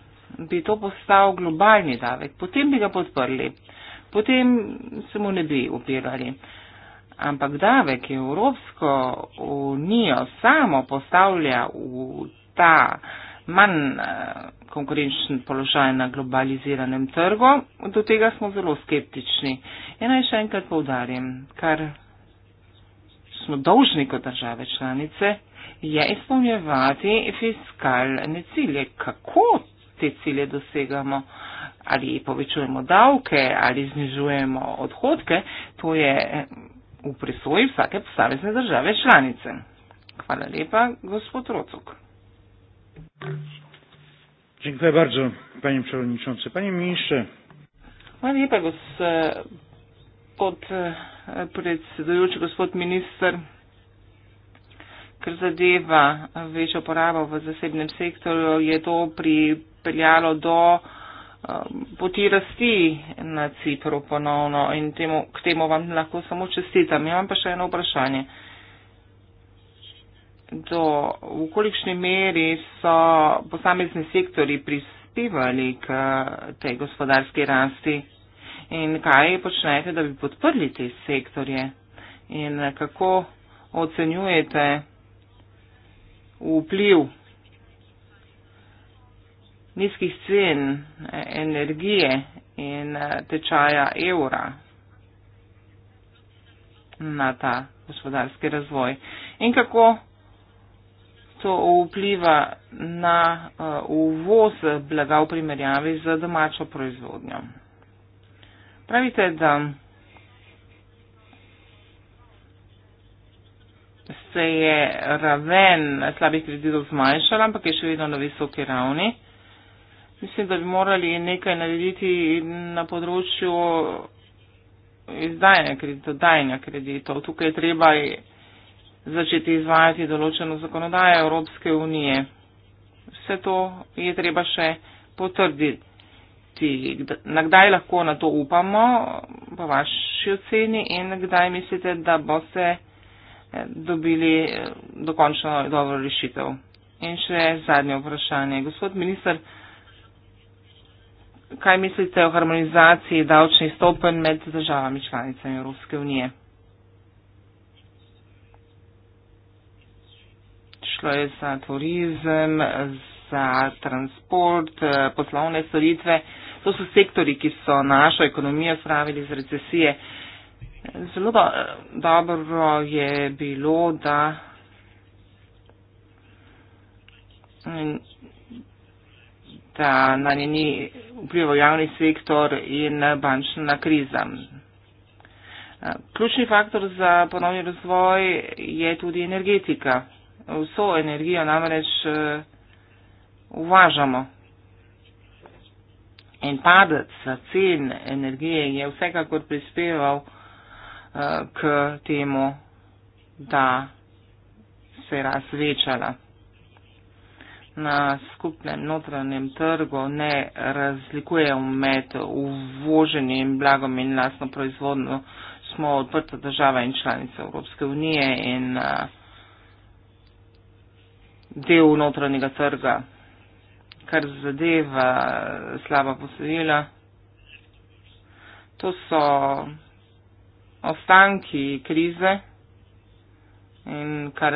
Speaker 2: bi to postal globalni davek, potem bi ga podprli, potem se mu ne bi upirali. Ampak davek Evropsko unijo samo postavlja v ta manj eh, konkurenčen položaj na globaliziranem trgu. Do tega smo zelo skeptični. In ja, naj še enkrat povdarjem, kar smo dolžni kot države članice, je izpolnjevati fiskalne cilje. Kako te cilje dosegamo? Ali povečujemo davke, ali znižujemo odhodke, to je eh, v presoji vsake posamezne države članice. Hvala lepa, gospod Rocuk.
Speaker 1: Dziękuję bardzo, panie przewodniczący. Panie ministrze.
Speaker 2: Panie wie pan, gospod e, predsedujoč, gospod minister, ker zadeva večjo porabo v zasebnem sektorju, je to pripeljalo do e, poti rasti na Cipru ponovno in temu, k temu vam lahko samo čestitam. Ja, imam pa še eno vprašanje do, v kolikšni meri so posamezni sektori prispevali k tej gospodarski rasti in kaj počnete, da bi podprli te sektorje in kako ocenjujete vpliv nizkih cen energije in tečaja evra na ta gospodarski razvoj. In kako to vpliva na eh, uvoz blaga v primerjavi z domačo proizvodnjo. Pravite, da se je raven slabih kreditov zmanjšala, ampak je še vedno na visoki ravni. Mislim, da bi morali nekaj narediti na področju izdajanja kreditov, dajanja kreditov. Tukaj treba je treba začeti izvajati določeno zakonodajo Evropske unije. Vse to je treba še potrditi. Na kdaj lahko na to upamo, po vaši oceni, in kdaj mislite, da boste eh, dobili eh, dokončno dobro rešitev. In še zadnje vprašanje. Gospod minister, kaj mislite o harmonizaciji davčnih stopenj med državami članicami Evropske unije? šlo je za turizem, za transport, eh, poslovne storitve. To so sektori, ki so našo ekonomijo spravili iz recesije. Zelo do, eh, dobro je bilo, da mm, da na nje ni vplival javni sektor in bančna kriza. Eh, ključni faktor za ponovni razvoj je tudi energetika vso energijo namreč eh, uvažamo. In padec cen energije je vsekakor prispeval eh, k temu, da se je razvečala na skupnem notranjem trgu ne razlikuje med uvoženim blagom in lastno proizvodno. Smo odprta država in članica Evropske unije in uh, del notranjega trga, kar zadeva slaba posojila. To so ostanki krize in kar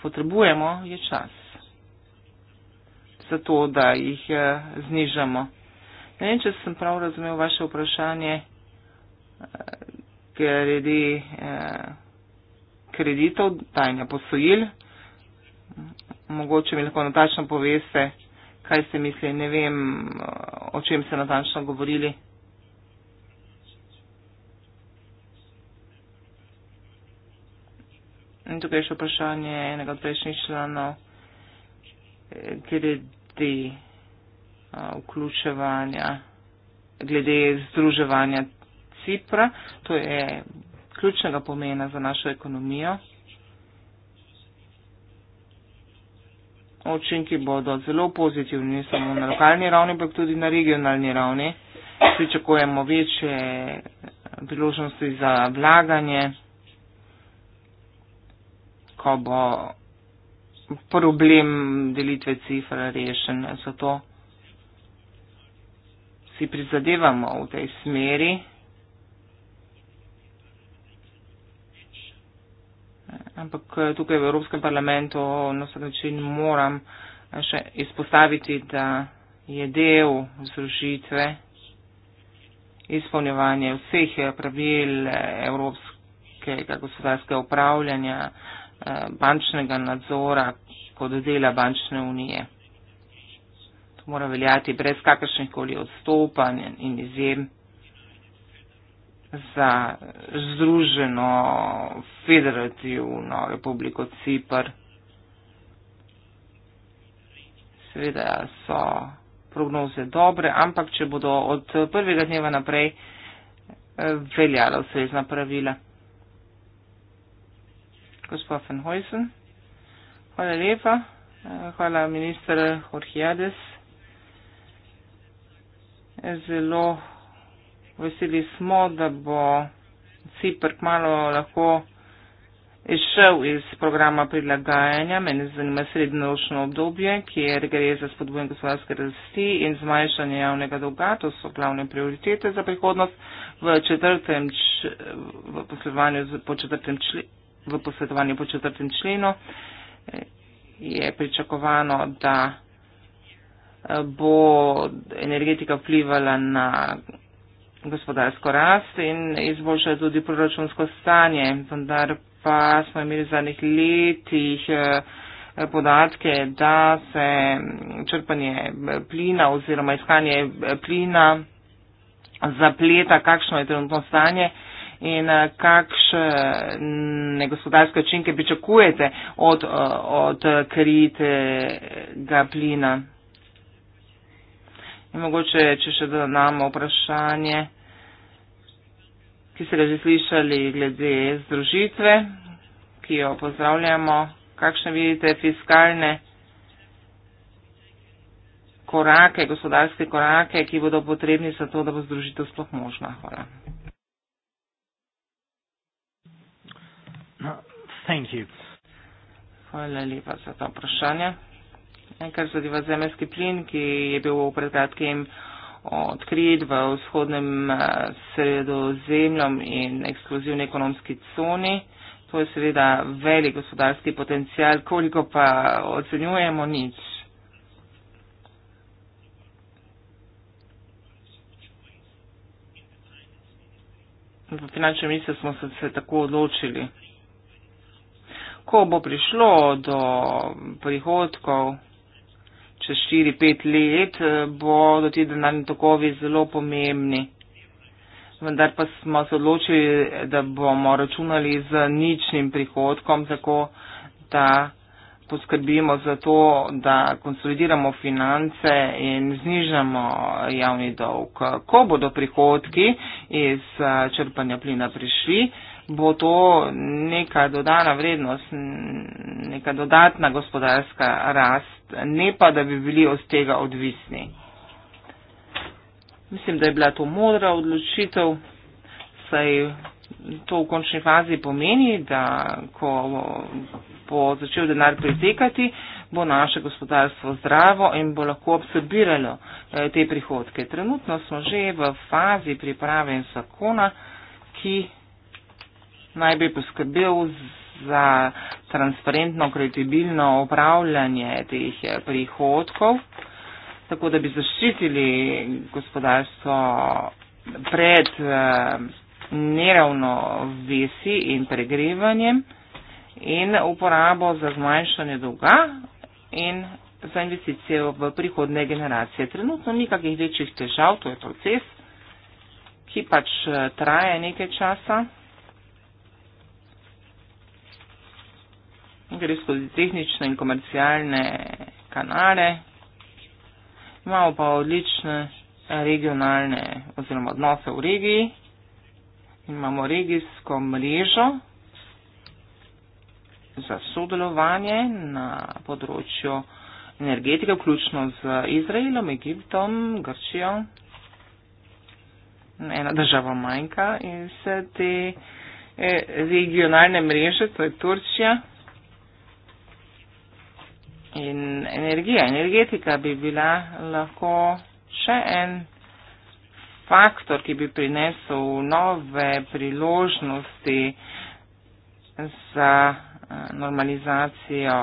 Speaker 2: potrebujemo je čas, zato da jih eh, znižamo. Ne vem, če sem prav razumel vaše vprašanje eh, glede eh, kreditov, tajne posojil mogoče mi lahko natačno poveste, kaj ste mislili, ne vem, o čem ste natačno govorili. In tukaj je še vprašanje enega od prejšnjih članov, glede vključevanja, glede združevanja Cipra. To je ključnega pomena za našo ekonomijo. učinki bodo zelo pozitivni, ne samo na lokalni ravni, ampak tudi na regionalni ravni. Pričakujemo večje priložnosti za vlaganje, ko bo problem delitve cifra rešen. Zato si prizadevamo v tej smeri. ampak eh, tukaj v Evropskem parlamentu na vsak način moram eh, še izpostaviti, da je del zrušitve izpolnjevanje vseh eh, pravil evropskega gospodarskega upravljanja, bančnega nadzora kot dela bančne unije. To mora veljati brez kakršnih koli odstopanj in izjem za Združeno federativno republiko Cipr. Seveda so prognoze dobre, ampak če bodo od prvega dneva naprej eh, veljala ustrezna pravila. Gospod Fenhojsen, hvala lepa. Eh, hvala, minister Horhijades. Zelo Veseli smo, da bo Cipr kmalo lahko izšel iz programa prilagajanja. Mene zanima srednjeročno obdobje, kjer gre za spodbujanje gospodarske rasti in zmanjšanje javnega dolga. To so glavne prioritete za prihodnost v četrtem v poslovanju po četrtem členu v posvetovanju po četrtem členu je pričakovano, da eh, bo energetika vplivala na gospodarsko rast in izboljšajo tudi proračunsko stanje, vendar pa smo imeli v zadnjih letih eh, podatke, da se črpanje eh, plina oziroma iskanje eh, plina zapleta, kakšno je trenutno stanje in kakšne gospodarske učinke pričakujete od, od kritega plina. In mogoče, če še da nam vprašanje, ki ste ga že slišali glede združitve, ki jo pozdravljamo, kakšne vidite fiskalne korake, gospodarske korake, ki bodo potrebni za to, da bo združitev sploh možna. Hvala.
Speaker 1: No, thank you.
Speaker 2: Hvala lepa za to vprašanje kar zadeva zemljski plin, ki je bil v predkratkem odkrit v vzhodnem eh, sredozemljem in ekskluzivni ekonomski coni. To je seveda velik gospodarski potencial, koliko pa ocenjujemo nič. V finančnem mislu smo se, se tako odločili. Ko bo prišlo do prihodkov, 4-5 let, eh, bodo ti denarni tokovi zelo pomembni. Vendar pa smo se odločili, da bomo računali z ničnim prihodkom, tako da poskrbimo za to, da konsolidiramo finance in znižamo javni dolg. Ko bodo prihodki iz eh, črpanja plina prišli, bo to neka dodana vrednost, neka dodatna gospodarska rast, ne pa, da bi bili od tega odvisni. Mislim, da je bila to modra odločitev, saj to v končni fazi pomeni, da ko bo začel denar pritekati, bo naše gospodarstvo zdravo in bo lahko absorbiralo eh, te prihodke. Trenutno smo že v fazi priprave zakona, ki naj bi poskrbel za transparentno, kredibilno upravljanje teh eh, prihodkov, tako da bi zaščitili gospodarstvo pred eh, neravnovesi in pregrevanjem in uporabo za zmanjšanje dolga in za investicije v prihodne generacije. Trenutno nikakih večjih težav, to je proces, ki pač eh, traje nekaj časa. gre skozi tehnične in komercialne kanale. Imamo pa odlične regionalne oziroma odnose v regiji. Imamo regijsko mrežo za sodelovanje na področju energetike, vključno z Izraelom, Egiptom, Grčijo. Ena država manjka in vse te eh, regionalne mreže, to je Turčija, In energija, energetika bi bila lahko še en faktor, ki bi prinesel nove priložnosti za eh, normalizacijo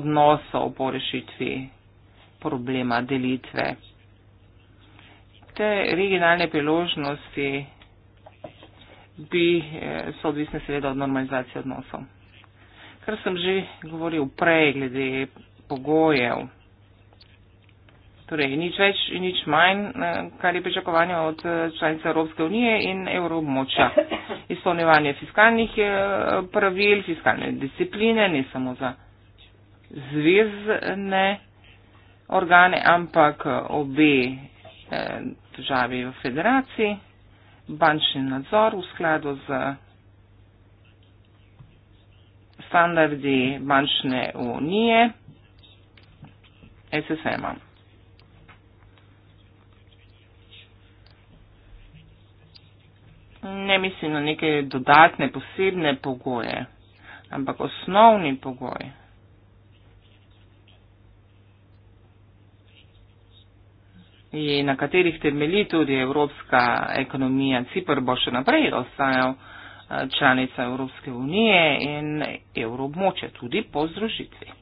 Speaker 2: odnosov po rešitvi problema delitve. Te regionalne priložnosti bi, eh, so odvisne seveda od normalizacije odnosov. Kar sem že govoril prej glede pogojev. Torej, nič več in nič manj, eh, kar je pričakovanje od eh, članice Evropske unije in evroobmoča. Izpolnevanje fiskalnih eh, pravil, fiskalne discipline, ne samo za zvezne organe, ampak obe državi v federaciji, bančni nadzor v skladu z standardi bančne unije ese tema. Ne mislim na neke dodatne, posebne pogoje, ampak osnovni pogoj. In na katerih temelji tudi evropska ekonomija. Cipr bo še naprej ostajal eh, članica Evropske unije in evroobmoče tudi po združitvi.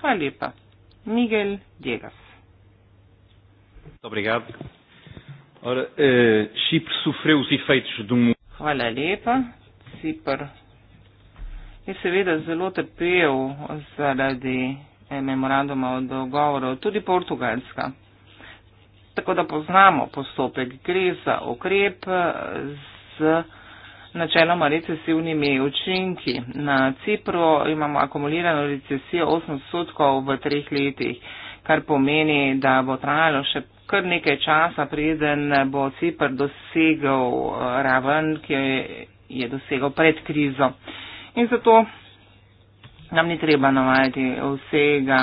Speaker 2: Hvala lepa. Miguel
Speaker 1: Diegas. Muito obrigado. Ora, uh, Chipre sofreu os efeitos de um.
Speaker 2: Hvala lepa, Cipr je seveda zelo trpel zaradi eh, memoranduma o dogovoru, tudi Portugalska. Tako da poznamo postopek, gre za ukrep eh, z načeloma recesivnimi učinki. Na Cipru imamo akumulirano recesijo 8 odstotkov v treh letih, kar pomeni, da bo trajalo še kar nekaj časa, preden bo Cipr dosegel eh, raven, ki jo je dosegel pred krizo. In zato nam ni treba navajati vsega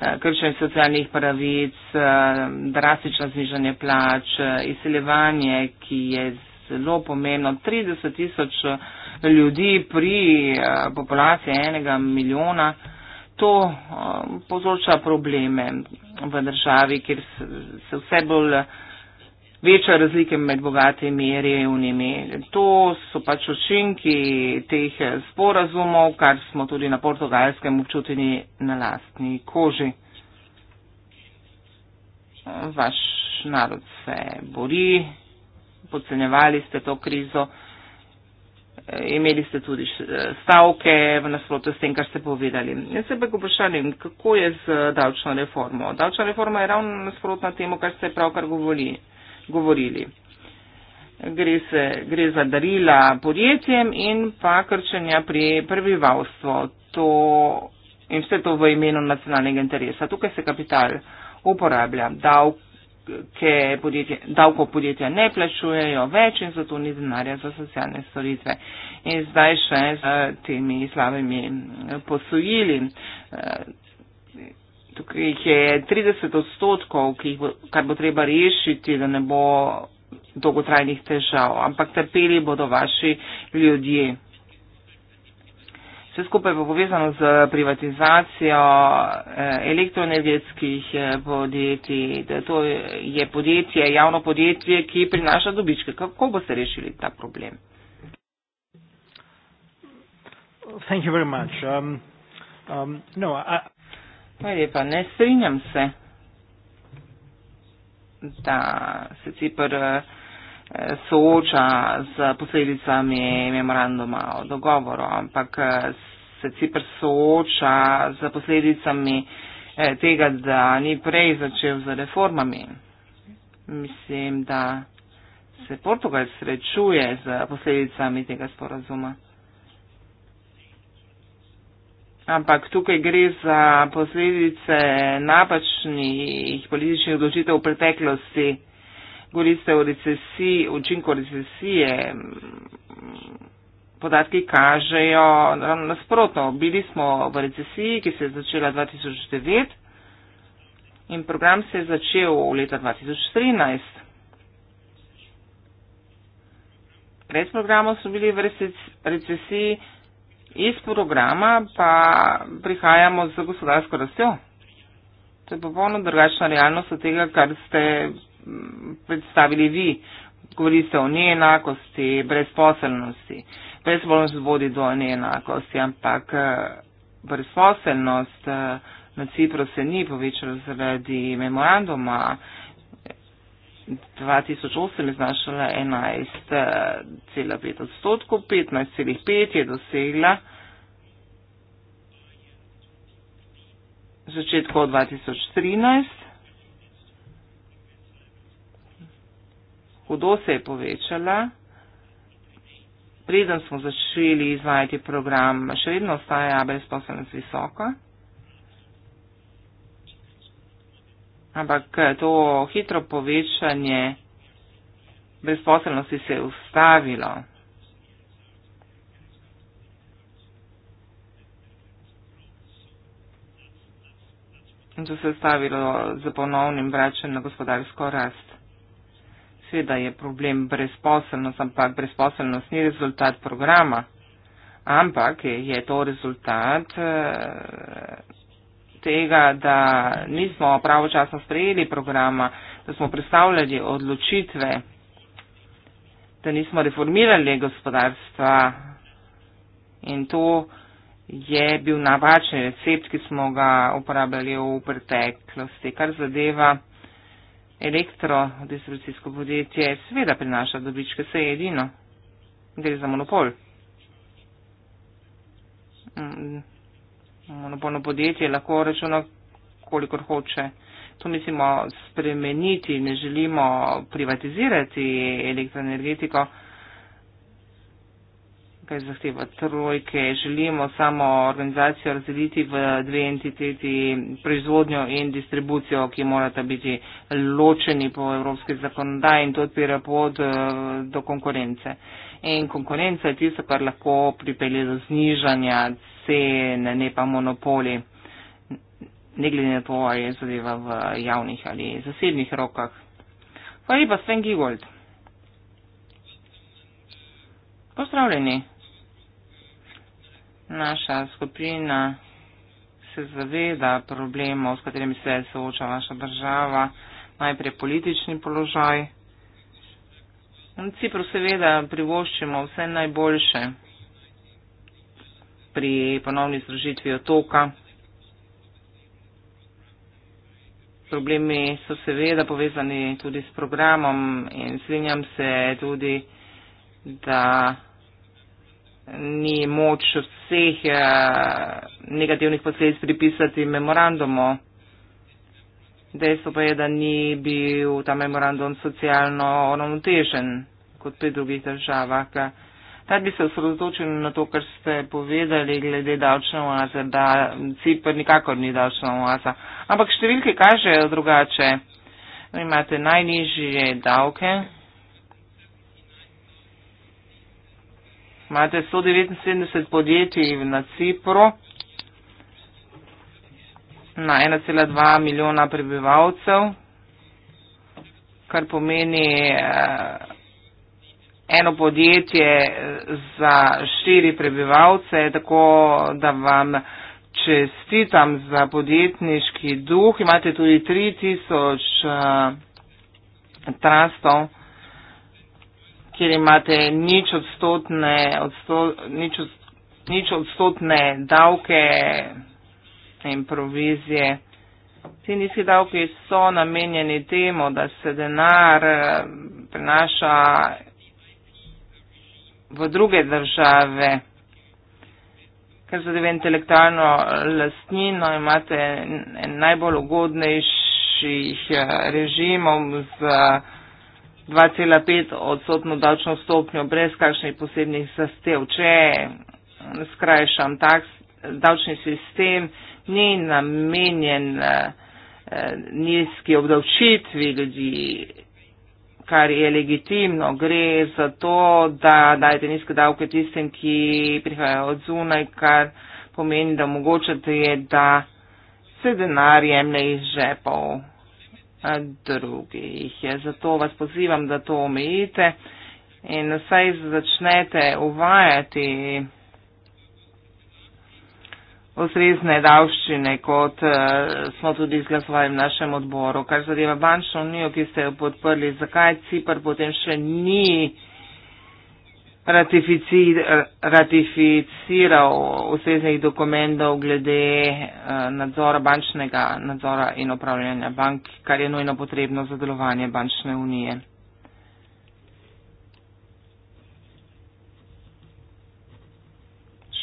Speaker 2: eh, kršenje socialnih pravic, eh, drastično znižanje plač, izseljevanje, ki je zelo pomembno. 30 tisoč eh, ljudi pri eh, populaciji enega milijona, to eh, povzroča probleme v državi, kjer se vse bolj veča razlike med bogatimi in revnimi. To so pač učinki teh sporazumov, kar smo tudi na portugalskem občutili na lastni koži. Vaš narod se bori, podcenjevali ste to krizo, eh, imeli ste tudi eh, stavke v nasprotju s tem, kar ste povedali. Jaz se pa vprašanjem, kako je z davčno reformo? Davčna reforma je ravno nasprotna temu, kar ste pravkar govori, govorili. Gre, se, gre za darila podjetjem in pa krčenja pri prebivalstvu. In vse to v imenu nacionalnega interesa. Tukaj se kapital uporablja. Davk če podjetje, davko podjetja ne plačujejo več in zato ni denarja za socialne storitve. In zdaj še z eh, temi slabimi eh, posojili. Eh, tukaj je 30 odstotkov, bo, kar bo treba rešiti, da ne bo dolgotrajnih težav, ampak trpeli bodo vaši ljudje. Vse skupaj bo povezano z privatizacijo eh, elektroenergetskih eh, podjetij, da to je podjetje, javno podjetje, ki prinaša dobičke. Kako boste rešili ta problem?
Speaker 1: Um, um,
Speaker 2: no, Hvala lepa. Ne strinjam se, da se Cipr. Uh, sooča z posledicami memoranduma o dogovoru, ampak eh, se Cipr sooča z posledicami eh, tega, da ni prej začel z reformami. Mislim, da se Portugal srečuje z posledicami tega sporazuma. Ampak tukaj gre za posledice napačnih političnih odločitev v preteklosti govorite o recesiji, učinko recesije. Podatki kažejo nasprotno. Bili smo v recesiji, ki se je začela 2009 in program se je začel v leta 2013. Pred programom smo bili v recesiji, iz programa pa prihajamo z gospodarsko rastjo. To je popolno drugačna realnost od tega, kar ste predstavili vi. Govori se o neenakosti, brezposelnosti. Brezposelnost vodi do neenakosti, ampak eh, brezposelnost eh, na Cipru se ni povečala zaradi memoranduma. 2008 je znašala 11,5 eh, odstotkov, 15,5 je dosegla začetko 2013. hudo se je povečala. Preden smo začeli izvajati program, še vedno ostaja brezposelnost visoka. Ampak to hitro povečanje brezposelnosti se je ustavilo. In to se je ustavilo za ponovnim vračanjem na gospodarsko rast. Sveda je problem brezposelnost, ampak brezposelnost ni rezultat programa, ampak je to rezultat eh, tega, da nismo pravočasno sprejeli programa, da smo predstavljali odločitve, da nismo reformirali gospodarstva in to je bil navačen recept, ki smo ga uporabljali v preteklosti, kar zadeva elektrodistribucijsko podjetje seveda prinaša dobičke, se je edino. Gre za monopol. Mm, monopolno podjetje lahko računa, kolikor hoče. To mislimo spremeniti, ne želimo privatizirati elektroenergetiko kaj zahteva trojke, želimo samo organizacijo razdeliti v dve entiteti, proizvodnjo in distribucijo, ki morata biti ločeni po evropski zakonodaji in to odpira pot eh, do konkurence. In konkurenca je tisto, kar lahko pripelje do znižanja cene, ne pa monopoli, ne glede na to, ali je zadeva v javnih ali zasebnih rokah. Hvala lepa, Sven Gigold. Pozdravljeni naša skupina se zaveda problemov, s katerimi se sooča vaša država, najprej politični položaj. In Cipru seveda privoščimo vse najboljše pri ponovni združitvi otoka. Problemi so seveda povezani tudi s programom in strinjam se tudi, da ni moč vseh eh, negativnih posledic pripisati memorandumu. Dejstvo pa je, da ni bil ta memorandum socialno onomotežen kot pri drugih državah. Tad bi se osredotočili na to, kar ste povedali glede davčne oaze, da Cipr nikakor ni davčna oaza. Ampak številke kažejo drugače. Imate najnižje davke Imate 179 podjetij na Cipru, na 1,2 milijona prebivalcev, kar pomeni eh, eno podjetje eh, za štiri prebivalce, tako da vam čestitam za podjetniški duh. Imate tudi 3000 eh, trastov kjer imate nič odstotne, odsto, nič od, nič odstotne davke in provizije. Ti nizki davki so namenjeni temu, da se denar eh, prenaša v druge države. Ker zadeve intelektualno lastnino imate najbolj ugodnejših eh, režimov z 2,5 odstotno davčno stopnjo brez kakšnih posebnih zastev. Če skrajšam tak davčni sistem, ni namenjen eh, nizki obdavčitvi ljudi, kar je legitimno. Gre za to, da dajete nizke davke tistem, ki prihajajo od zunaj, kar pomeni, da omogočate, da se denar jemlje iz žepov drugih. Zato vas pozivam, da to omejite in vsaj začnete uvajati ustrezne davščine, kot eh, smo tudi izglasovali v našem odboru. Kar zadeva bančno unijo, ki ste jo podprli, zakaj Cipr potem še ni ratificiral vseznih dokumentov glede eh, nadzora bančnega nadzora in upravljanja bank, kar je nujno potrebno za delovanje bančne unije.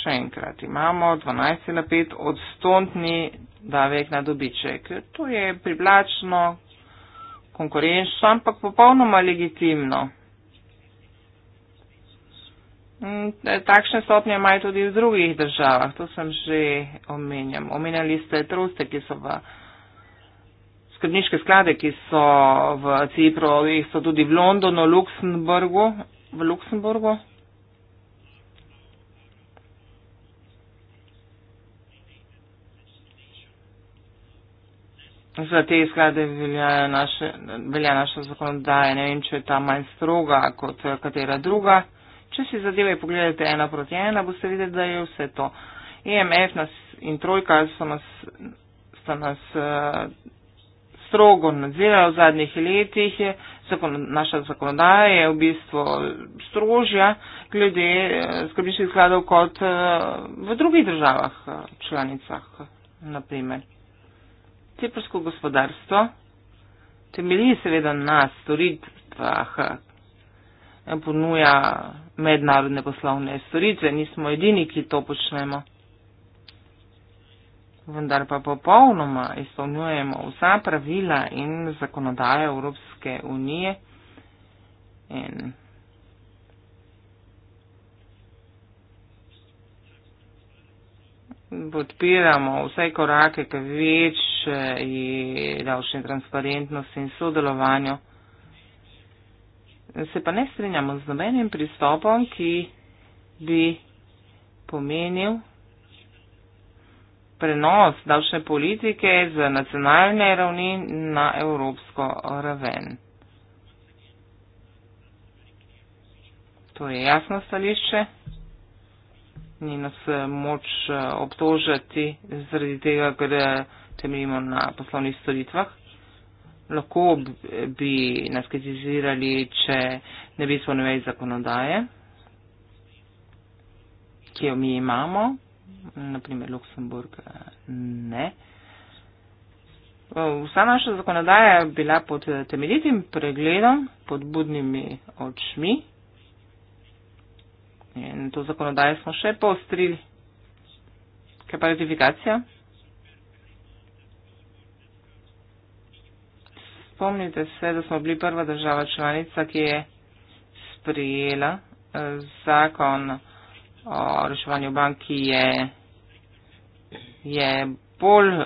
Speaker 2: Še enkrat imamo 12,5 odstotni davek na dobiček. To je privlačno, konkurenčno, ampak popolnoma legitimno. Mm, takšne stopnje imajo tudi v drugih državah, to sem že omenjam. Omenjali ste truste, ki so v skrbniške sklade, ki so v Cipro, jih so tudi v Londonu, Luksemburgu. V Luksemburgu. Za te sklade naše, velja naša zakonodaja, ne vem, če je ta manj stroga kot katera druga. Če si zadeve pogledate ena proti ena, boste videli, da je vse to. IMF e nas in trojka so nas, so nas uh, strogo nadzirali v zadnjih letih. Zakon, naša zakonodaja je v bistvu strožja glede uh, eh, skrbniških skladov kot uh, v drugih državah, članicah, naprimer. Ciprsko gospodarstvo temelji seveda na storitvah, ponuja mednarodne poslovne storitve. Nismo edini, ki to počnemo. Vendar pa popolnoma izpolnjujemo vsa pravila in zakonodaje Evropske unije. In podpiramo vse korake k večji davčni transparentnosti in sodelovanju se pa ne strinjamo z nobenim pristopom, ki bi pomenil prenos davčne politike z nacionalne ravni na evropsko raven. To je jasno stališče. Ni nas eh, moč eh, obtožiti zaradi tega, ker eh, temimo na poslovnih storitvah lahko bi nas kritizirali, če ne bi smo neveč zakonodaje, ki jo mi imamo, naprimer Luksemburg ne. Vsa naša zakonodaja je bila pod temeljitim pregledom, pod budnimi očmi. In to zakonodajo smo še poostrili. Kaj pa ratifikacija? Spomnite se, da smo bili prva država članica, ki je sprijela eh, zakon o reševanju bank, ki je, je bolj eh,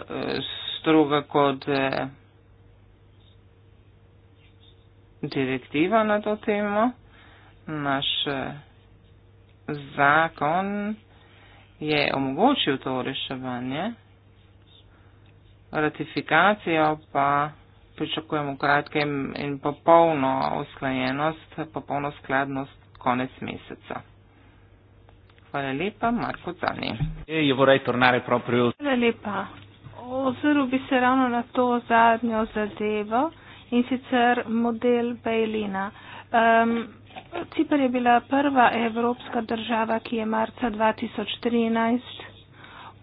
Speaker 2: struga kot eh, direktiva na to temo. Naš zakon je omogočil to reševanje, ratifikacijo pa pričakujemo kratke in, in popolno usklajenost, popolno skladnost konec meseca.
Speaker 3: Hvala lepa, Marko Cani.
Speaker 1: Je vorej tornare proprio.
Speaker 3: Hvala lepa. Ozrl bi se ravno na to zadnjo zadevo in sicer model Bejlina. Um, Cipr je bila prva evropska država, ki je marca 2013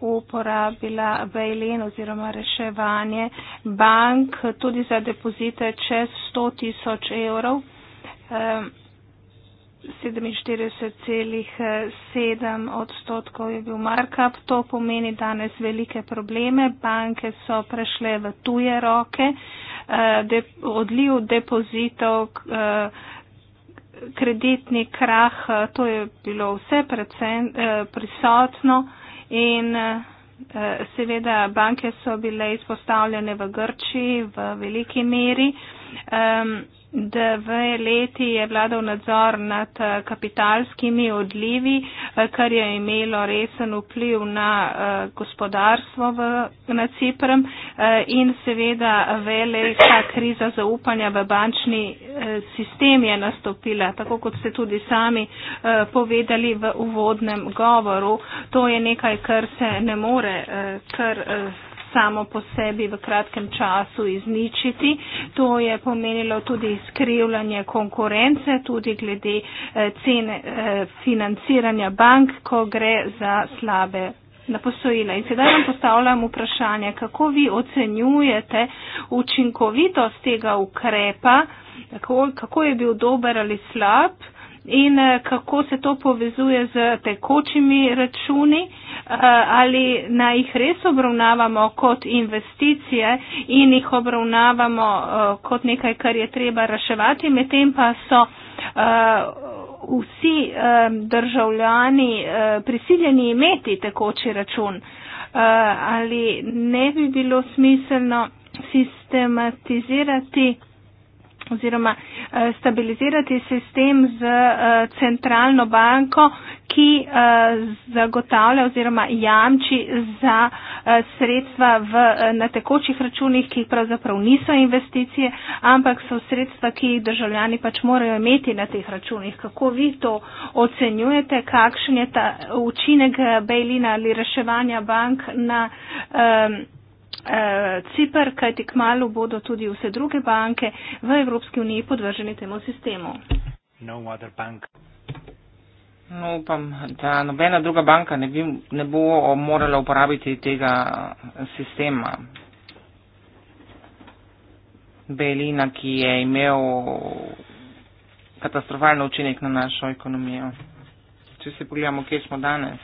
Speaker 3: uporabila bail-in oziroma reševanje bank tudi za depozite čez 100 tisoč evrov. 47,7 ehm, odstotkov je bil markup. To pomeni danes velike probleme. Banke so prešle v tuje roke. Eh, odliv depozitov, eh, kreditni krah, eh, to je bilo vse precen, prisotno. In eh, eh, seveda banke so bile izpostavljene v Grčiji v veliki meri. Dve leti je vladal nadzor nad eh, kapitalskimi odlivi, eh, kar je imelo resen vpliv na eh, gospodarstvo v, na Ciprem in seveda velika kriza zaupanja v bančni sistem je nastopila, tako kot ste tudi sami povedali v uvodnem govoru. To je nekaj, kar se ne more, kar samo po sebi v kratkem času izničiti. To je pomenilo tudi skrivljanje konkurence, tudi glede eh, cene eh, financiranja bank, ko gre za slabe. In sedaj vam postavljam vprašanje, kako vi ocenjujete učinkovitost tega ukrepa, kako, kako je bil dober ali slab in eh, kako se to povezuje z tekočimi računi. Eh, ali naj jih res obravnavamo kot investicije in jih obravnavamo eh, kot nekaj, kar je treba reševati, medtem pa so eh, vsi državljani prisiljeni imeti tekoči račun. Ali ne bi bilo smiselno sistematizirati oziroma eh, stabilizirati sistem z eh, centralno banko, ki eh, zagotavlja oziroma jamči za sredstva v, na tekočih računih, ki pravzaprav niso investicije, ampak so sredstva, ki jih državljani pač morajo imeti na teh računih. Kako vi to ocenjujete, kakšen je ta učinek bejlina ali reševanja bank na. Um, Eh, Cipr, kajti k malu bodo tudi vse druge banke v Evropski uniji podvrženi temu sistemu.
Speaker 1: No other bank. No,
Speaker 2: upam, da nobena druga banka ne, bi, ne bo morala uporabiti tega sistema. Belina, ki je imel katastrofalno učinek na našo ekonomijo. Če se pogledamo, kje smo danes.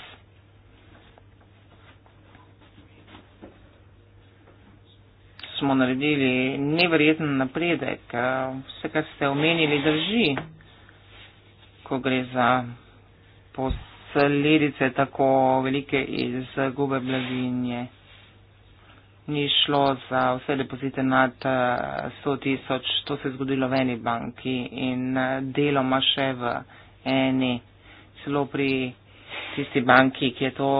Speaker 2: smo naredili neverjeten napredek. Eh, vse, kar ste omenili, drži, ko gre za posledice tako velike izgube blaginje. Ni šlo za vse depozite nad 100 eh, tisoč, to se je zgodilo v eni banki in eh, deloma še v eni, celo pri tisti banki, ki je to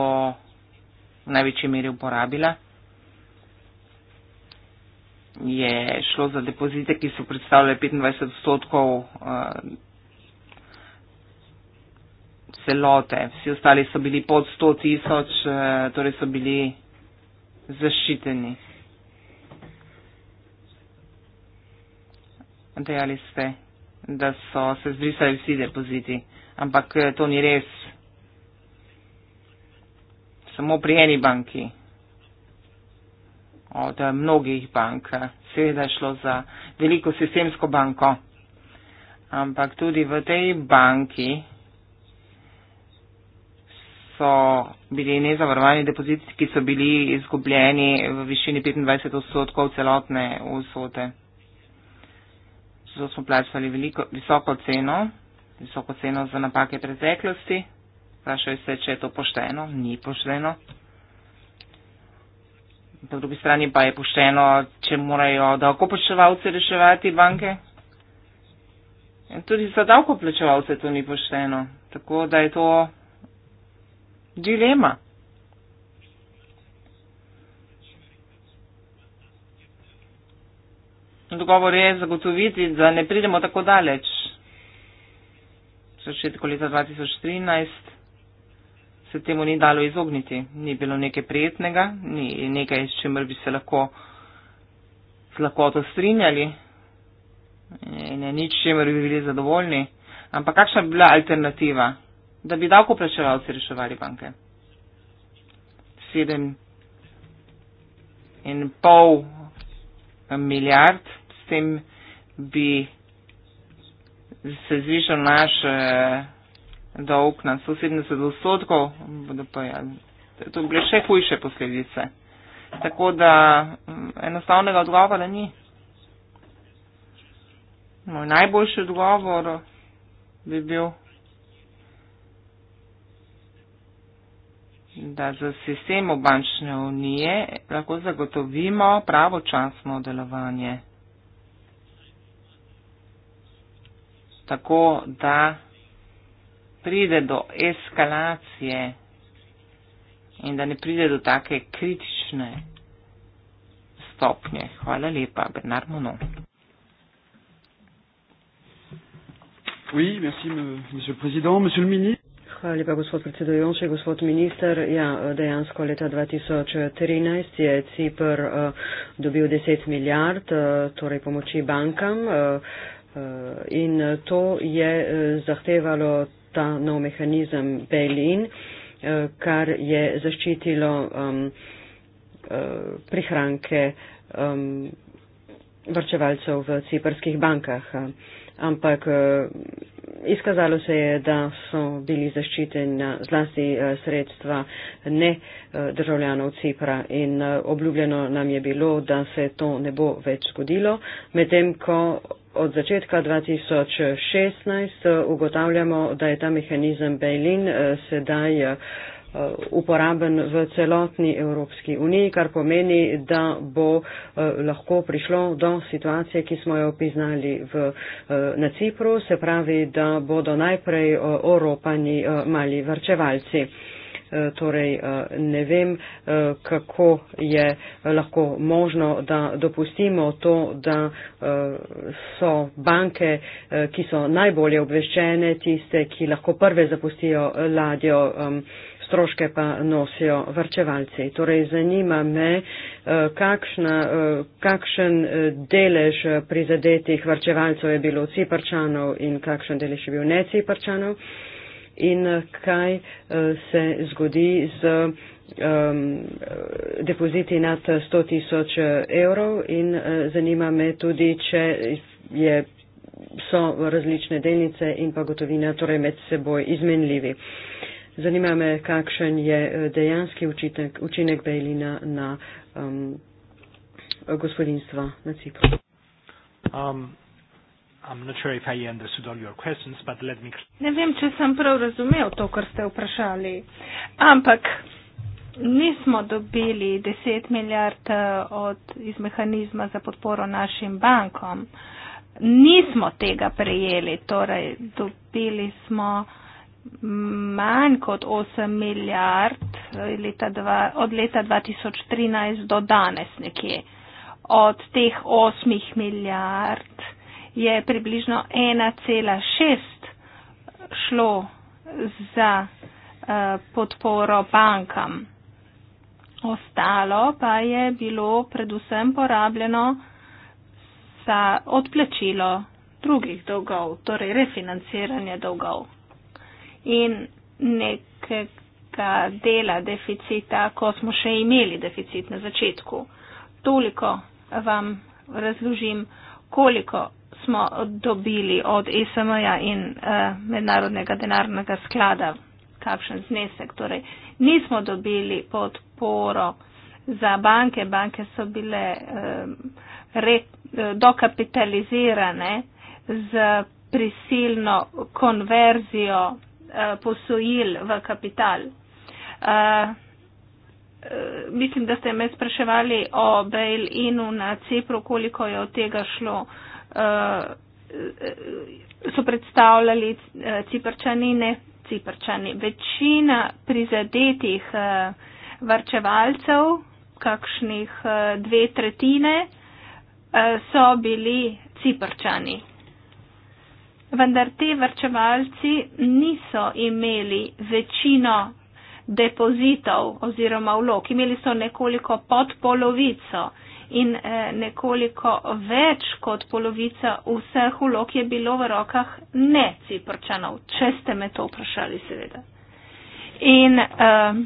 Speaker 2: v največji meri uporabila je šlo za depozite, ki so predstavljali 25 odstotkov eh, celote. Vsi ostali so bili pod 100 tisoč, eh, torej so bili zaščiteni. Dejali ste, da so se zbrisali vsi depoziti, ampak eh, to ni res. Samo pri eni banki od mnogih bank. Seveda je šlo za veliko sistemsko banko, ampak tudi v tej banki so bili nezavarovani depoziti, ki so bili izgubljeni v višini 25 odstotkov celotne vsote. Zato smo plačali veliko, visoko ceno, visoko ceno za napake preteklosti. Vprašaj se, če je to pošteno. Ni pošteno. Po drugi strani pa je pošteno, če morajo davkoplačevalci reševati banke. In tudi za davkoplačevalce to ni pošteno. Tako da je to dilema. Dogovor je zagotoviti, da ne pridemo tako daleč. Začetek leta 2013 se temu ni dalo izogniti. Ni bilo nekaj prijetnega, ni nekaj, s čimer bi se lahko z lakoto strinjali in nič, s čimer bi bili zadovoljni. Ampak kakšna bi bila alternativa? Da bi davkoplačevalci reševali banke. Sedem in pol milijard, s tem bi se zvišal naš. Eh, dolg na 170 odstotkov, bodo pa ja, to bile še hujše posledice. Tako da mm, enostavnega odgovora ni. Moj najboljši odgovor bi bil, da z sistemom bančne unije lahko zagotovimo pravočasno delovanje. Tako da pride do eskalacije in da ne pride do take kritične stopnje. Hvala lepa, Bernard Monod.
Speaker 4: Oui, merci, monsieur le président, monsieur le ministre. Hvala lepa, gospod predsedujoči, gospod minister. Ja, dejansko leta 2013 je Cipr eh, dobil 10 milijard, eh, torej pomoči bankam. Eh, in to je zahtevalo ta nov mehanizem bail-in, eh, kar je zaščitilo um, eh, prihranke um, vrčevalcev v ciprskih bankah. Ampak eh, izkazalo se je, da so bili zaščiteni zlasti sredstva ne državljanov Cipra in obljubljeno nam je bilo, da se to ne bo več zgodilo, medtem ko od začetka 2016 eh, ugotavljamo, da je ta mehanizem Bejlin eh, sedaj eh, uporaben v celotni Evropski uniji, kar pomeni, da bo lahko prišlo do situacije, ki smo jo opiznali v, na Cipru, se pravi, da bodo najprej oropani mali vrčevalci. Eh, torej eh, ne vem, eh, kako je lahko možno, da dopustimo to, da so banke, ki so najbolje obveščene, tiste, ki lahko prve zapustijo ladjo stroške pa nosijo vrčevalci. Torej, zanima me, kakšna, kakšen delež prizadetih vrčevalcev je bilo ciprčanov in kakšen delež je bil neciprčanov in eh, kaj eh, se zgodi z depoziti nad 100 tisoč eh, evrov in zanima me tudi, če je, so različne delnice in pa gotovina torej med seboj izmenljivi. Zanima me, kakšen je dejanski učinek, učinek Bejlina na
Speaker 1: um, gospodinstva na Cipru. Um, I'm not sure if I understood all your questions, but let me...
Speaker 3: Ne vem, če sem prav razumel to, kar ste vprašali, ampak nismo dobili 10 milijard eh, od, iz mehanizma za podporo našim bankom. Nismo tega prejeli, torej dobili smo manj kot 8 milijard eh, leta dva, od leta 2013 do danes nekje. Od teh 8 milijard je približno 1,6 šlo za eh, podporo bankam. Ostalo pa je bilo predvsem porabljeno za odplačilo drugih dolgov, torej refinanciranje dolgov. In nekega dela deficita, ko smo še imeli deficit na začetku. Toliko vam razložim, koliko smo dobili od SMA in uh, Mednarodnega denarnega sklada kakšen znesek. Torej, nismo dobili podporo za banke. Banke so bile uh, re, eh, dokapitalizirane z prisilno konverzijo uh, posojil v kapital. Uh, Mislim, da ste me spraševali o bail-inu na Cipru, koliko je od tega šlo. Uh, uh, so predstavljali eh, ciprčani, ne ciprčani. Večina prizadetih uh, varčevalcev, kakšnih uh, dve tretjine, uh, so bili ciprčani. Vendar te varčevalci niso imeli večino depozitov oziroma vlog. Imeli so nekoliko pod polovico in eh, nekoliko več kot polovica vseh ulog je bilo v rokah ne ciprčanov, če ste me to vprašali, seveda. In uh,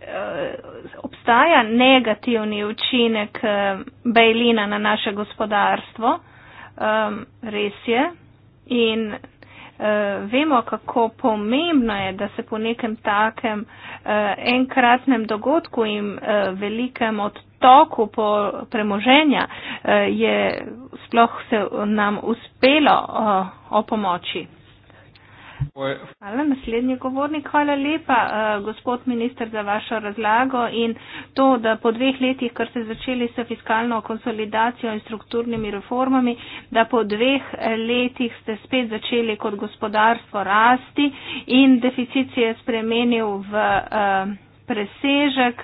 Speaker 3: uh, obstaja negativni učinek uh, Bejlina na naše gospodarstvo, um, res je. In uh, vemo, kako pomembno je, da se po nekem takem uh, enkratnem dogodku in uh, velikem odtoku toku po premoženja eh, je sploh se nam uspelo eh, o pomoči. Hvala, naslednji govornik. Hvala lepa, eh, gospod minister, za vašo razlago in to, da po dveh letih, kar ste začeli s fiskalno konsolidacijo in strukturnimi reformami, da po dveh letih ste spet začeli kot gospodarstvo rasti in deficit je spremenil v presežek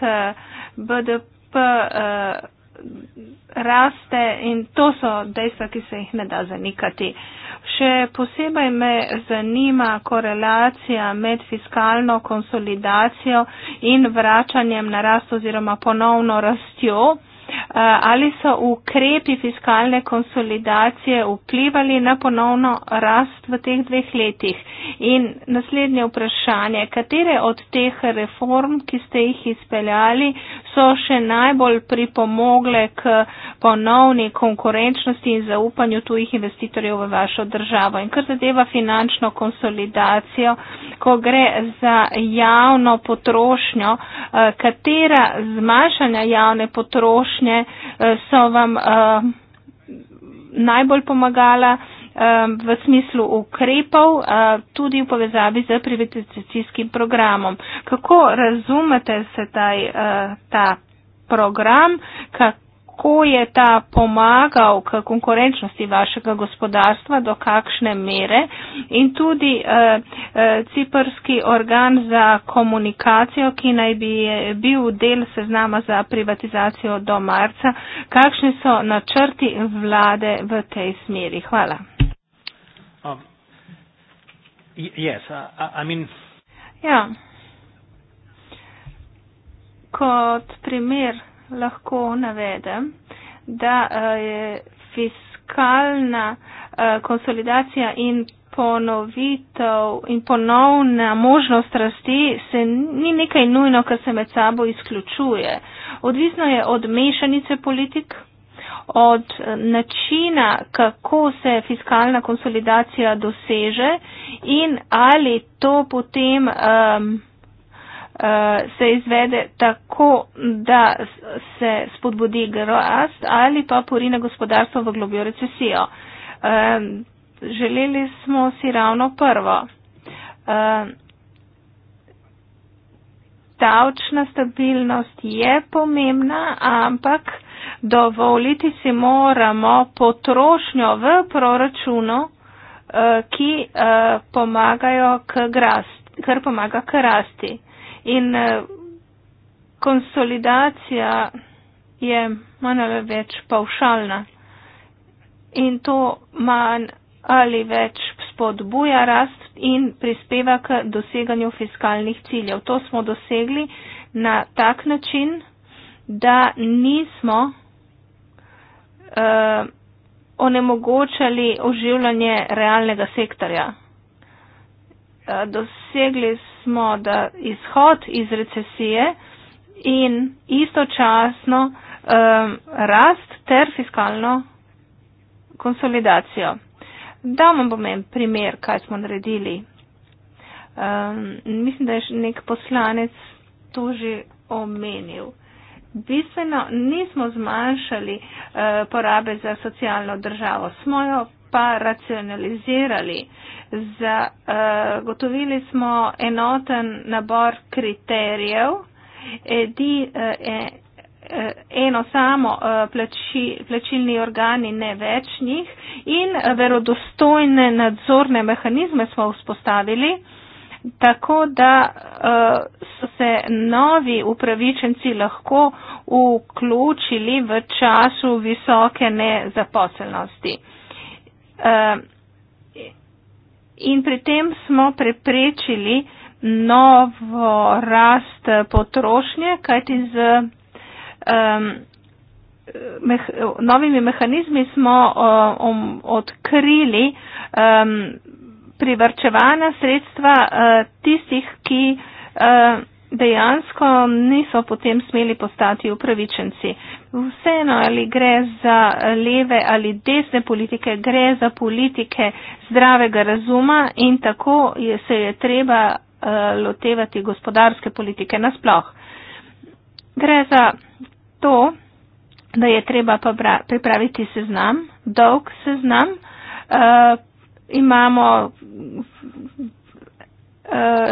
Speaker 3: BDP. BDP uh, eh, raste in to so dejstva, ki se jih ne da zanikati. Še posebej me zanima korelacija med fiskalno konsolidacijo in vračanjem na rast oziroma ponovno rastjo. Eh, ali so ukrepi fiskalne konsolidacije vplivali na ponovno rast v teh dveh letih. In naslednje vprašanje, katere od teh reform, ki ste jih izpeljali, so še najbolj pripomogle k ponovni konkurenčnosti in zaupanju tujih investitorjev v vašo državo. In kar zadeva finančno konsolidacijo, ko gre za javno potrošnjo, eh, katera zmanjšanja javne potrošnje izkušnje eh, so vam eh, najbolj pomagala eh, v smislu ukrepov, tudi v povezavi z privatizacijskim programom. Kako razumete se taj, ta program, kako kako je ta pomagal k konkurenčnosti vašega gospodarstva, do kakšne mere. In tudi eh, eh ciprski organ za komunikacijo, ki naj bi bil del seznama za privatizacijo do marca, kakšni so načrti vlade v tej smeri. Hvala.
Speaker 1: Um, yes, I, I mean...
Speaker 3: Ja. Kot primer lahko navedem, da eh, je fiskalna eh, konsolidacija in ponovitev in ponovna možnost rasti se ni nekaj nujno, kar se med sabo izključuje. Odvisno je od mešanice politik, od eh, načina, kako se fiskalna konsolidacija doseže in ali to potem um, Eh, se izvede tako, da se spodbudi rast ali pa porine gospodarstvo v globjo recesijo. Eh, želeli smo si ravno prvo. Eh, davčna stabilnost je pomembna, ampak dovoliti si moramo potrošnjo v proračunu, ki pomagajo k rasti, kar pomaga k rasti. In eh, konsolidacija je manj ali več pavšalna. In to manj ali več spodbuja rast in prispeva k doseganju fiskalnih ciljev. To smo dosegli na tak način, da nismo uh, onemogočali oživljanje realnega sektorja. Uh, dosegli smo smo, da izhod iz recesije in istočasno um, rast ter fiskalno konsolidacijo. Da vam bom en primer, kaj smo naredili. Um, mislim, da je nek poslanec to že omenil. Bistveno nismo zmanjšali uh, porabe za socialno državo. Smo jo pa racionalizirali. Z, uh, eh, gotovili smo enoten nabor kriterijev, edi, uh, eh, eno samo uh, plači, plačilni organi, ne več njih in verodostojne nadzorne mehanizme smo vzpostavili, tako da uh, so se novi upravičenci lahko vključili v času visoke nezaposlenosti. Ehm, in pri tem smo preprečili novo rast eh, potrošnje, kajti z um, meh, novimi mehanizmi smo um, odkrili um, ehm, privrčevana sredstva uh, tistih, ki uh, dejansko niso potem smeli postati upravičenci vseeno ali gre za leve ali desne politike, gre za politike zdravega razuma in tako je, se je treba uh, lotevati gospodarske politike nasploh. Gre za to, da je treba pripraviti seznam, dolg seznam. Uh, imamo uh,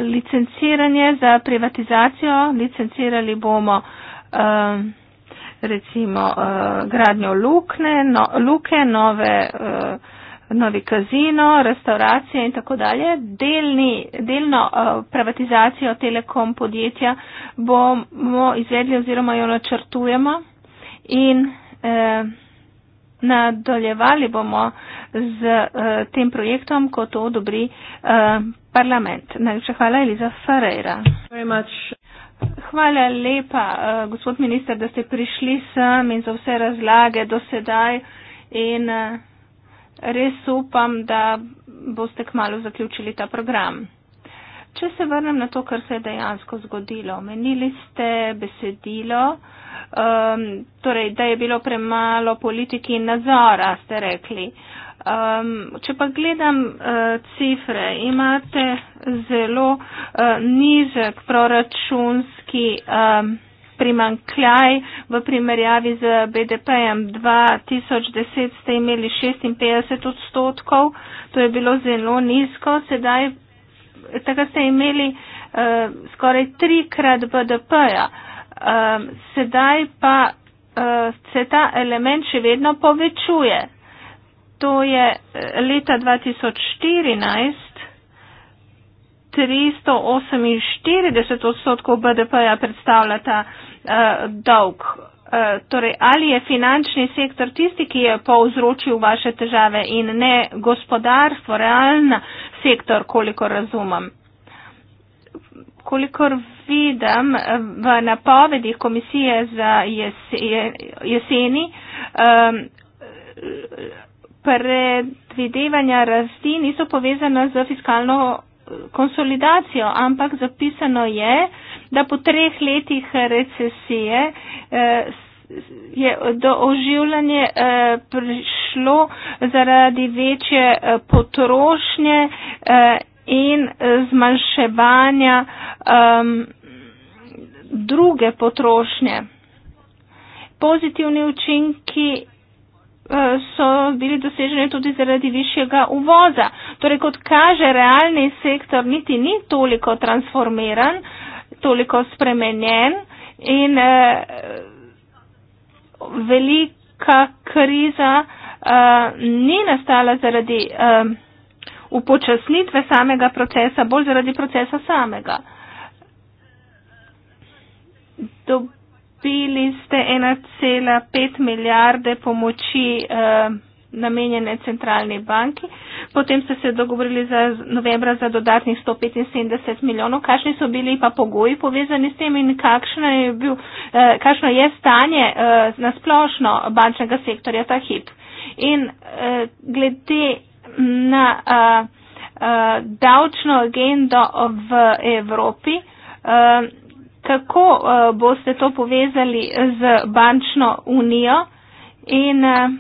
Speaker 3: licenciranje za privatizacijo, licencirali bomo. Uh, recimo uh, gradnjo lukne, no, luke, nove, uh, novi kazino, restauracije in tako dalje. Delni, delno uh, privatizacijo telekom podjetja bomo izvedli oziroma jo načrtujemo in uh, nadaljevali bomo z uh, tem projektom, ko to odobri uh, parlament. Najlepša hvala, Eliza Ferreira. Hvala lepa, uh, gospod minister, da ste prišli sem in za vse razlage do sedaj. In uh, res upam, da boste kmalo zaključili ta program. Če se vrnem na to, kar se je dejansko zgodilo. Menili ste besedilo, um, torej, da je bilo premalo politiki in nadzora, ste rekli. Um, če pa gledam uh, cifre, imate zelo eh, nizek proračunski primankljaj v primerjavi z BDP-jem 2010 ste imeli 56 odstotkov, to je bilo zelo nizko, sedaj tako ste imeli eh, skoraj trikrat BDP-ja, eh, sedaj pa eh, se ta element še vedno povečuje. To je eh, leta 2014. 348 odstotkov BDP-ja predstavlja ta uh, eh, dolg. Uh, torej, ali je finančni sektor tisti, ki je povzročil vaše težave in ne gospodarstvo, realna sektor, kolikor razumem. Kolikor vidim v napovedih komisije za jeseni, um, predvidevanja rasti niso povezana z fiskalno konsolidacijo, ampak zapisano je, da po treh letih recesije eh, je do oživljanja eh, prišlo zaradi večje eh, potrošnje in zmanjševanja druge potrošnje. Pozitivni učinki Eh, so bili doseženi tudi zaradi višjega uvoza. Torej, kot kaže, realni sektor niti ni toliko transformiran, toliko spremenjen in eh, velika kriza eh, ni nastala zaradi eh, upočasnitve samega procesa, bolj zaradi procesa samega. Dob dobili ste 1,5 milijarde pomoči eh, namenjene centralni banki, potem ste se dogovorili za novembra za dodatnih 175 milijonov. Kakšni so bili pa pogoji povezani s tem in kakšno je, bil, eh, kakšno je stanje eh, na splošno bančnega sektorja ta hip? In eh, glede na eh, eh, davčno agendo v Evropi, eh, kako uh, boste to povezali z bančno unijo in uh,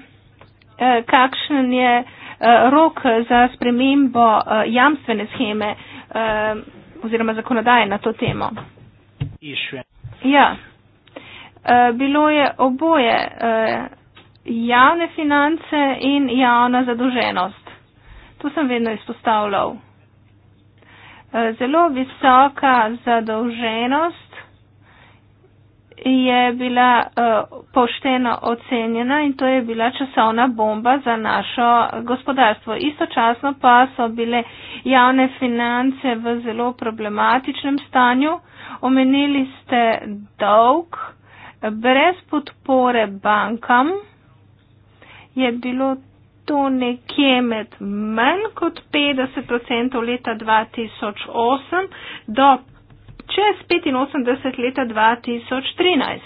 Speaker 3: kakšen je uh, rok za spremembo uh, jamstvene scheme uh, oziroma zakonodaje na to temo. Išve. Ja, uh, bilo je oboje uh, javne finance in javna zadolženost. To sem vedno izpostavljal. Zelo visoka zadolženost je bila uh, pošteno ocenjena in to je bila časovna bomba za našo gospodarstvo. Istočasno pa so bile javne finance v zelo problematičnem stanju. Omenili ste dolg, brez podpore bankam je bilo to nekje med manj kot 50% leta 2008 do čez 85 leta 2013.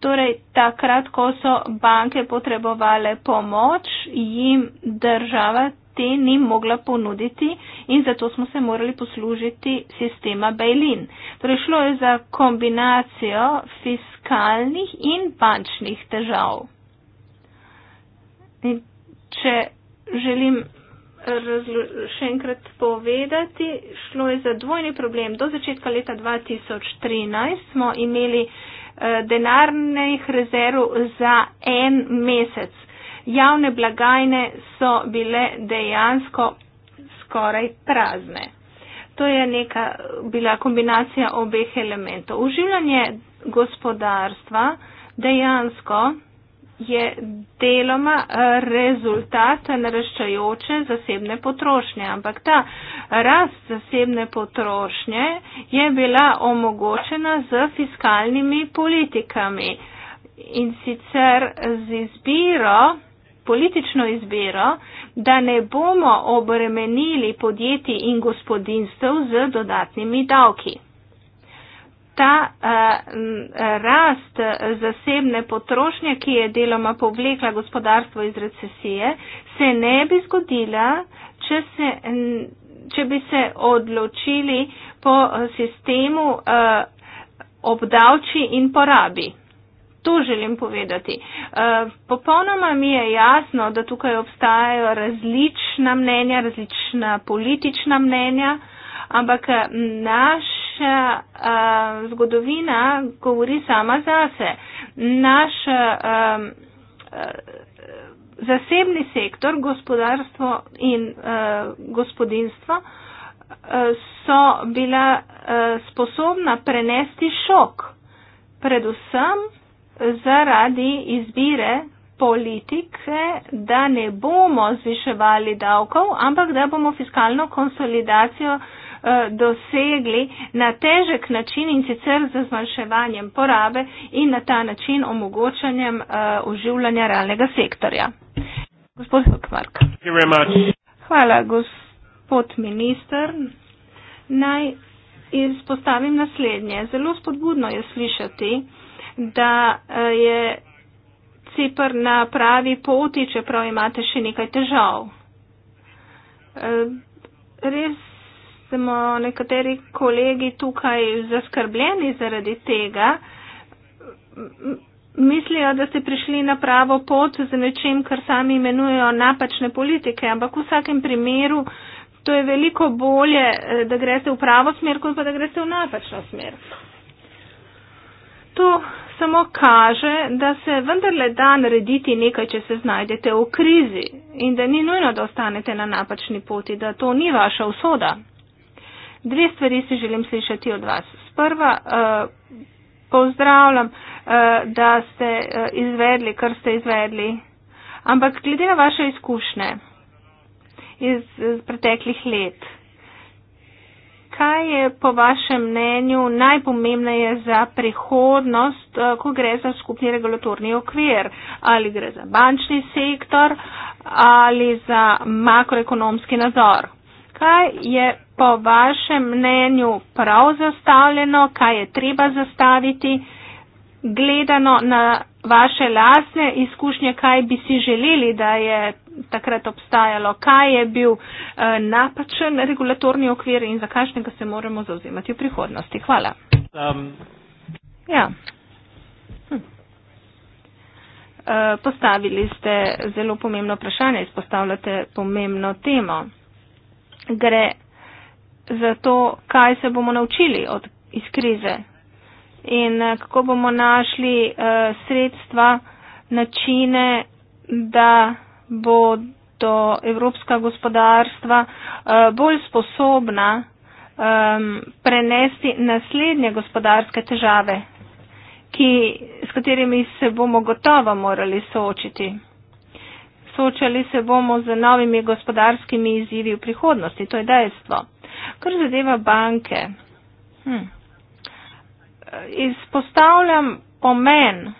Speaker 3: Torej, takrat, ko so banke potrebovale pomoč, jim država te ni mogla ponuditi in zato smo se morali poslužiti sistema Bejlin. Torej, šlo je za kombinacijo fiskalnih in bančnih težav. In če želim še enkrat povedati, šlo je za dvojni problem. Do začetka leta 2013 smo imeli eh, denarnih rezerv za en mesec. Javne blagajne so bile dejansko skoraj prazne. To je neka bila kombinacija obeh elementov. Uživanje gospodarstva dejansko je deloma eh, rezultat naraščajoče zasebne potrošnje. Ampak ta rast zasebne potrošnje je bila omogočena z fiskalnimi politikami in sicer z izbiro, politično izbiro, da ne bomo obremenili podjetij in gospodinstv z dodatnimi davki ta eh, rast zasebne potrošnje, ki je deloma povlekla gospodarstvo iz recesije, se ne bi zgodila, če, se, če bi se odločili po sistemu eh, obdavči in porabi. To želim povedati. Eh, popolnoma mi je jasno, da tukaj obstajajo različna mnenja, različna politična mnenja, ampak naš naša uh, zgodovina govori sama zase. Naš uh, uh, zasebni sektor, gospodarstvo in uh, gospodinstvo uh, so bila uh, sposobna prenesti šok, predvsem zaradi izbire politike, da ne bomo zviševali davkov, ampak da bomo fiskalno konsolidacijo uh, Eh, dosegli na težek način in sicer z zmanjševanjem porabe in na ta način omogočanjem eh, oživljanja realnega sektorja. Gospod Hukmark. Hvala, gospod minister. Naj izpostavim naslednje. Zelo spodbudno je slišati, da eh, je CIPR na pravi poti, čeprav imate še nekaj težav. Res smo nekateri kolegi tukaj zaskrbljeni zaradi tega. Mislijo, da ste prišli na pravo pot z nečim, kar sami imenujejo napačne politike, ampak v vsakem primeru to je veliko bolje, eh, da greste v pravo smer, kot pa da greste v napačno smer. To samo kaže, da se vendarle da narediti nekaj, če se znajdete v krizi in da ni nujno, da ostanete na napačni poti, da to ni vaša usoda. Dve stvari si želim slišati od vas. Sprva eh, pozdravljam, eh, da ste eh, izvedli, kar ste izvedli. Ampak glede na vaše izkušnje iz, iz preteklih let, kaj je po vašem mnenju najpomembneje za prihodnost, ko gre za skupni regulatorni okvir? Ali gre za bančni sektor ali za makroekonomski nadzor? kaj je po vašem mnenju prav zastavljeno, kaj je treba zastaviti, gledano na vaše lasne izkušnje, kaj bi si želeli, da je takrat obstajalo, kaj je bil eh, napačen regulatorni okvir in za kakšnega se moramo zauzemati v prihodnosti. Hvala. Um. Ja. Hm. Eh, postavili ste zelo pomembno vprašanje, izpostavljate pomembno temo gre za to, kaj se bomo naučili od, iz krize in eh, kako bomo našli uh, sredstva, načine, da bodo evropska gospodarstva uh, bolj sposobna um, prenesti naslednje gospodarske težave, ki, s katerimi se bomo gotovo morali soočiti soočali se bomo z novimi gospodarskimi izzivi v prihodnosti, to je dejstvo. Kar zadeva banke, hm. izpostavljam pomen uh,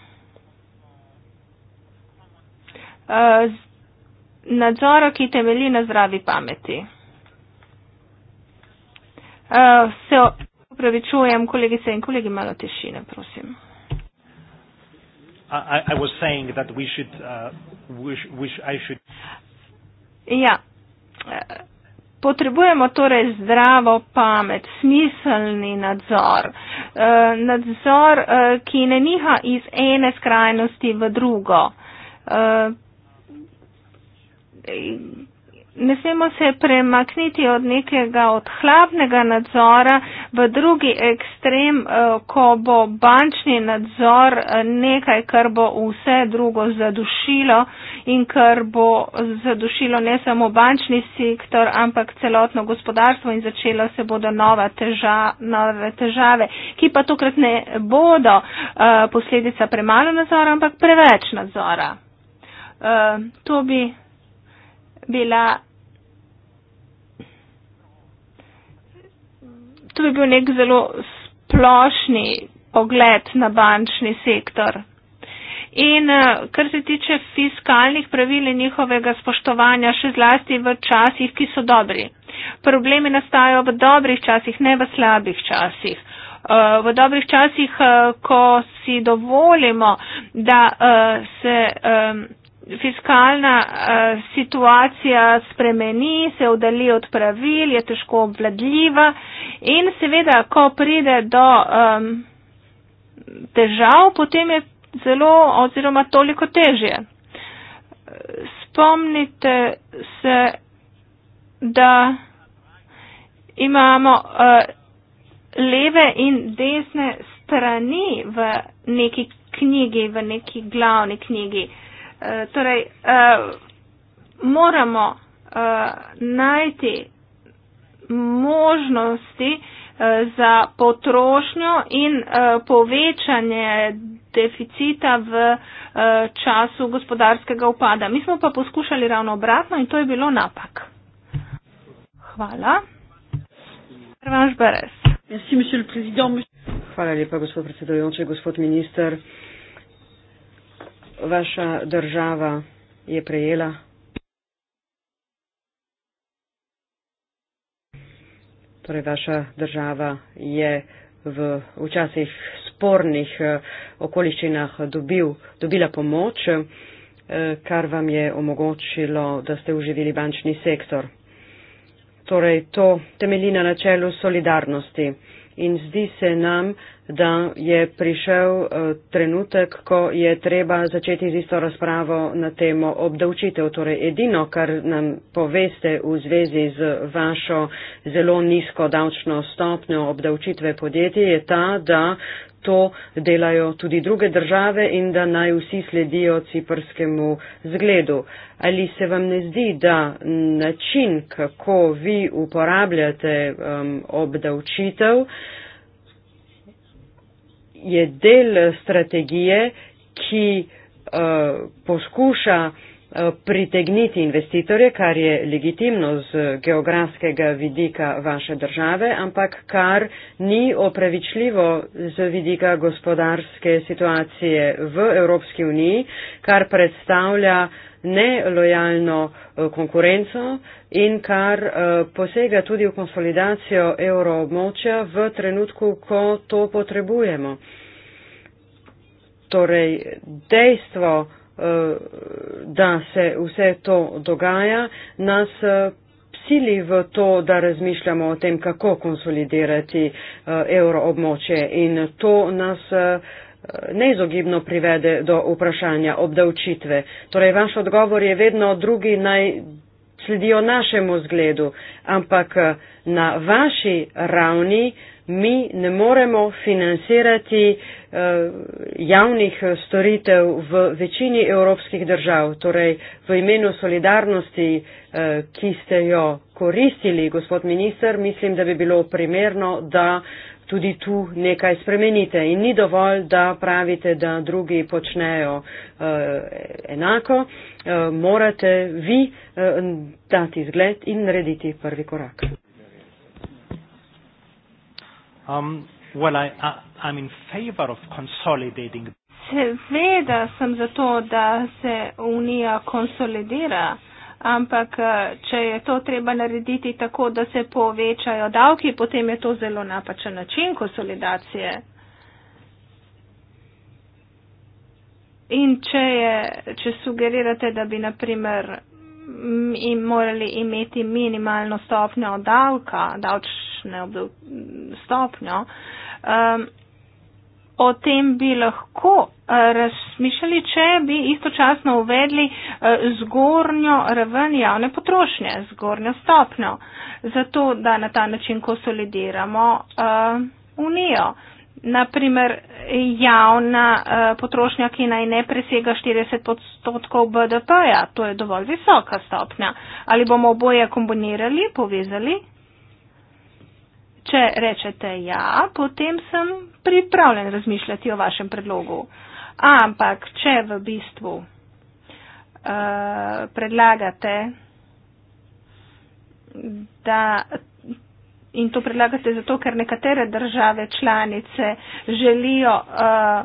Speaker 3: nadzora, ki temelji na zdravi pameti. Uh, se opravičujem, kolegice in kolegi, malo tišine, prosim.
Speaker 1: I, I was saying that we should uh, wish I should
Speaker 3: Ja. Potrebujemo torej zdravo pamet, smiselni nadzor. Uh, nadzor, uh, ki ne niha iz ene skrajnosti v drugo. Uh, ne smemo se premakniti od nekega odhlapnega nadzora v drugi ekstrem, eh, ko bo bančni nadzor eh, nekaj, kar bo vse drugo zadušilo in kar bo zadušilo ne samo bančni sektor, ampak celotno gospodarstvo in začela se bodo nova teža, nove težave, ki pa tokrat ne bodo eh, posledica premalo nadzora, ampak preveč nadzora. To bi bila to bi bil nek zelo splošni pogled na bančni sektor. In eh, kar se tiče fiskalnih pravil in njihovega spoštovanja, še zlasti v časih, ki so dobri. Problemi nastajajo v dobrih časih, ne v slabih časih. Eh, v dobrih časih, eh, ko si dovolimo, da se fiskalna uh, situacija spremeni, se oddali od pravil, je težko obvladljiva in seveda, ko pride do um, težav, potem je zelo oziroma toliko težje. Spomnite se, da imamo uh, leve in desne strani v neki knjigi, v neki glavni knjigi. Uh, Eh, torej, uh, moramo uh, najti možnosti uh, za potrošnjo in uh, povečanje deficita v uh, času gospodarskega upada. Mi smo pa poskušali ravno obratno in to je bilo napak.
Speaker 4: Hvala. Hvala lepa, gospod predsedujoči, gospod minister vaša država je prejela? Torej, vaša država je v včasih spornih eh, okoliščinah dobil, dobila pomoč, eh, kar vam je omogočilo, da ste uživili bančni sektor. Torej, to temelji na načelu solidarnosti in zdi se nam, da je prišel eh, trenutek, ko je treba začeti z isto razpravo na temo obdavčitev. Torej edino, kar nam poveste v zvezi z vašo zelo nizko davčno stopnjo obdavčitve podjetij, je ta, da to delajo tudi druge države in da naj vsi sledijo ciprskemu zgledu. Ali se vam ne zdi, da način, kako vi uporabljate um, obdavčitev, je del strategije, ki uh, poskuša Eh, pritegniti investitorje, kar je legitimno z geografskega vidika vaše države, ampak kar ni opravičljivo z vidika gospodarske situacije v Evropski uniji, kar predstavlja nelojalno eh, konkurenco in kar eh, posega tudi v konsolidacijo evroobmočja v trenutku, ko to potrebujemo. Torej, dejstvo, Eh, da se vse to dogaja, nas eh, sili v to, da razmišljamo o tem, kako konsolidirati euroobmoče eh, in to nas neizogibno privede do vprašanja obdavčitve. Torej, vaš odgovor je vedno drugi naj sledijo našemu zgledu, ampak na vaši ravni mi ne moremo financirati uh, Eh, javnih eh, storitev v večini evropskih držav, torej v imenu solidarnosti, eh, ki ste jo koristili, gospod minister, mislim, da bi bilo primerno, da tudi tu nekaj spremenite. In ni dovolj, da pravite, da drugi počnejo enako, morate vi dati zgled in narediti prvi korak.
Speaker 1: Um well, I, I, I'm in favor of consolidating.
Speaker 3: Seveda sem za to, da se Unija konsolidira, ampak eh, če je to treba narediti tako, da se povečajo davki, potem je to zelo napačen način konsolidacije. In če, je, če sugerirate, da bi naprimer mm, im morali imeti minimalno stopnjo davka, davč, ne do stopnjo. Um, o tem bi lahko uh, razmišljali, če bi istočasno uvedli uh, zgornjo raven javne potrošnje, zgornjo stopnjo, zato da na ta način konsolidiramo uh, unijo. Naprimer, javna uh, potrošnja, ki naj ne presega 40 odstotkov BDP-ja, to je dovolj visoka stopnja. Ali bomo oboje kombinirali, povezali, Če rečete ja, potem sem pripravljen razmišljati o vašem predlogu. Ampak, če v bistvu uh, predlagate, da, in to predlagate zato, ker nekatere države članice želijo uh,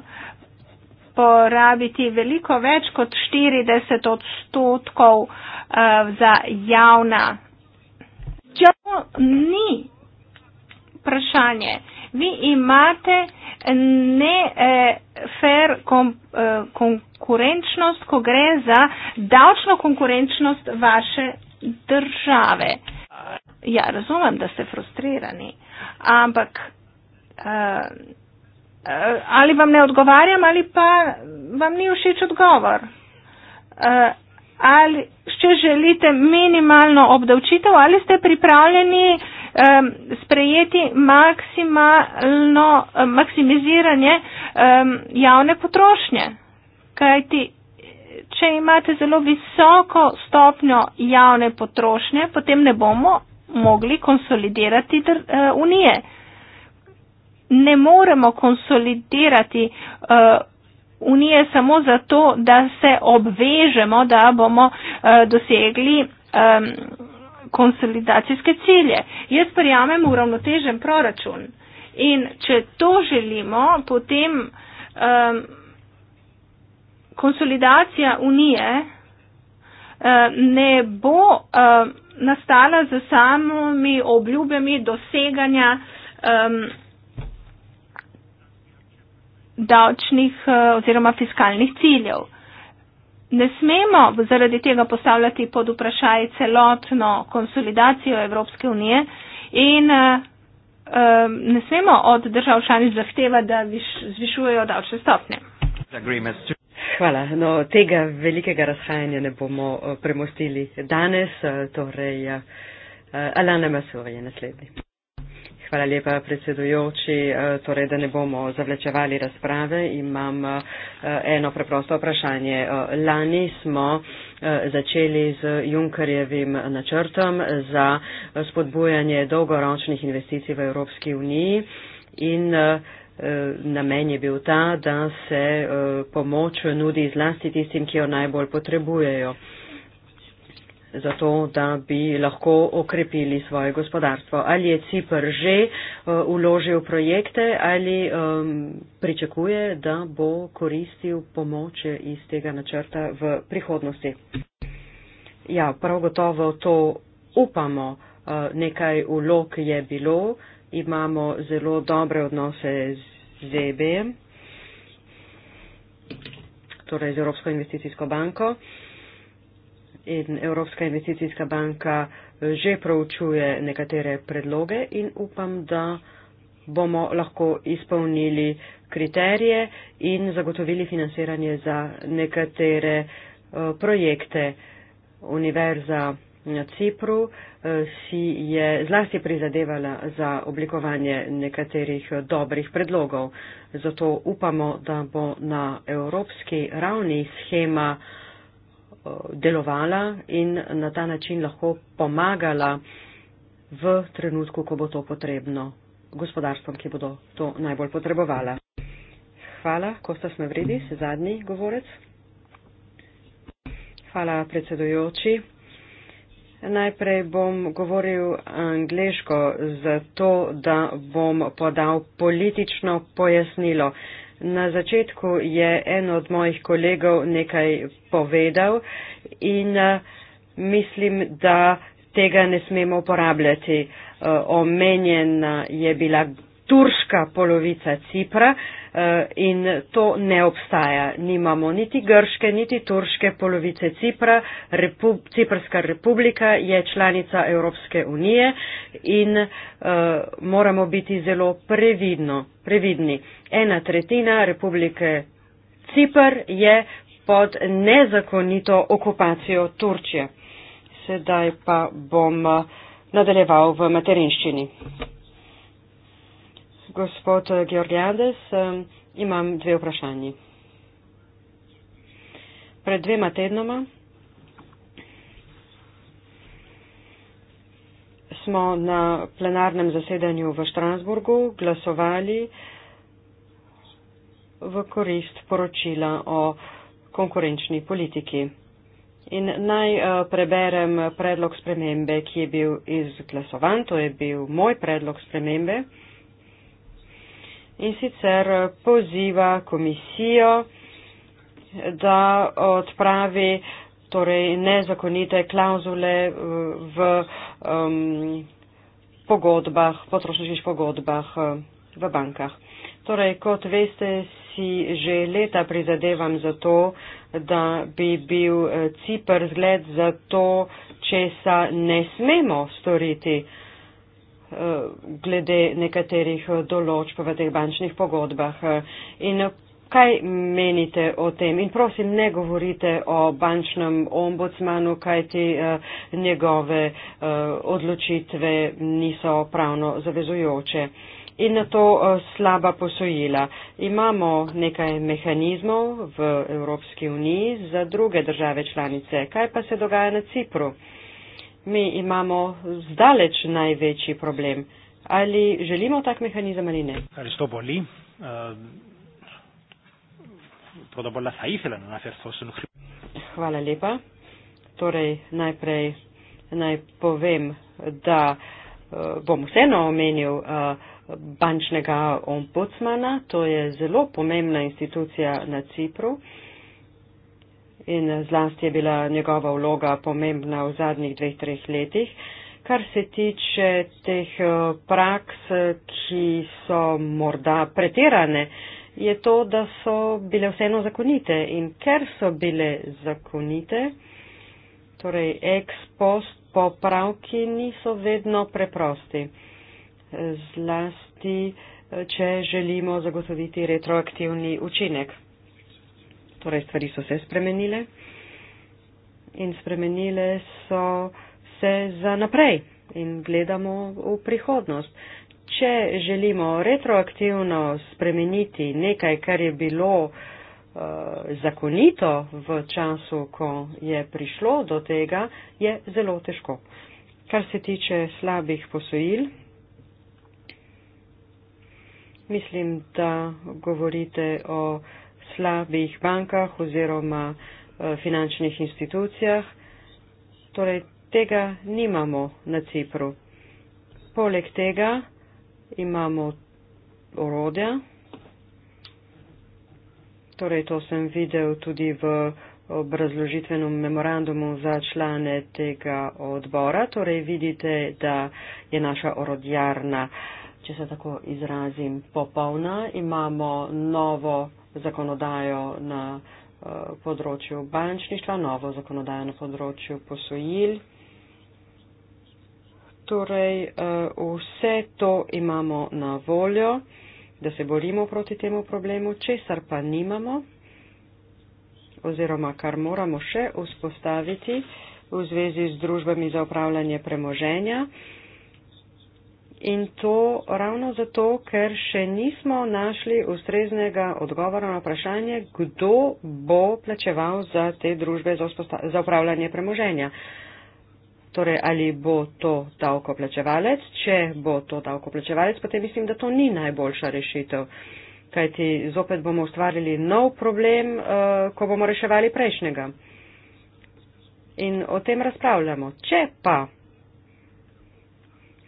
Speaker 3: porabiti veliko več kot 40 odstotkov uh, za javna. Če to ni vprašanje. Vi imate ne eh, fair kom, eh, konkurenčnost, ko gre za davčno konkurenčnost vaše države. Ja, razumem, da ste frustrirani, ampak eh, eh ali vam ne odgovarjam ali pa vam ni všeč odgovor. Eh, ali, če želite minimalno obdavčitev, ali ste pripravljeni eh, um, sprejeti maksimalno, eh, maksimiziranje um, javne potrošnje. Kajti, če imate zelo visoko stopnjo javne potrošnje, potem ne bomo mogli konsolidirati dr, uh, unije. Ne moremo konsolidirati uh, unije samo zato, da se obvežemo, da bomo uh, dosegli um, konsolidacijske cilje. Jaz prijamem uravnotežen proračun in če to želimo, potem um, konsolidacija unije ne bo um, nastala za samimi obljubami doseganja um, davčnih uh, oziroma fiskalnih ciljev ne smemo zaradi tega postavljati pod vprašaj celotno konsolidacijo Evropske unije in uh, ne smemo od držav članic zahteva, da viš, zvišujejo davčne stopnje.
Speaker 4: Hvala. No, tega velikega razhajanja ne bomo eh, premostili danes, torej Alana Masova je naslednji. Hvala lepa, predsedujoči. Eh, torej, da ne bomo zavlečevali razprave, imam eh, eno preprosto vprašanje. Eh, lani smo začeli z Junkerjevim načrtom za spodbujanje dolgoročnih investicij v Evropski uniji in namen je bil ta, da se pomoč nudi zlasti tistim, ki jo najbolj potrebujejo zato, da bi lahko okrepili svoje gospodarstvo. Ali je Cipr že uložil eh, projekte ali um, pričakuje, da bo koristil pomoč iz tega načrta v prihodnosti? Ja, prav gotovo to upamo. Eh, nekaj ulog je bilo, imamo zelo dobre odnose z ZBM, torej z Evropsko investicijsko banko in Evropska investicijska banka eh, že proučuje nekatere predloge in upam, da bomo lahko izpolnili kriterije in zagotovili financiranje za nekatere eh, projekte. Univerza na Cipru eh, si je zlasti prizadevala za oblikovanje nekaterih dobrih predlogov. Zato upamo, da bo na evropski ravni schema uh, Eh, delovala in na ta način lahko pomagala v trenutku, ko bo to potrebno gospodarstvom, ki bodo to najbolj potrebovala. Hvala, Kostas Mevridis, zadnji govorec. Hvala, predsedujoči. Najprej bom govoril angliško, zato da bom podal politično pojasnilo. Na začetku je en od mojih kolegov nekaj povedal in eh, mislim, da tega ne smemo uporabljati. Eh, omenjena je bila turška polovica Cipra. Eh, in to ne obstaja. Nimamo niti grške, niti turške polovice Cipra. Repu, Ciprska republika je članica Evropske unije in uh, moramo biti zelo previdno, previdni. Ena tretjina republike Cipr je pod nezakonito okupacijo Turčije. Sedaj pa bom eh, nadaljeval v materinščini gospod Georgiades, imam dve vprašanji. Pred dvema tednoma smo na plenarnem zasedanju v Štransburgu glasovali v korist poročila o konkurenčni politiki. In naj eh, preberem predlog spremembe, ki je bil izglasovan, to je bil moj predlog spremembe in sicer poziva komisijo, da odpravi torej, nezakonite klauzule eh, v um, pogodbah, potrošniških pogodbah eh, v bankah. Torej, kot veste, si že leta prizadevam za to, da bi bil eh, CIPR zgled za to, česa ne smemo storiti. Uh, Eh, glede nekaterih eh, določb v teh bančnih pogodbah. Eh, in kaj menite o tem? In prosim, ne govorite o bančnem ombudsmanu, kaj ti njegove odločitve niso pravno zavezujoče. In na to slaba posojila. Imamo nekaj mehanizmov v Evropski uniji za druge države članice. Kaj pa se dogaja na Cipru? mi imamo zdaleč največji problem. Ali želimo tak mehanizem ali ne?
Speaker 1: Ali to boli?
Speaker 4: Hvala lepa. Torej, najprej naj povem, da eh, bom vseeno omenil eh, bančnega ombudsmana. To je zelo pomembna institucija na Cipru in zlasti je bila njegova vloga pomembna v zadnjih dveh, treh letih. Kar se tiče teh eh, praks, ki so morda pretirane, je to, da so bile vseeno zakonite in ker so bile zakonite, torej ex post popravki niso vedno preprosti. Zlasti, eh, če želimo zagotoviti retroaktivni učinek torej stvari so se spremenile in spremenile so se za naprej in gledamo v prihodnost. Če želimo retroaktivno spremeniti nekaj, kar je bilo uh, zakonito v času, ko je prišlo do tega, je zelo težko. Kar se tiče slabih posojil, mislim, da govorite o uh, slabih bankah oziroma eh, finančnih institucijah. Torej, tega nimamo na Cipru. Poleg tega imamo orodja. Torej, to sem videl tudi v obrazložitvenem memorandumu za člane tega odbora. Torej, vidite, da je naša orodjarna, če se tako izrazim, popolna. Imamo novo zakonodajo na eh, področju bančništva, novo zakonodajo na področju posojil. Torej, eh, vse to imamo na voljo, da se borimo proti temu problemu, česar pa nimamo oziroma kar moramo še vzpostaviti v zvezi z družbami za upravljanje premoženja in to ravno zato, ker še nismo našli ustreznega odgovora na vprašanje, kdo bo plačeval za te družbe za, za upravljanje premoženja. Torej, ali bo to davkoplačevalec? Če bo to davkoplačevalec, potem mislim, da to ni najboljša rešitev. Kajti zopet bomo ustvarili nov problem, uh, ko bomo reševali prejšnjega. In o tem razpravljamo. Če pa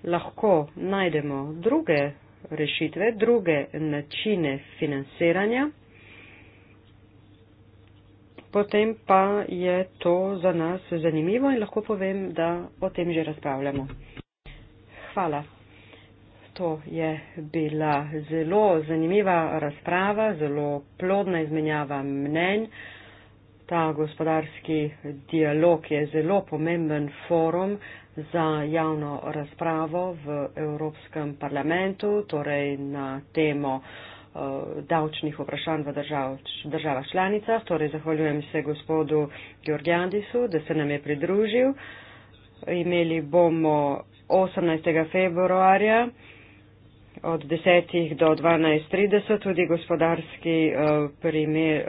Speaker 4: lahko najdemo druge rešitve, druge načine financiranja, potem pa je to za nas zanimivo in lahko povem, da o tem že razpravljamo. Hvala. To je bila zelo zanimiva razprava, zelo plodna izmenjava mnenj. Ta gospodarski dialog je zelo pomemben forum za javno razpravo v Evropskem parlamentu, torej na temo eh, davčnih vprašanj v državah država članicah. Torej zahvaljujem se gospodu Georgiandisu, da se nam je pridružil. Imeli bomo 18. februarja od 10 do 12.30 tudi gospodarski eh, primer eh,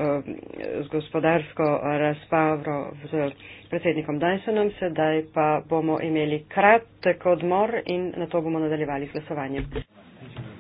Speaker 4: z gospodarsko razpavro z predsednikom Dysonom, sedaj pa bomo imeli kratek odmor in na to bomo nadaljevali s glasovanjem. Thank you.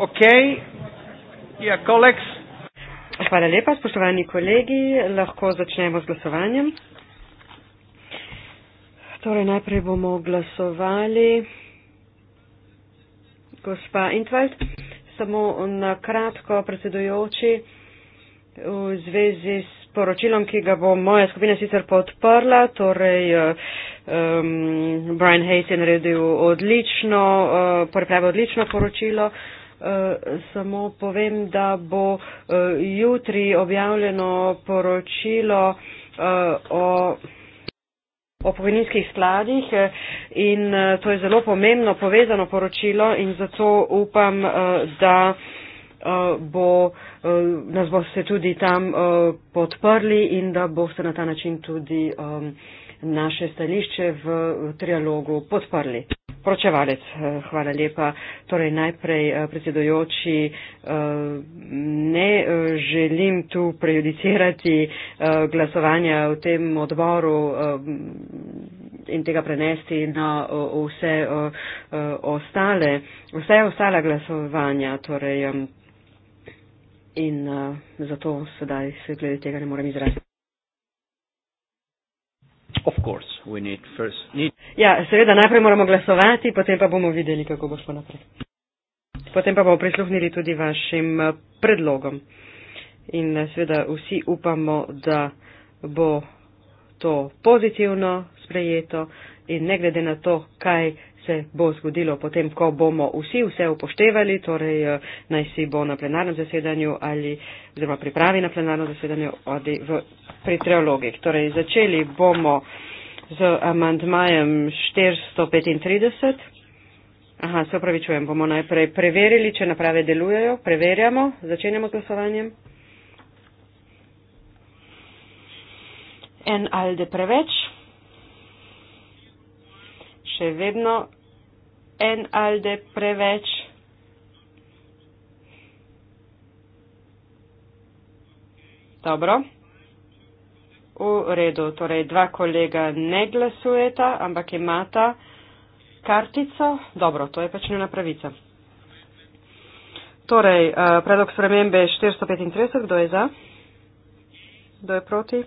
Speaker 4: Ok.
Speaker 3: Ja, koleks.
Speaker 4: Hvala lepa, spoštovani kolegi. Lahko začnemo z glasovanjem. Torej, najprej bomo glasovali. Gospa Intvald, samo na kratko predsedujoči v zvezi s poročilom, ki ga bo moja skupina sicer podprla, torej eh, um, Brian Hayes je naredil odlično, uh, eh, pripravil odlično poročilo. Uh, Eh, samo povem, da bo eh, jutri objavljeno poročilo eh, o o pokojninskih skladih in to je zelo pomembno povezano poročilo in zato upam, da bo, nas boste tudi tam podprli in da boste na ta način tudi naše stališče v trialogu podprli. Poročevalec, eh, hvala lepa. Torej najprej eh, predsedojoči, eh, ne želim tu prejudicirati glasovanja v tem odboru in tega prenesti na vse ostale, vse ostala glasovanja. Torej, in zato sedaj se glede tega ne morem izraziti. Ja, seveda najprej moramo glasovati, potem pa bomo videli, kako bo šlo naprej. Potem pa bomo prisluhnili tudi vašim eh, predlogom. In eh, seveda vsi upamo, da bo to pozitivno sprejeto in ne glede na to, kaj se bo zgodilo potem, ko bomo vsi vse upoštevali, torej eh, naj si bo na plenarnem zasedanju ali oziroma pripravi na plenarno zasedanje ali v pritreologih. Torej začeli bomo z amandmajem 435. Aha, se opravičujem, bomo najprej preverili, če naprave delujejo. Preverjamo, začenjamo z glasovanjem. En alde preveč. Še vedno en alde preveč. Dobro. V redu, torej dva kolega ne glasujeta, ampak imata kartico. Dobro, to je pač njena pravica. Torej, eh, predlog spremembe 435, kdo je za? Kdo je proti?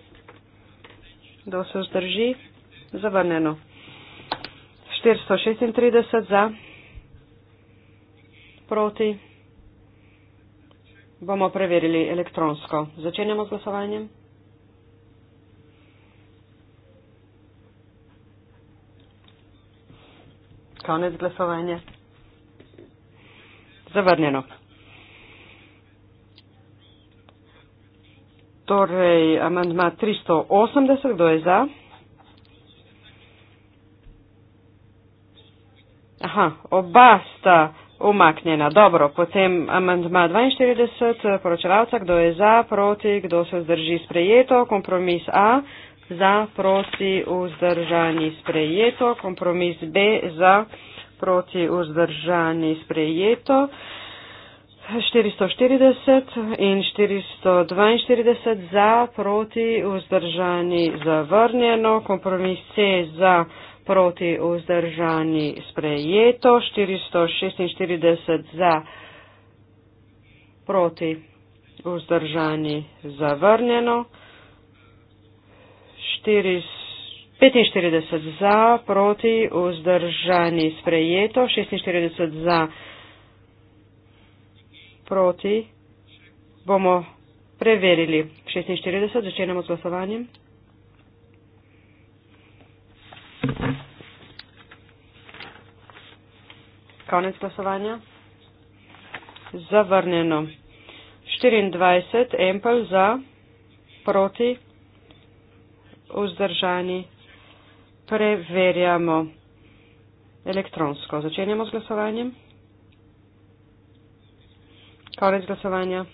Speaker 4: Kdo se vzdrži? Zavrneno. 436 za, proti. Bomo preverili elektronsko. Začenjamo z glasovanjem. Konec glasovanja. Zavrnjeno. Torej, amandma 380, kdo je za? Aha, oba sta umaknjena. Dobro, potem amandma 42, poročevalca, kdo je za, proti, kdo se vzdrži sprejeto, kompromis A, za, proti, vzdržani sprejeto, kompromis B, za, proti, vzdržani sprejeto. 440 in 442 za, proti, vzdržani zavrnjeno, kompromis C za, proti, proti vzdržani sprejeto, 446 za proti vzdržani zavrnjeno, 45 za proti vzdržani sprejeto, 46 za proti bomo preverili. 46, začenjamo z glasovanjem. Konec glasovanja. Zavrnjeno. 24, empel za, proti, vzdržani. Preverjamo elektronsko. Začenjamo z glasovanjem. Konec glasovanja.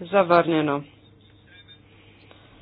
Speaker 4: Zavrnjeno.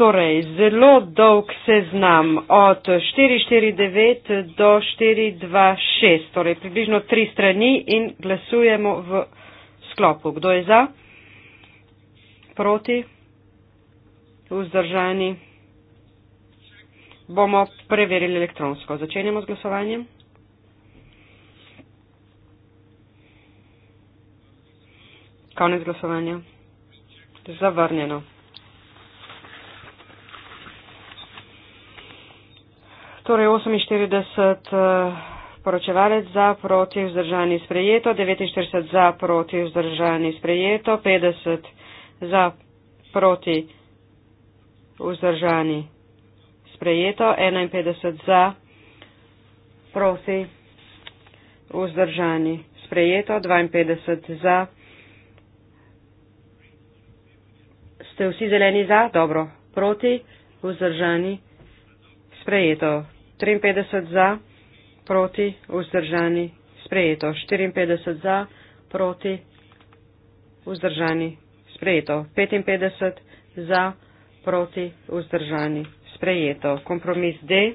Speaker 4: Torej, zelo dolg seznam od 449 do 426, torej približno tri strani in glasujemo v sklopu. Kdo je za? Proti? Vzdržani? Bomo preverili elektronsko. Začenjamo z glasovanjem. Konec glasovanja. Zavrnjeno. Torej 48 eh, poročevalec za proti vzdržani sprejeto, 49 za proti vzdržani sprejeto, 50 za proti vzdržani sprejeto, 51 za proti vzdržani sprejeto, 52 za. Ste vsi zeleni za? Dobro. Proti? Vzdržani? Sprejeto. 53 za, proti, vzdržani, sprejeto. 54 za, proti, vzdržani, sprejeto. 55 za, proti, vzdržani, sprejeto. Kompromis D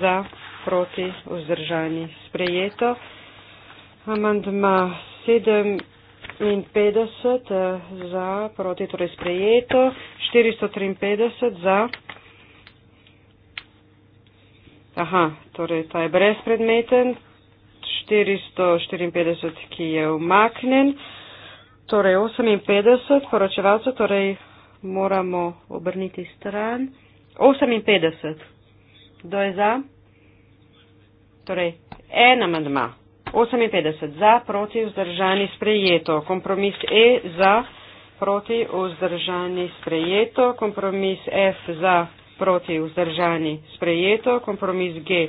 Speaker 4: za, proti, vzdržani, sprejeto. Amandma 57 eh, za, proti, torej sprejeto. 453 za. Aha, torej ta je brezpredmeten, 454, ki je umaknen, torej 58 poročevalcev, torej moramo obrniti stran. 58, kdo je za? Torej, en amandma. 58 za, proti, vzdržani, sprejeto. Kompromis E za, proti, vzdržani, sprejeto. Kompromis F za, proti vzdržani sprejeto, kompromis G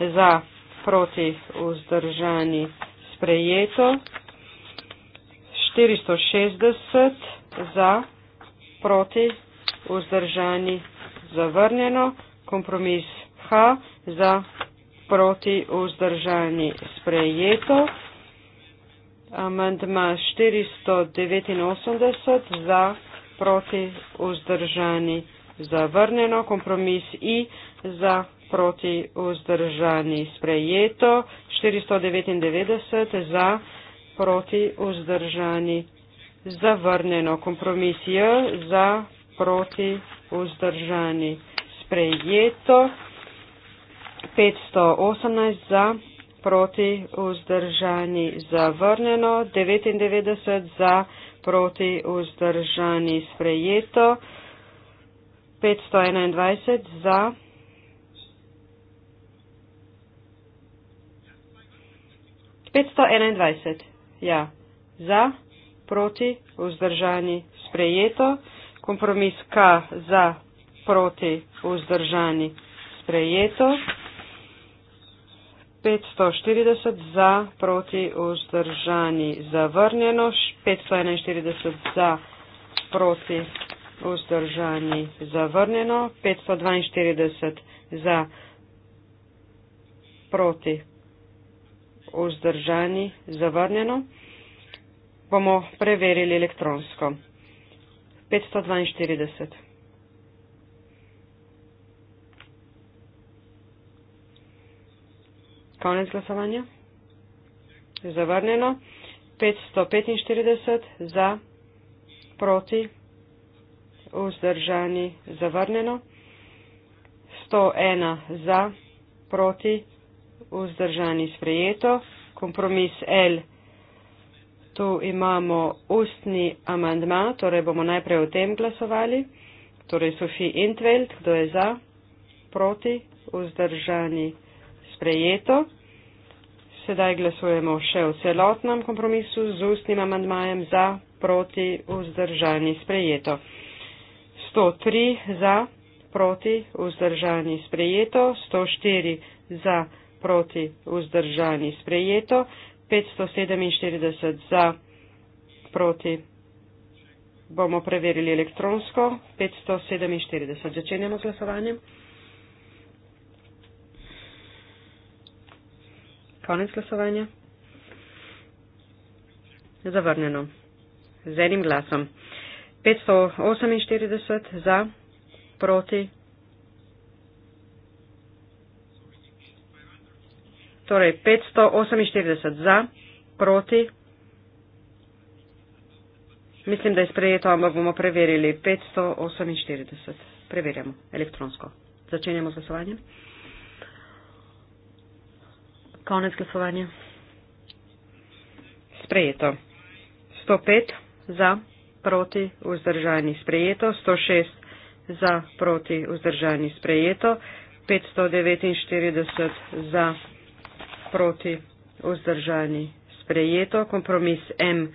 Speaker 4: za proti vzdržani sprejeto, 460 za proti vzdržani zavrnjeno, kompromis H za proti vzdržani sprejeto, amendma 489 za proti vzdržani sprejeto zavrnjeno, kompromis I za proti vzdržani sprejeto, 499 za proti vzdržani zavrnjeno, kompromis J za proti vzdržani sprejeto, 518 za proti vzdržani zavrnjeno, 99 za proti vzdržani sprejeto, 521 za. Petsto enaindvajset, ja, za, proti, vzdržani, sprejeto, kompromis K za, proti, vzdržani, sprejeto, petsto štirideset za, proti, vzdržani, zavrnjeno, petsto enaindvajset za, proti, vzdržani zavrnjeno, 542 za proti vzdržani zavrnjeno, bomo preverili elektronsko. 542. Konec glasovanja. Zavrnjeno. 545 za proti vzdržani zavrnjeno vzdržani, zavrnjeno. 101 za, proti, vzdržani, sprejeto. Kompromis L. Tu imamo ustni amandma, torej bomo najprej o tem glasovali. Torej Sofi Intveld, kdo je za, proti, vzdržani, sprejeto. Sedaj glasujemo še o celotnem kompromisu z ustnim amandmajem za, proti, vzdržani, sprejeto. 103 za, proti, vzdržani, sprejeto, 104 za, proti, vzdržani, sprejeto, 547 za, proti, bomo preverili elektronsko, 547. Začenjamo z glasovanjem. Konec glasovanja. Zavrnjeno. Z enim glasom. 548 za, proti. Torej, 548 za, proti. Mislim, da je sprejeto, ampak bomo preverili. 548. Preverjamo elektronsko. Začenjamo z glasovanjem. Konec glasovanja. Sprejeto. 105 za proti, vzdržani sprejeto, 106 za, proti, vzdržani sprejeto, 549 za, proti, vzdržani sprejeto, kompromis M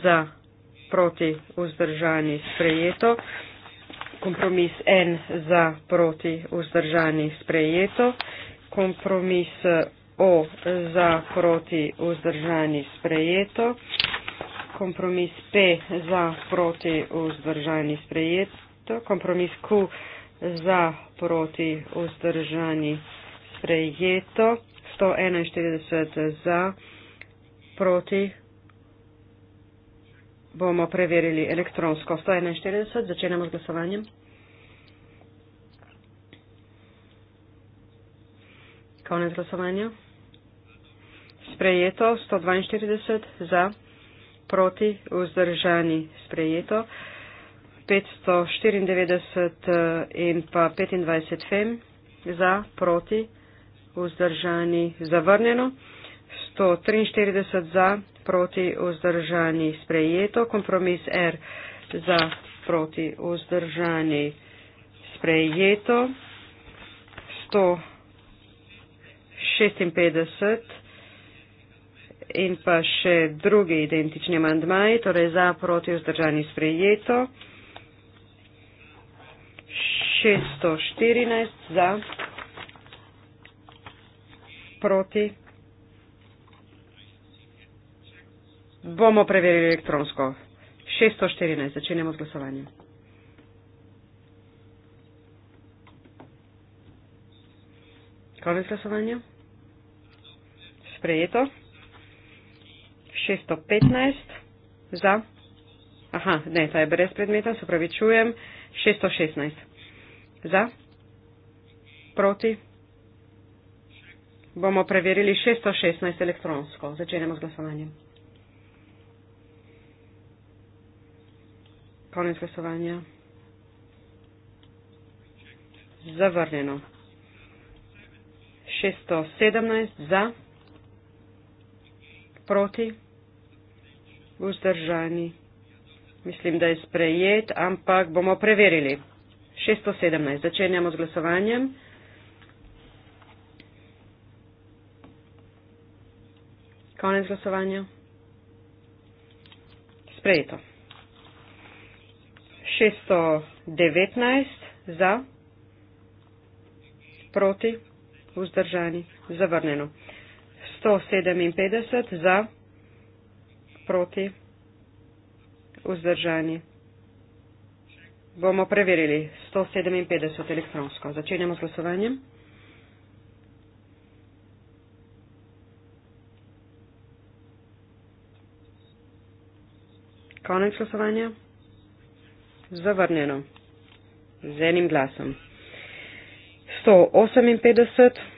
Speaker 4: za, proti, vzdržani sprejeto, kompromis N za, proti, vzdržani sprejeto, kompromis O za, proti, vzdržani sprejeto kompromis P za proti vzdržani sprejet, kompromis Q za proti vzdržani sprejeto, 141 za proti bomo preverili elektronsko. 141, začenjamo z glasovanjem. Konec glasovanja. Sprejeto 142 za proti vzdržani sprejeto. 594 eh, in pa 25 fem za proti vzdržani zavrnjeno. 143 za proti vzdržani sprejeto. Kompromis R za proti vzdržani sprejeto. 156 in pa še druge identične mandmaje, torej za, proti, vzdržani, sprejeto. 614 za, proti. Bomo preverili elektronsko. 614, začenjamo z glasovanjem. Konec glasovanja. Sprejeto. 615 za. Aha, ne, ta je brez predmeta, se pravi, čujem. 616 za. Proti. Bomo preverili 616 elektronsko. Začenjamo z glasovanjem. Konec glasovanja. Zavrnjeno. 617 za. Proti vzdržani. Mislim, da je sprejet, ampak bomo preverili. 617. Začenjamo z glasovanjem. Konec glasovanja. Sprejeto. 619. Za. Proti. Vzdržani. Zavrnjeno. 157. Za proti, vzdržani. Bomo preverili 157 elektronsko. Začenjamo s glasovanjem. Konec glasovanja. Zavrnjeno. Z enim glasom. 158.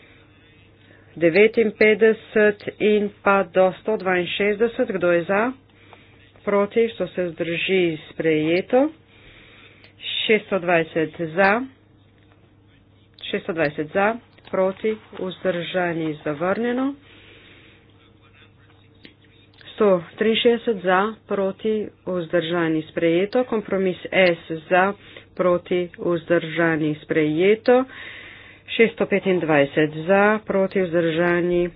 Speaker 4: 59 in pa do 162, kdo je za, proti, što se zdrži sprejeto, 620 za, 620 za, proti, vzdržani zavrnjeno, 163 za, proti, vzdržani sprejeto, kompromis S za, proti, vzdržani sprejeto, 625 za, proti vzdržani,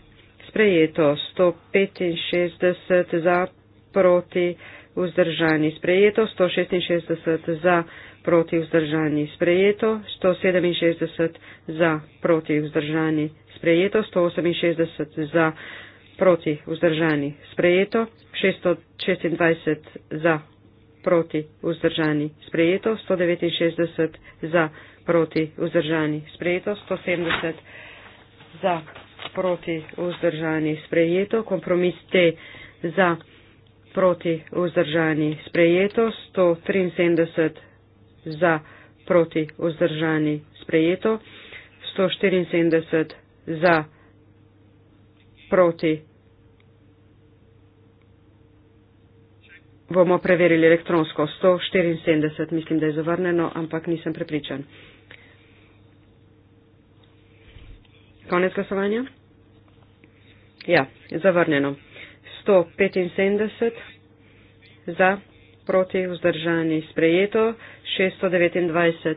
Speaker 4: sprejeto 165 za, proti vzdržani, sprejeto 166 za, proti vzdržani, sprejeto 167 za, proti vzdržani, sprejeto 168 za, proti vzdržani, sprejeto 626 za, proti vzdržani, sprejeto 169 za, proti vzdržani proti vzdržani sprejeto, 170 za proti vzdržani sprejeto, kompromis T za proti vzdržani sprejeto, 173 za proti vzdržani sprejeto, 174 za proti. Bomo preverili elektronsko 174, mislim, da je zavrneno, ampak nisem prepričan. Konec glasovanja? Ja, zavrnjeno. 175 za, proti, vzdržani, sprejeto. 629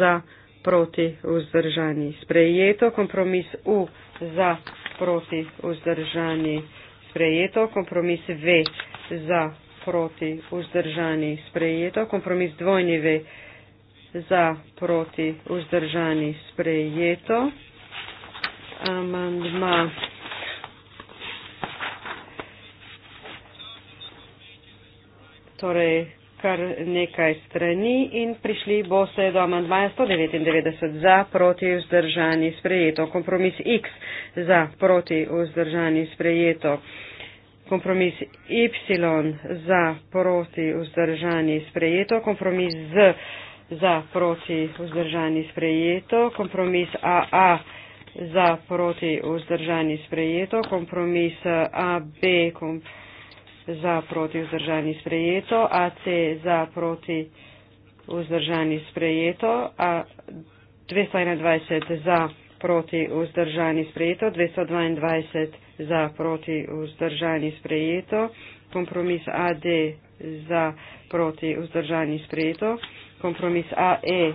Speaker 4: za, proti, vzdržani, sprejeto. Kompromis U za, proti, vzdržani, sprejeto. Kompromis V za, proti, vzdržani, sprejeto. Kompromis dvojni V za, proti, vzdržani, sprejeto amandma. Torej, kar nekaj strani in prišli bo se do amandmaja 199 za, proti vzdržani sprejeto. Kompromis X za, proti vzdržani sprejeto. Kompromis Y za, proti vzdržani sprejeto. Kompromis Z za, proti vzdržani sprejeto. Kompromis AA za proti vzdržani sprejeto, kompromis eh, AB kom, za proti vzdržani sprejeto, AC za proti vzdržani sprejeto, A, 221 za proti vzdržani sprejeto, 222 za proti vzdržani sprejeto, kompromis AD za proti vzdržani sprejeto, kompromis AE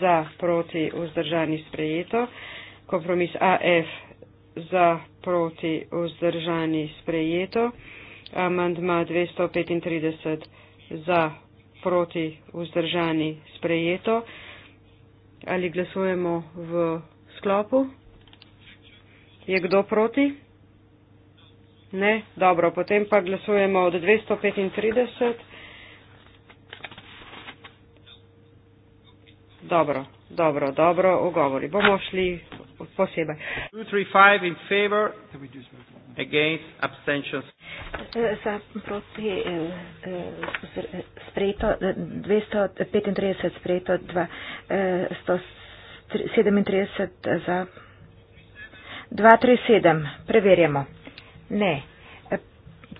Speaker 4: za proti vzdržani sprejeto, kompromis AF za proti vzdržani sprejeto, amandma 235 za proti vzdržani sprejeto. Ali glasujemo v sklopu? Je kdo proti? Ne? Dobro, potem pa glasujemo od 235. Dobro, dobro, dobro, ogovori. Bomo šli posebej.
Speaker 1: Against abstentions.
Speaker 4: Eh,
Speaker 5: za proti eh, eh, sprejeto 235 sprejeto 237 za 237. Preverjamo. Ne.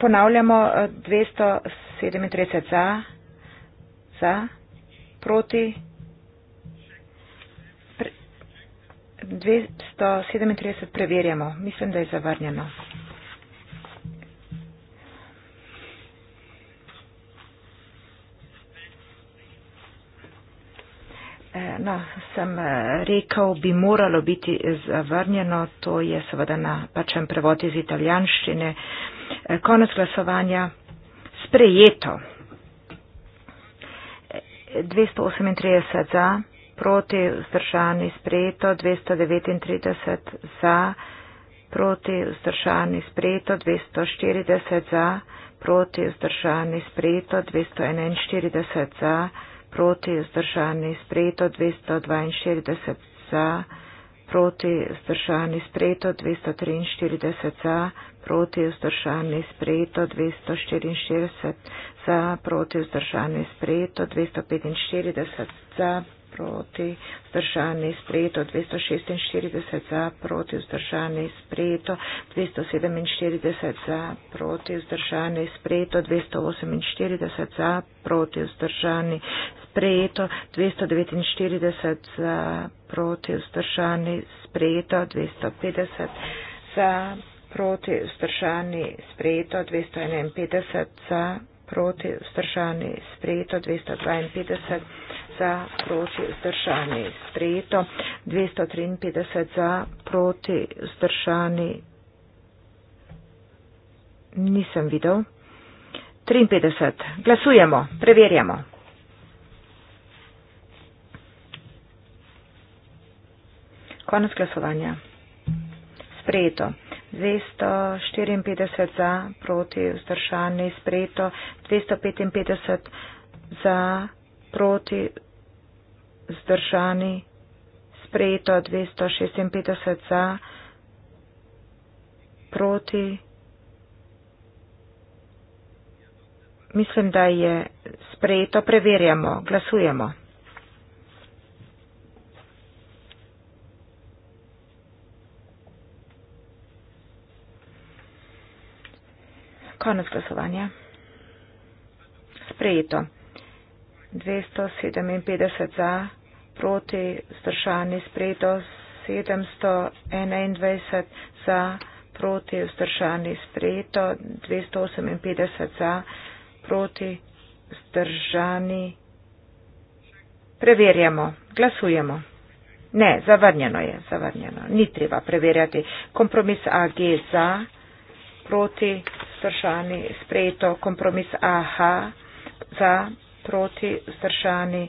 Speaker 5: Ponavljamo 237 za, za proti 237 preverjamo. Mislim, da je zavrnjeno. Eh, no, sem eh, rekel, bi moralo biti zavrnjeno, to je seveda na pačem prevod iz italijanščine. Eh, konec glasovanja sprejeto. 238 za proti, vzdržani, sprejeto, 239 za, proti, vzdržani, sprejeto, 240 za, proti, vzdržani, sprejeto, 241 za, proti, vzdržani, sprejeto, 242 za, proti, vzdržani, sprejeto, 243 za, proti, vzdržani, sprejeto, 244 za, proti, vzdržani, sprejeto, 245 za proti, vzdržani sprejeto 246 za, proti, vzdržani sprejeto 247 za, proti, vzdržani sprejeto 248 za, proti, vzdržani sprejeto 249 za, proti, vzdržani sprejeto 250 za, proti, vzdržani sprejeto 251 za, proti, vzdržani sprejeto 252 za, proti vzdržani, sprejeto, 253 za, proti vzdržani, nisem videl. 53, glasujemo, preverjamo. Konec glasovanja. Sprejeto. 254 za, proti vzdržani, sprejeto. 255 za, proti vzdržani zdržani, sprejeto 256 za, proti. Mislim, da je sprejeto, preverjamo, glasujemo. Konec glasovanja. Sprejeto. 257 za proti vzdržani sprejeto 721 za proti vzdržani sprejeto 258 za proti vzdržani. Preverjamo, glasujemo. Ne, zavrnjeno je, zavrnjeno. Ni treba preverjati. Kompromis AG za, proti vzdržani sprejeto, kompromis AH za, proti vzdržani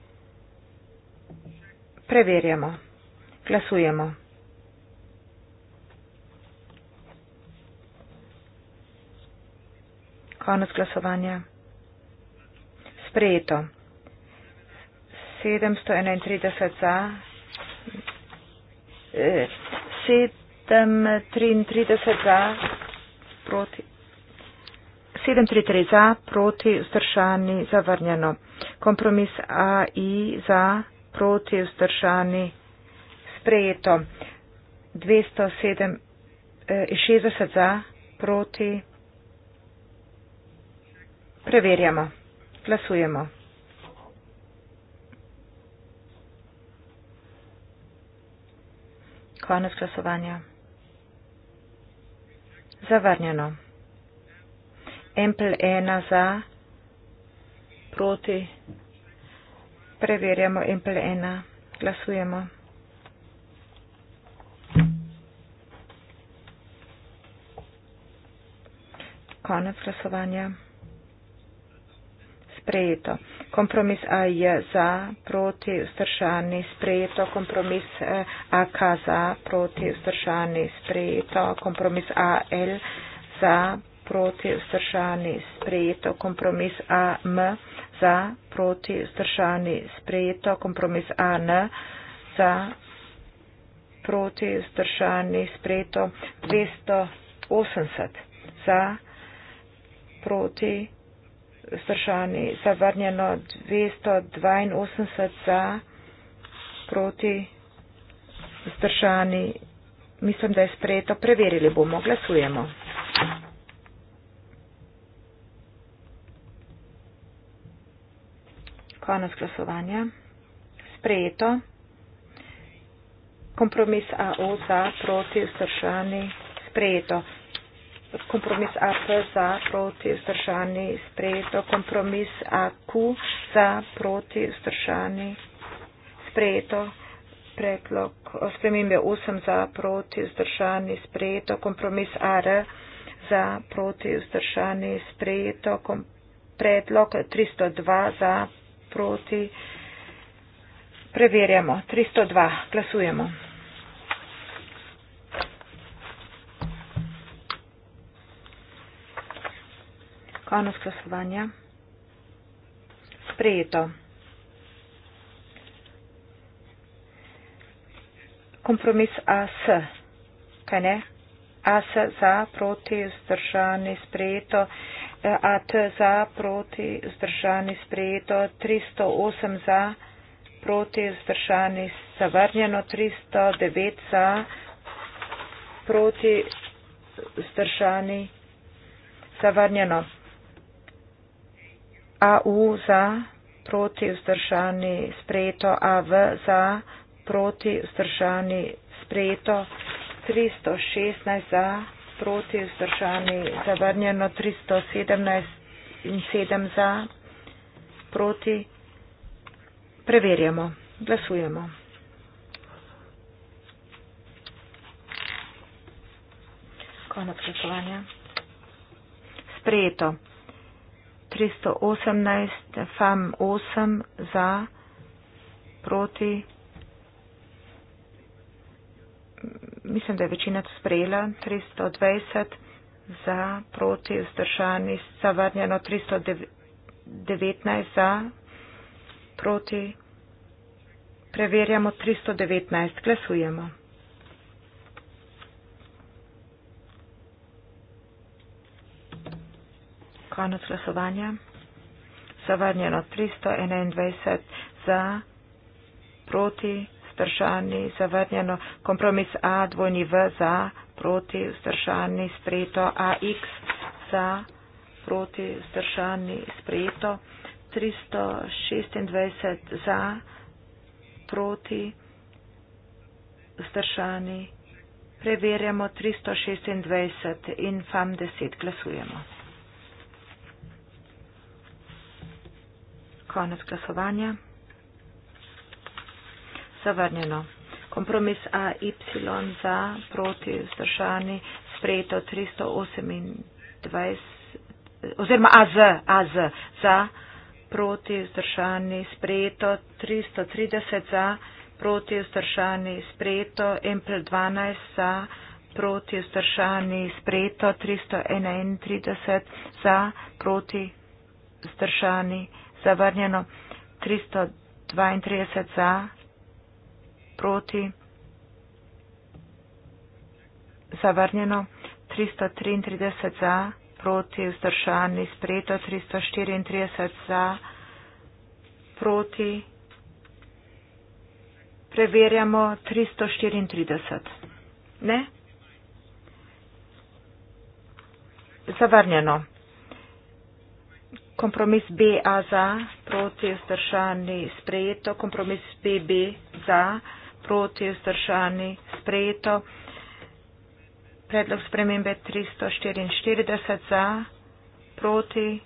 Speaker 5: Preverjamo. Glasujemo. Konec glasovanja. Sprejeto. 731 za. 733 eh, za. Proti. 733 za, proti, vzdržani, zavrnjeno. Kompromis AI za proti vzdržani sprejeto. 267 eh, za proti. Preverjamo. Glasujemo. Konec glasovanja. Zavrnjeno. Empel ena za proti Preverjamo impl ena. Glasujemo. Konec glasovanja. Sprejeto. Kompromis A je za, proti, vzdržani, sprejeto. Kompromis eh, AK za, proti, vzdržani, sprejeto. Kompromis AL za, proti, vzdržani, sprejeto. Kompromis AM za, proti, vzdržani, sprejeto, kompromis A na, za, proti, vzdržani, sprejeto, 280 za, proti, vzdržani, zavrnjeno, 282 za, proti, vzdržani, mislim, da je sprejeto, preverili bomo, glasujemo. Thank you. Konec glasovanja. Sprejeto. Kompromis AO za proti vzdržani sprejeto. Kompromis AP za proti vzdržani sprejeto. Kompromis AQ za proti vzdržani sprejeto. Predlog spremembe 8 za proti vzdržani sprejeto. Kompromis AR za proti vzdržani sprejeto. Predlog 302 za proti. Preverjamo. 302. Glasujemo. Konec glasovanja. Sprejeto. Kompromis AS. Kaj ne? AS za, proti, zdržani, sprejeto. 303. AT za, proti, zdržani, sprejeto, 308 za, proti, zdržani, zavrnjeno, 309 za, proti, zdržani, zavrnjeno. AU za, proti, zdržani, sprejeto, AV za, proti, zdržani, sprejeto, 316 za proti, vzdržani, zavrnjeno 317 in 7 za, proti. Preverjamo, glasujemo. Konec glasovanja. Sprejeto. 318, FAM 8 za, proti. mislim, da je večina to sprejela, 320 za, proti, vzdržani, zavrnjeno 319 za, proti, preverjamo 319, glasujemo. Konec glasovanja. Zavrnjeno 321 za, proti, preverjamo 319 vzdržani, zavrnjeno, kompromis A, dvojni V za, proti, vzdržani, sprejeto, AX za, proti, vzdržani, sprejeto, 326 za, proti, vzdržani, preverjamo 326 in FAM 10 glasujemo. Konec glasovanja zavrnjeno. Kompromis A, Y za, proti, vzdržani, sprejeto 328, oziroma AZ, AZ za, proti, vzdržani, sprejeto 330 za, proti, vzdržani, sprejeto MP12 za, proti, vzdržani, sprejeto 331 za, proti, vzdržani, zavrnjeno 332 za proti. Zavrnjeno 333 za, proti vzdržani sprejeto 334 za, proti preverjamo 334. Ne? Zavrnjeno. Kompromis BA za, proti vzdržani sprejeto, kompromis BB za proti vzdržani sprejeto. Predlog spremembe 344 za, proti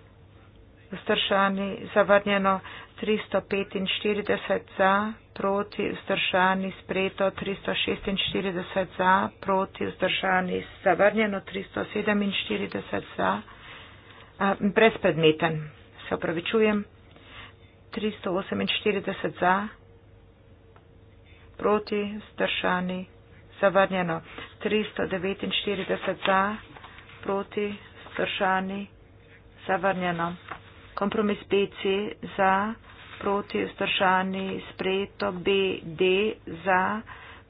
Speaker 5: vzdržani zavrnjeno 345 za, proti vzdržani sprejeto 346 za, proti vzdržani zavrnjeno 347 za, brezpredmeten, se opravičujem, 348 za, proti, zdržani, zavrnjeno. 349 za, proti, zdržani, zavrnjeno. Kompromis BC za, proti, zdržani, sprejeto. BD za,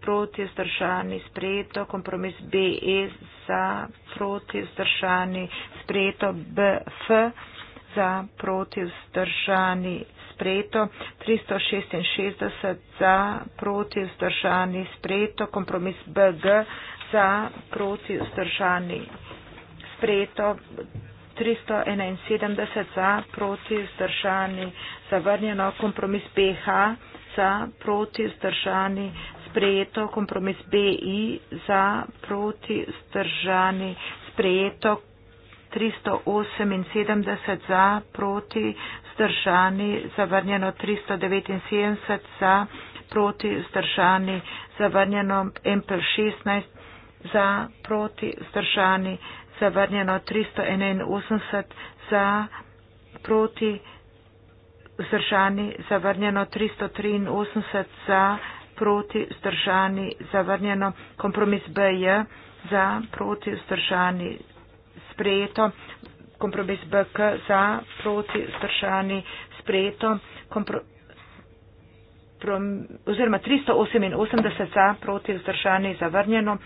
Speaker 5: proti, zdržani, sprejeto. Kompromis BE za, proti, zdržani, sprejeto. BF za, proti, zdržani, sprejeto, 366 za, proti vzdržani, sprejeto, kompromis BG za, proti vzdržani, sprejeto. 371 za, proti vzdržani, zavrnjeno, kompromis BH za, proti vzdržani, sprejeto, kompromis BI za, proti vzdržani, sprejeto, 378 za, proti vzdržani, zavrnjeno 379 za, proti vzdržani, zavrnjeno MPL 16 za, proti vzdržani, zavrnjeno 381 za, proti vzdržani, zavrnjeno 383 za, proti vzdržani, zavrnjeno kompromis BJ za, proti vzdržani, sprejeto kompromis BK za, proti, stršani, sprejeto, oziroma 388 za, proti, stršani, zavrnjeno,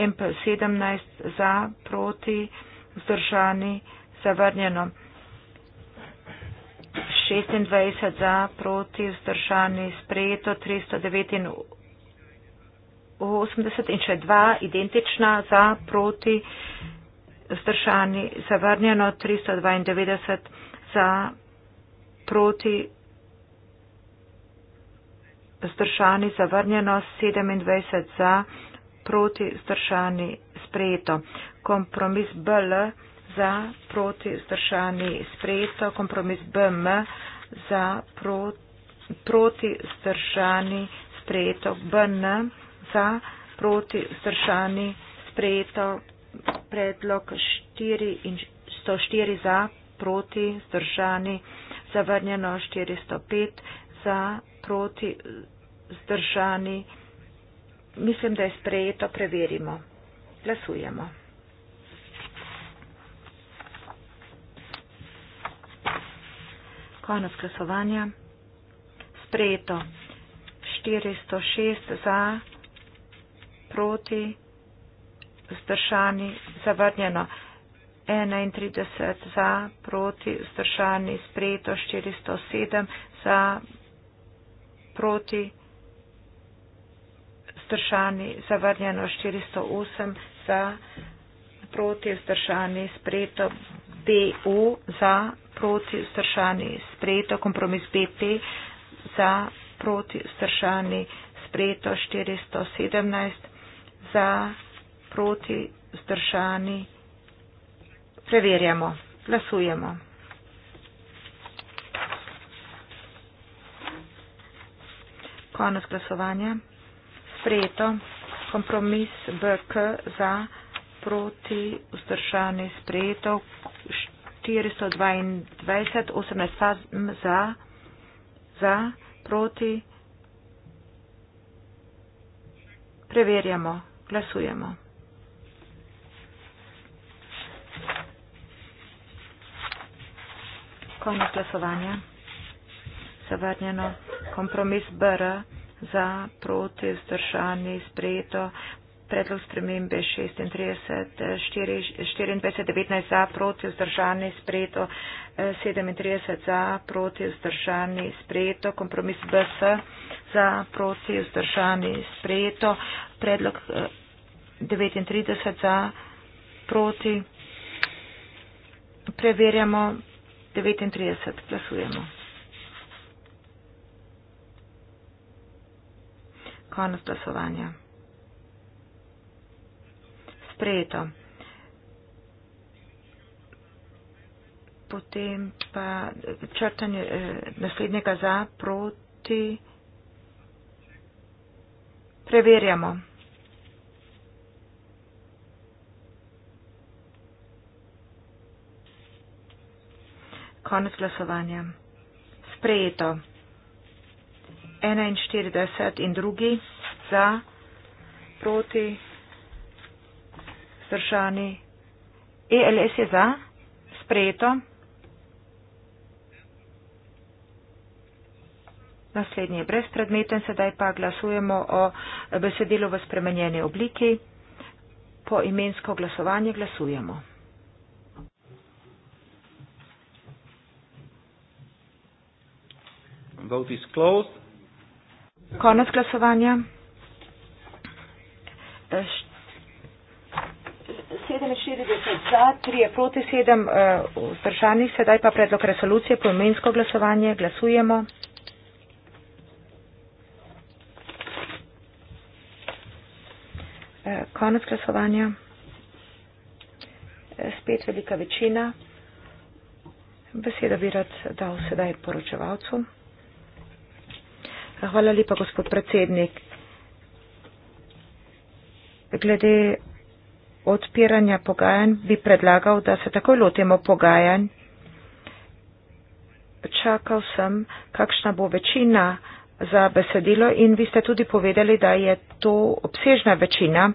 Speaker 5: MP17 za, proti, stršani, zavrnjeno, 26 za, proti, stršani, sprejeto, 389 in še dva identična za, proti, stršani vzdržani, zavrnjeno 392 za proti, vzdržani, zavrnjeno 27 za proti, vzdržani, sprejeto. Kompromis BL za proti, vzdržani, sprejeto. Kompromis BM za proti, proti vzdržani, sprejeto. BN za proti, vzdržani, sprejeto predlog 4 in 104 za, proti, zdržani, zavrnjeno 405 za, proti, zdržani. Mislim, da je sprejeto, preverimo. Glasujemo. Konec glasovanja. Sprejeto. 406 za, proti, zdržani vzdržani, zavrnjeno 31 za, proti vzdržani sprejeto 407 za, proti vzdržani, zavrnjeno 408 za, proti vzdržani sprejeto BU za, proti vzdržani sprejeto kompromis BP za, proti vzdržani sprejeto 417 za, proti, zdržani. Preverjamo. Glasujemo. Konec glasovanja. Sprejeto. Kompromis BK za proti vzdržani sprejeto. 422, 18 za, za, proti. Preverjamo. Glasujemo. koniec głosowania. Zawarniono kompromis BR za, proti, zdržani, sprejeto. Predlog spremembe 26-19 za, proti, zdržani, sprejeto. 37 za, proti, zdržani, sprejeto. Kompromis BS za, proti, zdržani, sprejeto. Predlog 39 eh, za, proti. Preverjamo 39. Glasujemo. Konec glasovanja. Sprejeto. Potem pa črtanje eh, naslednjega za, proti. Preverjamo. Konec glasovanja. Sprejeto. 41 in drugi za, proti, zdržani. ELS je za. Sprejeto. Naslednji je brezpredmeten, sedaj pa glasujemo o besedilu v spremenjeni obliki. Po imensko glasovanje glasujemo.
Speaker 1: Vote is closed.
Speaker 5: Konec glasovanja. 47 eh, za, 3 proti 7 eh, vzdržanih, sedaj pa predlog resolucije, poimensko glasovanje, glasujemo. Eh, konec glasovanja. Spet velika večina. Beseda bi rad dal sedaj poročevalcu. Hvala lepa, gospod predsednik. Glede odpiranja pogajanj bi predlagal, da se takoj lotimo pogajanj. Čakal sem, kakšna bo večina za besedilo in vi ste tudi povedali, da je to obsežna večina.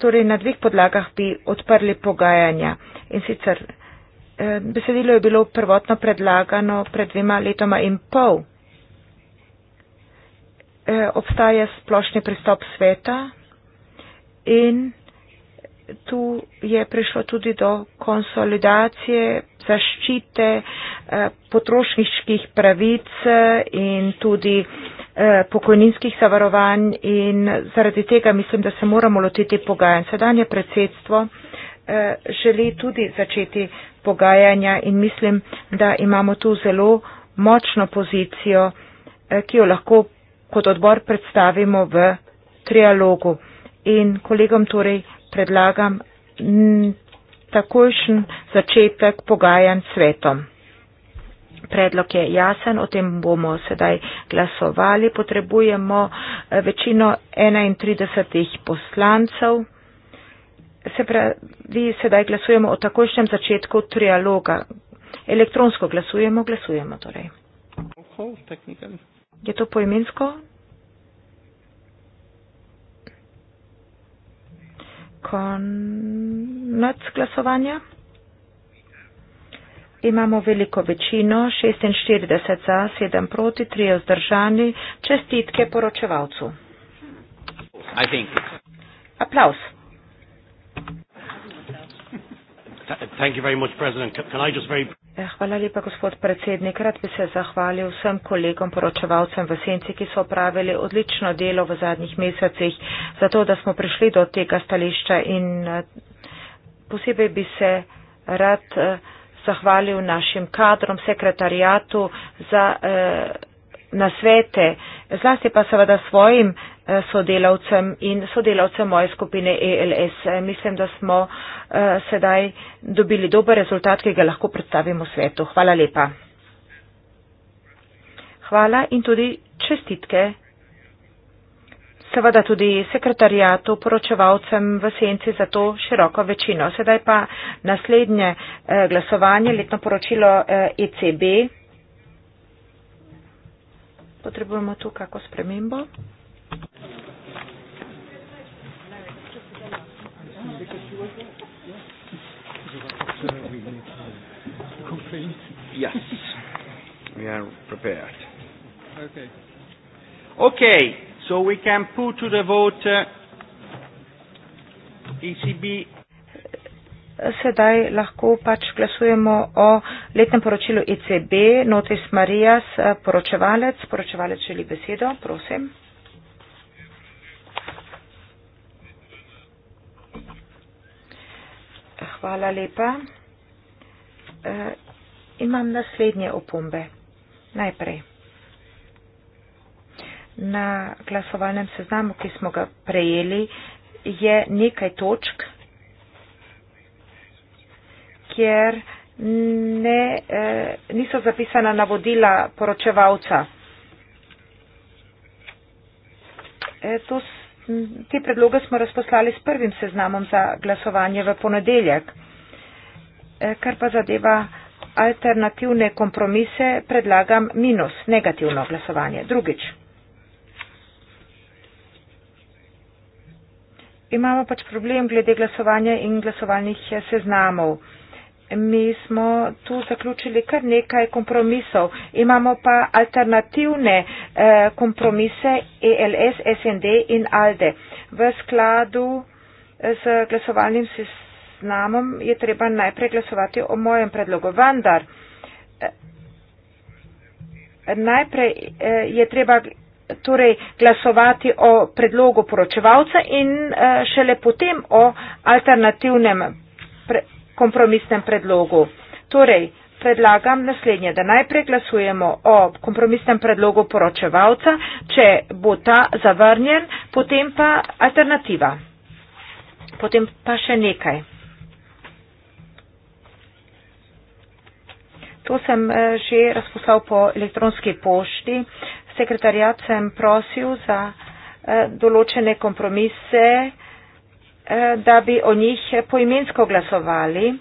Speaker 5: Torej, na dveh podlagah bi odprli pogajanja in sicer Eh, besedilo je bilo prvotno predlagano pred dvema letoma in pol. Eh, obstaja splošni pristop sveta in tu je prišlo tudi do konsolidacije, zaščite eh, potrošniških pravic in tudi pokojninskih zavarovanj in zaradi tega mislim, da se moramo lotiti pogajanj. Sedanje predsedstvo Eh, želi tudi začeti pogajanja in mislim, da imamo tu zelo močno pozicijo, eh, ki jo lahko kot odbor predstavimo v trialogu. In kolegom torej predlagam mm, takojšen začetek pogajanj svetom. Predlog je jasen, o tem bomo sedaj glasovali. Potrebujemo eh, večino 31 poslancev se pravi, sedaj glasujemo o takojšnjem začetku trialoga. Elektronsko glasujemo, glasujemo torej. Je to poimensko? Konec glasovanja. Imamo veliko večino, 46 za, 7 proti, 3 vzdržani. Čestitke poročevalcu. Aplaus. Ja, hvala lepa, gospod predsednik. Rad bi se zahvalil vsem kolegom poročevalcem v senci, ki so opravili odlično delo v zadnjih mesecih, zato da smo prišli do tega stališča in posebej bi se rad zahvalil našim kadrom, sekretarijatu za nasvete, zlasti pa seveda svojim sodelavcem in sodelavcem moje skupine ELS. Mislim, da smo eh, sedaj dobili dober rezultat, ki ga lahko predstavimo svetu. Hvala lepa. Hvala in tudi čestitke. Seveda tudi sekretarijatu, poročevalcem v senci za to široko večino. Sedaj pa naslednje eh, glasovanje, letno poročilo ECB. Eh, e Potrebujemo tu kako spremembo?
Speaker 1: Yes, we are prepared. Okay. Okay, so we can put to the vote uh,
Speaker 4: ECB.
Speaker 5: Eh, sedaj lahko pač glasujemo o letnem poročilu ECB. Notis Marijas, eh, poročevalec. Poročevalec želi besedo. Prosim. Hvala lepa. Uh, imam naslednje opombe. Najprej. Na glasovalnem seznamu, ki smo ga prejeli, je nekaj točk, kjer ne, uh, niso zapisana navodila poročevalca. E, to te predloge smo razposlali s prvim seznamom za glasovanje v ponedeljek. E, kar pa zadeva alternativne kompromise, predlagam minus negativno glasovanje. Drugič. Imamo pač problem glede glasovanja in glasovalnih e, seznamov mi smo tu zaključili kar nekaj kompromisov. Imamo pa alternativne eh, kompromise ELS, SND in ALDE. V skladu eh, z glasovalnim seznamom je treba najprej glasovati o mojem predlogu. Vendar eh, najprej eh, je treba torej glasovati o predlogu poročevalca in eh, šele potem o alternativnem. Pre, kompromisnem predlogu. Torej, predlagam naslednje, da najprej glasujemo o kompromisnem predlogu poročevalca, če bo ta zavrnjen, potem pa alternativa. Potem pa še nekaj. To sem eh, že razposlal po elektronski pošti. Sekretarjat sem prosil za eh, določene kompromise. Eh, da bi o njih poimensko glasovali.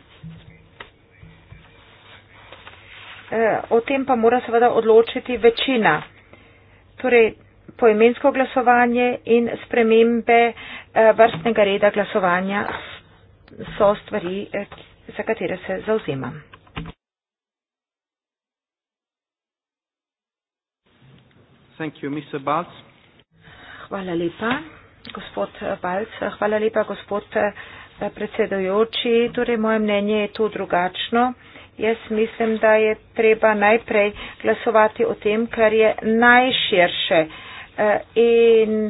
Speaker 5: Eh, o tem pa mora seveda odločiti večina. Torej, poimensko glasovanje in spremembe eh, vrstnega reda glasovanja so stvari, za katere se zauzemam.
Speaker 1: Thank you, Mr.
Speaker 5: Hvala lepa. Gospod eh, Balcah, eh, hvala lepa, gospod eh, predsedojoči. Torej, moje mnenje je tu drugačno. Jaz mislim, da je treba najprej glasovati o tem, kar je najširše in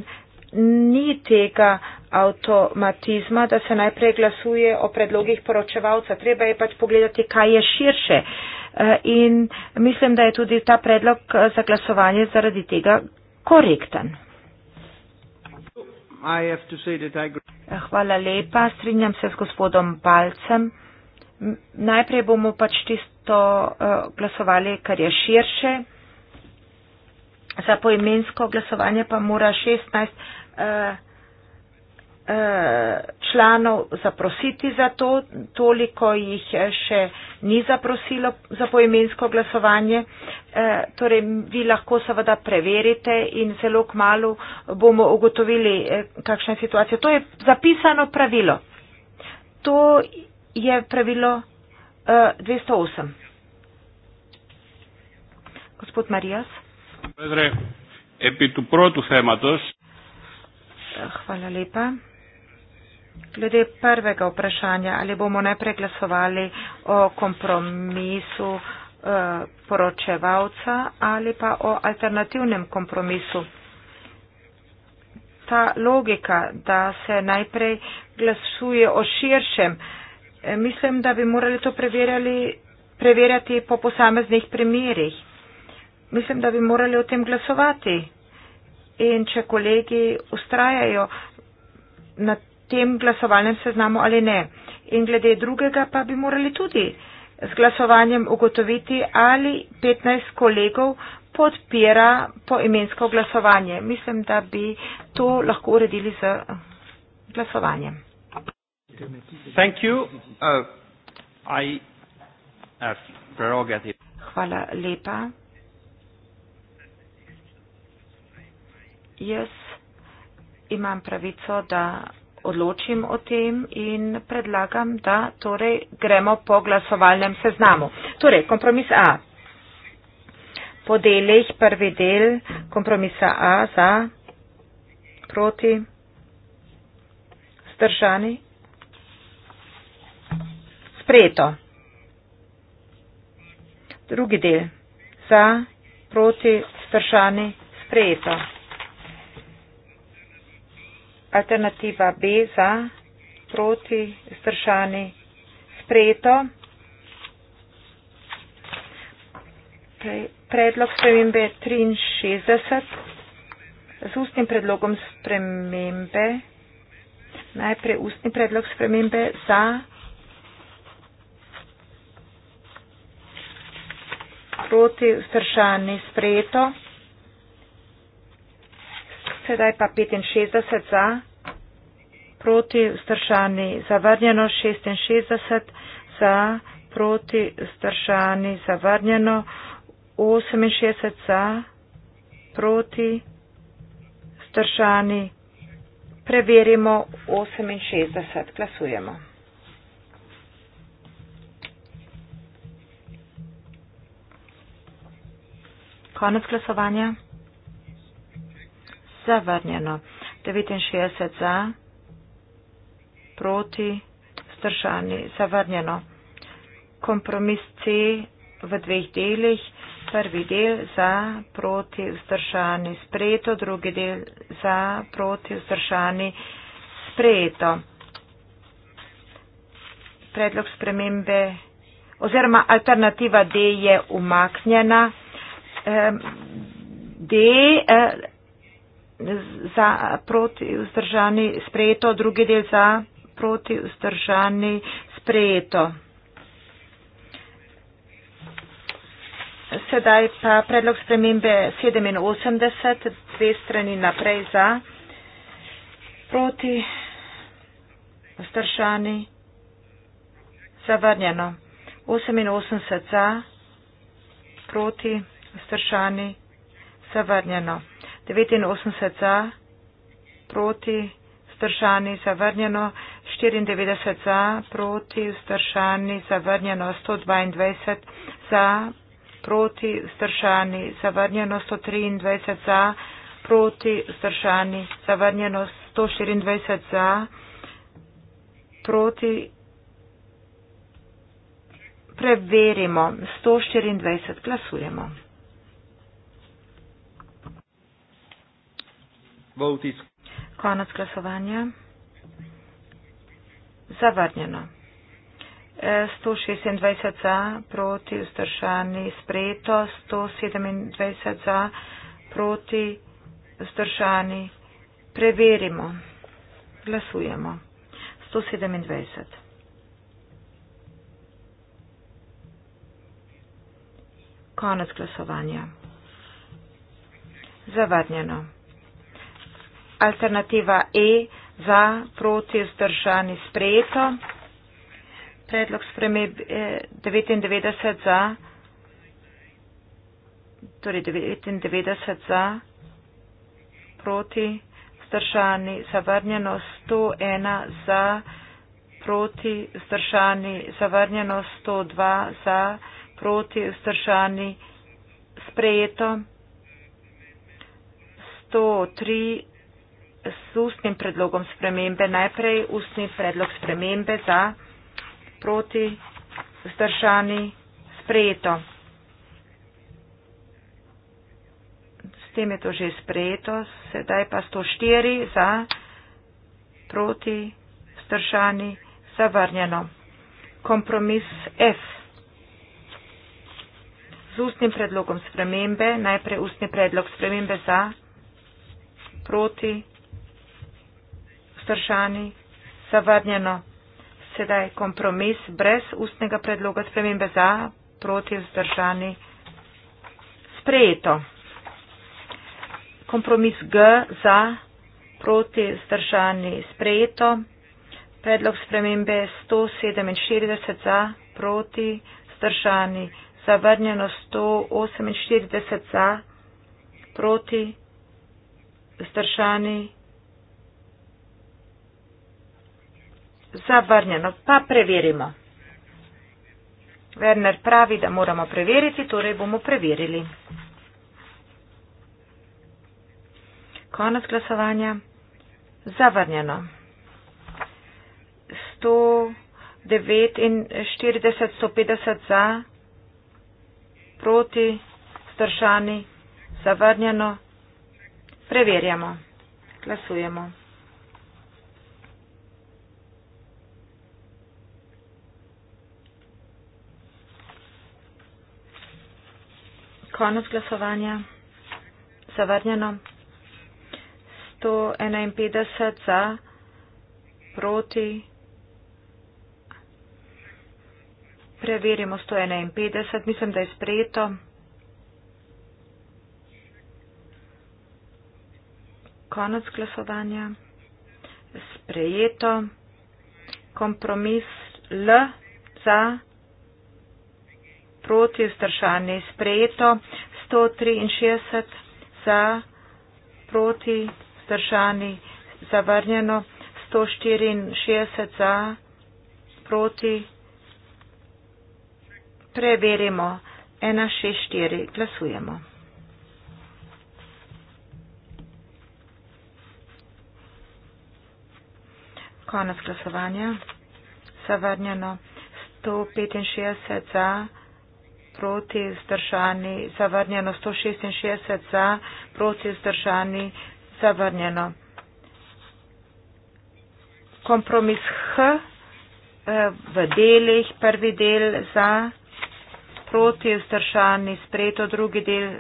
Speaker 5: ni tega avtomatizma, da se najprej glasuje o predlogih poročevalca. Treba je pač pogledati, kaj je širše. In mislim, da je tudi ta predlog za glasovanje zaradi tega korektan. Hvala lepa, strinjam se z gospodom Balcem. Najprej bomo pač tisto eh, glasovali, kar je širše. Za poimensko glasovanje pa mora 16. Uh, eh, članov zaprositi za to, toliko jih eh, še ni zaprosilo za poimensko glasovanje. Eh, torej, vi lahko seveda preverite in zelo k malu bomo ugotovili, eh, kakšna je situacija. To je zapisano pravilo. To je pravilo 208. Gospod Marijas. Hvala lepa. Glede prvega vprašanja, ali bomo najprej glasovali o kompromisu eh, poročevalca ali pa o alternativnem kompromisu. Ta logika, da se najprej glasuje o širšem, eh, mislim, da bi morali to preverjati po posameznih primerjih. Mislim, da bi morali o tem glasovati. In če kolegi ustrajajo na tem glasovalnem seznamu ali ne. In glede drugega pa bi morali tudi z glasovanjem ugotoviti, ali 15 kolegov podpira poimensko glasovanje. Mislim, da bi to lahko uredili z eh, glasovanjem. Uh, Hvala lepa. Jaz imam pravico, da odločim o tem in predlagam, da torej gremo po glasovalnem seznamu. Torej, kompromis A. Po delih prvi del kompromisa A za, proti, zdržani. Sprejeto. Drugi del za, proti, zdržani. Sprejeto alternativa B za proti stršani sprejeto. Predlog spremembe 63 z ustnim predlogom spremembe. Najprej ustni predlog spremembe za. Proti vzdržani sprejeto sedaj pa 65 za, proti vzdržani zavrnjeno, 66 za, proti vzdržani zavrnjeno, 68 za, proti vzdržani. Preverimo 68. Glasujemo. Konec glasovanja zavrnjeno. 69 za, proti, stršani, zavrnjeno. Kompromis C v dveh delih. Prvi del za, proti, vzdržani, sprejeto, drugi del za, proti, vzdržani, sprejeto. Predlog spremembe oziroma alternativa D je umaknjena. Ehm, D eh, za proti vzdržani sprejeto, drugi del za proti vzdržani sprejeto. Sedaj pa predlog spremembe 87, dve strani naprej za proti vzdržani zavrnjeno. 88 za proti vzdržani zavrnjeno. 89 za, proti, vzdržani, zavrnjeno, 94 za, proti, vzdržani, zavrnjeno, 122 za, proti, vzdržani, zavrnjeno, 123 za, proti, vzdržani, zavrnjeno, 124 za, proti. Preverimo 124, glasujemo. v vtisk. Konec glasovanja. Zavrnjeno. 126 e, za, proti vzdržani sprejeto, 127 za, proti vzdržani. Preverimo. Glasujemo. 127. Konec glasovanja. Zavadnjeno. Alternativa E za, proti, vzdržani, sprejeto. Predlog spremeb 99 eh, za, torej 99 za, proti, vzdržani, zavrnjeno, 101 za, proti, vzdržani, zavrnjeno, 102 za, proti, vzdržani, sprejeto. 103 s ustnim predlogom spremembe. Najprej ustni predlog spremembe za proti vzdržani sprejeto. S tem je to že sprejeto, sedaj pa 104 za proti vzdržani zavrnjeno. Kompromis F. Z ustnim predlogom spremembe, najprej ustni predlog spremembe za proti vzdržani, zavrnjeno. Sedaj kompromis brez ustnega predloga spremembe za, proti vzdržani, sprejeto. Kompromis G za, proti vzdržani, sprejeto. Predlog spremembe 147 za, proti vzdržani, zavrnjeno 148 za, proti vzdržani. zavrnjeno. Pa preverimo. Werner pravi, da moramo preveriti, torej bomo preverili. Konec glasovanja. Zavrnjeno. 149, 150 za, proti, stršani, zavrnjeno. Preverjamo. Glasujemo. konec glasovanja. Zavrnjeno. 151 za, proti. Preverimo 151, mislim, da je sprejeto. Konec glasovanja. Sprejeto. Kompromis L za proti vzdržani sprejeto, 163 za proti vzdržani zavrnjeno, 164 za proti preverimo, 164 glasujemo. Konec glasovanja. Zavrnjeno. 165 za proti zdržani, zavrnjeno 166 za, proti zdržani, zavrnjeno. Kompromis H eh, v delih, prvi del za, proti zdržani, sprejeto, drugi del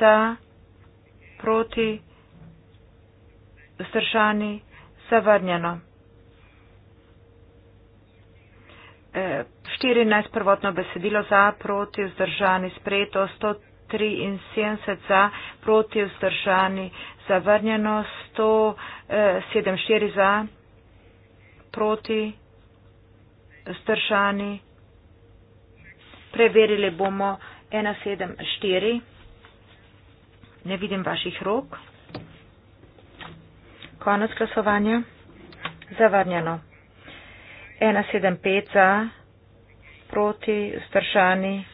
Speaker 5: za, proti zdržani, zavrnjeno. Eh, 14 prvotno besedilo za, proti vzdržani sprejeto, 173 za, proti vzdržani zavrnjeno, 174 eh, za, proti vzdržani. Preverili bomo 174. Ne vidim vaših rok. Konec glasovanja. Zavrnjeno. 175 za proti vzdržani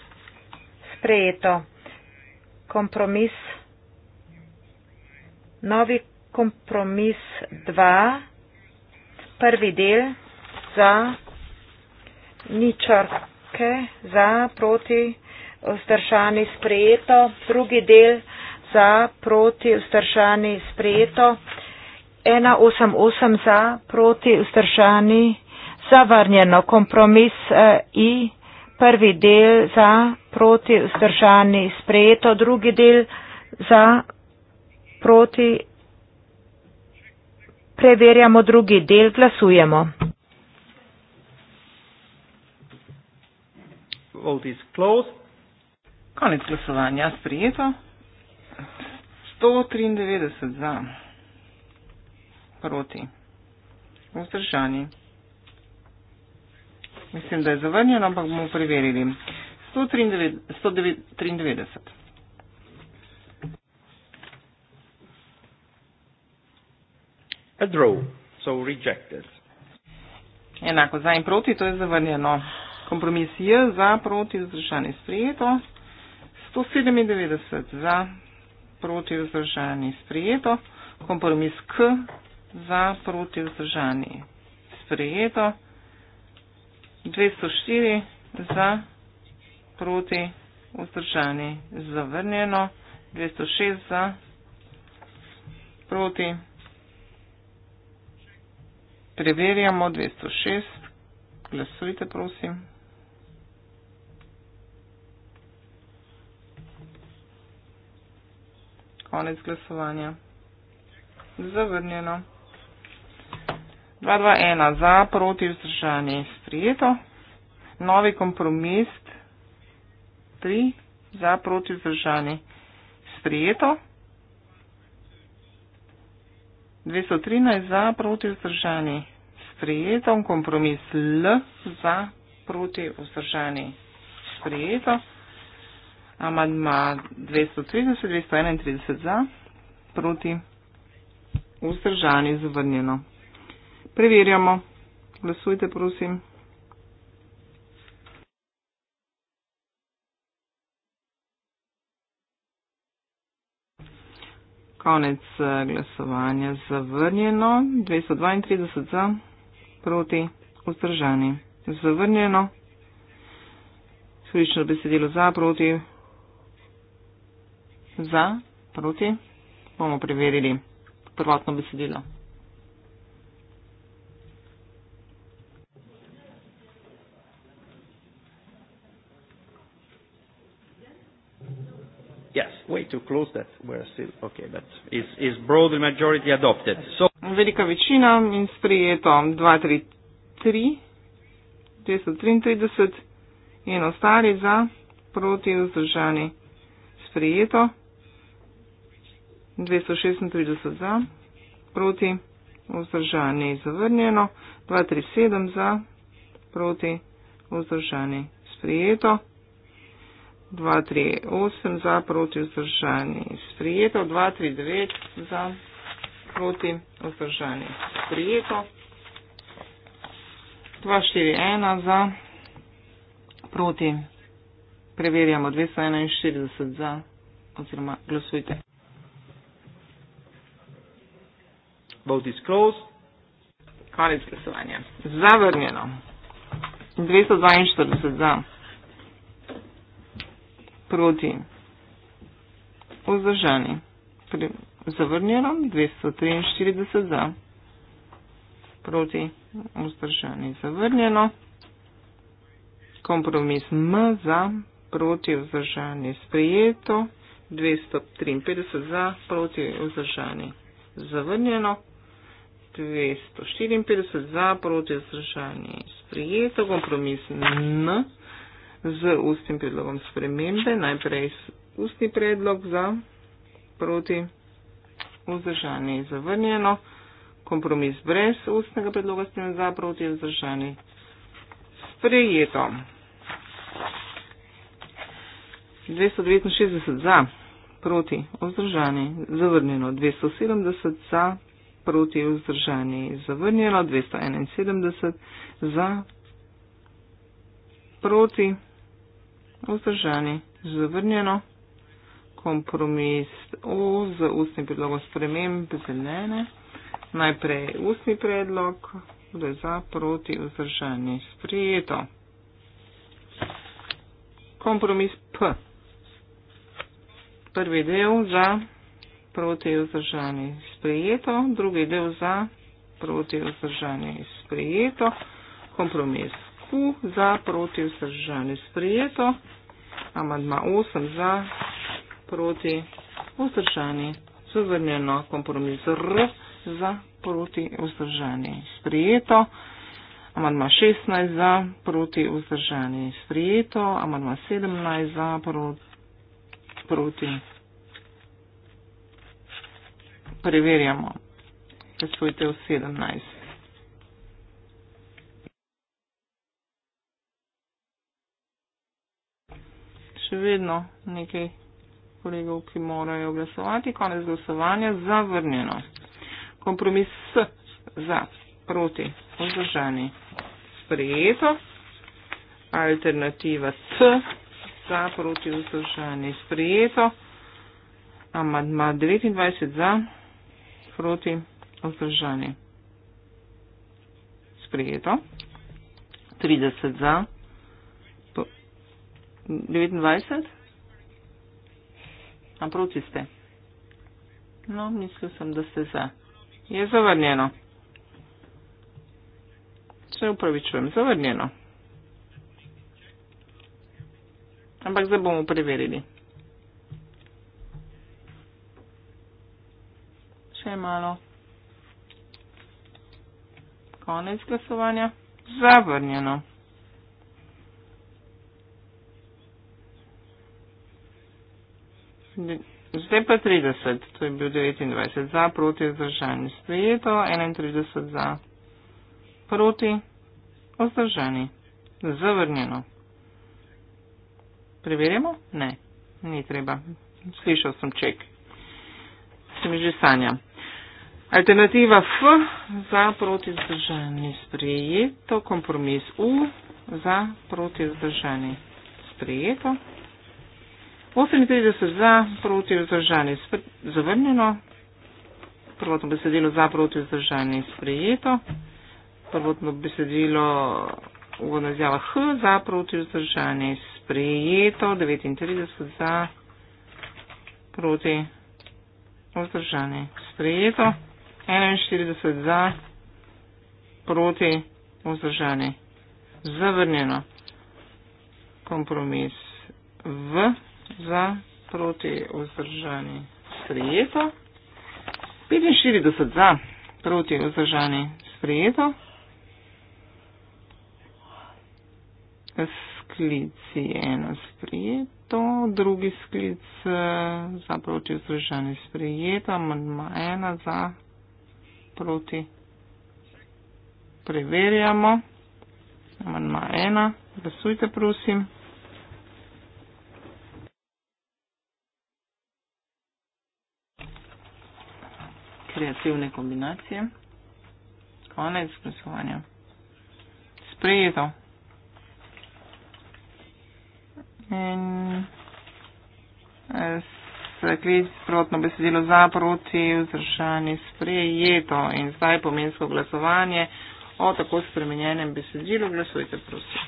Speaker 5: sprejeto. Kompromis, novi kompromis 2, prvi del za ničarke, za proti vzdržani sprejeto, drugi del za proti vzdržani sprejeto, 188 za proti vzdržani sprejeto zavrnjeno kompromis eh, i prvi del za proti vzdržani sprejeto, drugi del za proti preverjamo drugi del, glasujemo.
Speaker 2: Vote is closed. Konec glasovanja sprejeto. 193 za. Proti. Vzdržani. Mislim, da je zavrnjeno, ampak bomo preverili. 193.
Speaker 1: A draw, so rejected.
Speaker 2: Enako za in proti, to je zavrnjeno. Kompromis je za, proti, vzdržani, sprijeto. 197 za, proti, vzdržani, sprijeto. Kompromis k, za, proti, vzdržani, sprijeto. 204 za, proti, vzdržani, zavrnjeno, 206 za, proti, preverjamo, 206, glasujte prosim. Konec glasovanja. Zavrnjeno. 221 za, proti vzdržanje je sprijeto. Novi kompromis 3 za, proti vzdržanje je sprijeto. 213 za, proti vzdržanje je sprijeto. Kompromis L za, proti vzdržanje je sprijeto. Amadma 230, 231 za, proti vzdržanje je zavrnjeno preverjamo. Glasujte, prosim. Konec eh, glasovanja zavrnjeno. 232 za, proti, vzdržani. Zavrnjeno. Slično besedilo za, proti. Za, proti. Bomo preverili prvotno besedilo.
Speaker 1: way too close that we're still
Speaker 2: okay, but is is broadly majority adopted. So Velika večina in sprejeto 233 in ostali za proti vzdržani sprejeto 236 za proti vzdržani zavrnjeno 237 za proti vzdržani sprejeto 238 za proti vzdržani. Sprijeto 239 za proti vzdržani. Sprijeto 241 za proti. Preverjamo 241 za oziroma glasujte.
Speaker 1: Vote is closed. Konec
Speaker 2: glasovanja. Zavrnjeno. 242 za proti vzdržani. Zavrnjeno 243 za proti vzdržani. Zavrnjeno kompromis M za proti vzdržani. Sprijeto 253 za proti vzdržani. Zavrnjeno 254 za proti vzdržani. Sprijeto kompromis N z ustnim predlogom spremembe. Najprej ustni predlog za, proti, vzdržani, zavrnjeno, kompromis brez ustnega predloga s tem za, proti, vzdržani, sprejeto. 269 za, proti, vzdržani, zavrnjeno, 270 za, proti, vzdržani, zavrnjeno, 271 za, proti, vzdržani, vzdržani, zavrnjeno, kompromis O z ustnim predlogom sprememb zelene, najprej ustni predlog, bude za, proti, vzdržani, sprijeto. Kompromis P. Prvi del za, proti, vzdržani, sprijeto, drugi del za, proti, vzdržani, sprijeto, kompromis P. Kapu za proti vzdržanje sprejeto. Amadma 8 za proti vzdržanje zavrnjeno. Kompromis R za proti vzdržanje sprejeto. Amadma 16 za proti vzdržanje sprejeto. Amadma 17 za proti, proti. Preverjamo. Predstavitev 17. še vedno nekaj kolegov, ki morajo glasovati. Konec glasovanja zavrnjeno. Kompromis s, za, proti, vzdržani, sprejeto. Alternativa C, za, proti, vzdržani, sprejeto. Amadma 29 za, proti, vzdržani, sprejeto. 30 za. 29? A proti ste? No, mislil sem, da ste za. Je zavrnjeno. Se upravičujem, zavrnjeno. Ampak zdaj bomo preverili. Še malo. Konec glasovanja. Zavrnjeno. Zdaj pa 30, to je bil 29 za, proti vzdržani. Sprejeto, 31 za, proti, vzdržani. Zavrnjeno. Preverjamo? Ne, ni treba. Slišal sem ček. Sem že sanja. Alternativa F za proti vzdržani. Sprejeto, kompromis U za proti vzdržani. Sprejeto. 58 za, proti vzdržani, zavrnjeno. Prvotno besedilo za, proti vzdržani, sprejeto. Prvotno besedilo uvodna izjava H za, proti vzdržani, sprejeto. 39 za, proti vzdržani, sprejeto. 41 za, proti vzdržani, zavrnjeno. Kompromis v za, proti, vzdržani, sprijeto. 45 za, proti, vzdržani, sprijeto. Sklic je eno sprijeto, drugi sklic eh, za, proti, vzdržani, sprijeto, manjma ena za, proti. Preverjamo. Manjma ena. Glasujte, prosim. kreativne kombinacije. Konec glasovanja. Sprejeto. In rekli eh, sprotno besedilo za, proti, vzdržani, sprejeto in zdaj pomensko glasovanje o tako spremenjenem besedilu. Glasujte, prosim.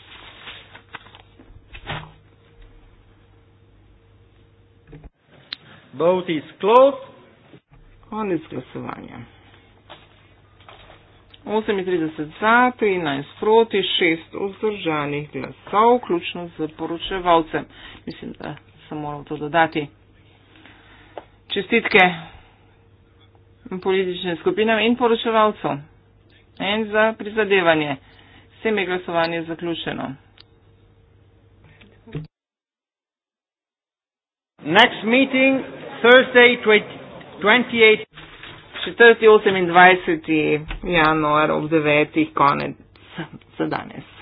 Speaker 2: Vote is closed konec glasovanja. 38 za, 13 proti, 6 vzdržanih glasov, vključno z poročevalcem. Mislim, da sem moral to dodati. Čestitke političnim skupinam in poročevalcu. En za prizadevanje. Vsem je glasovanje zaključeno. Next meeting, Thursday 20. 28. in 20. januar ob 9.
Speaker 5: konec za danes.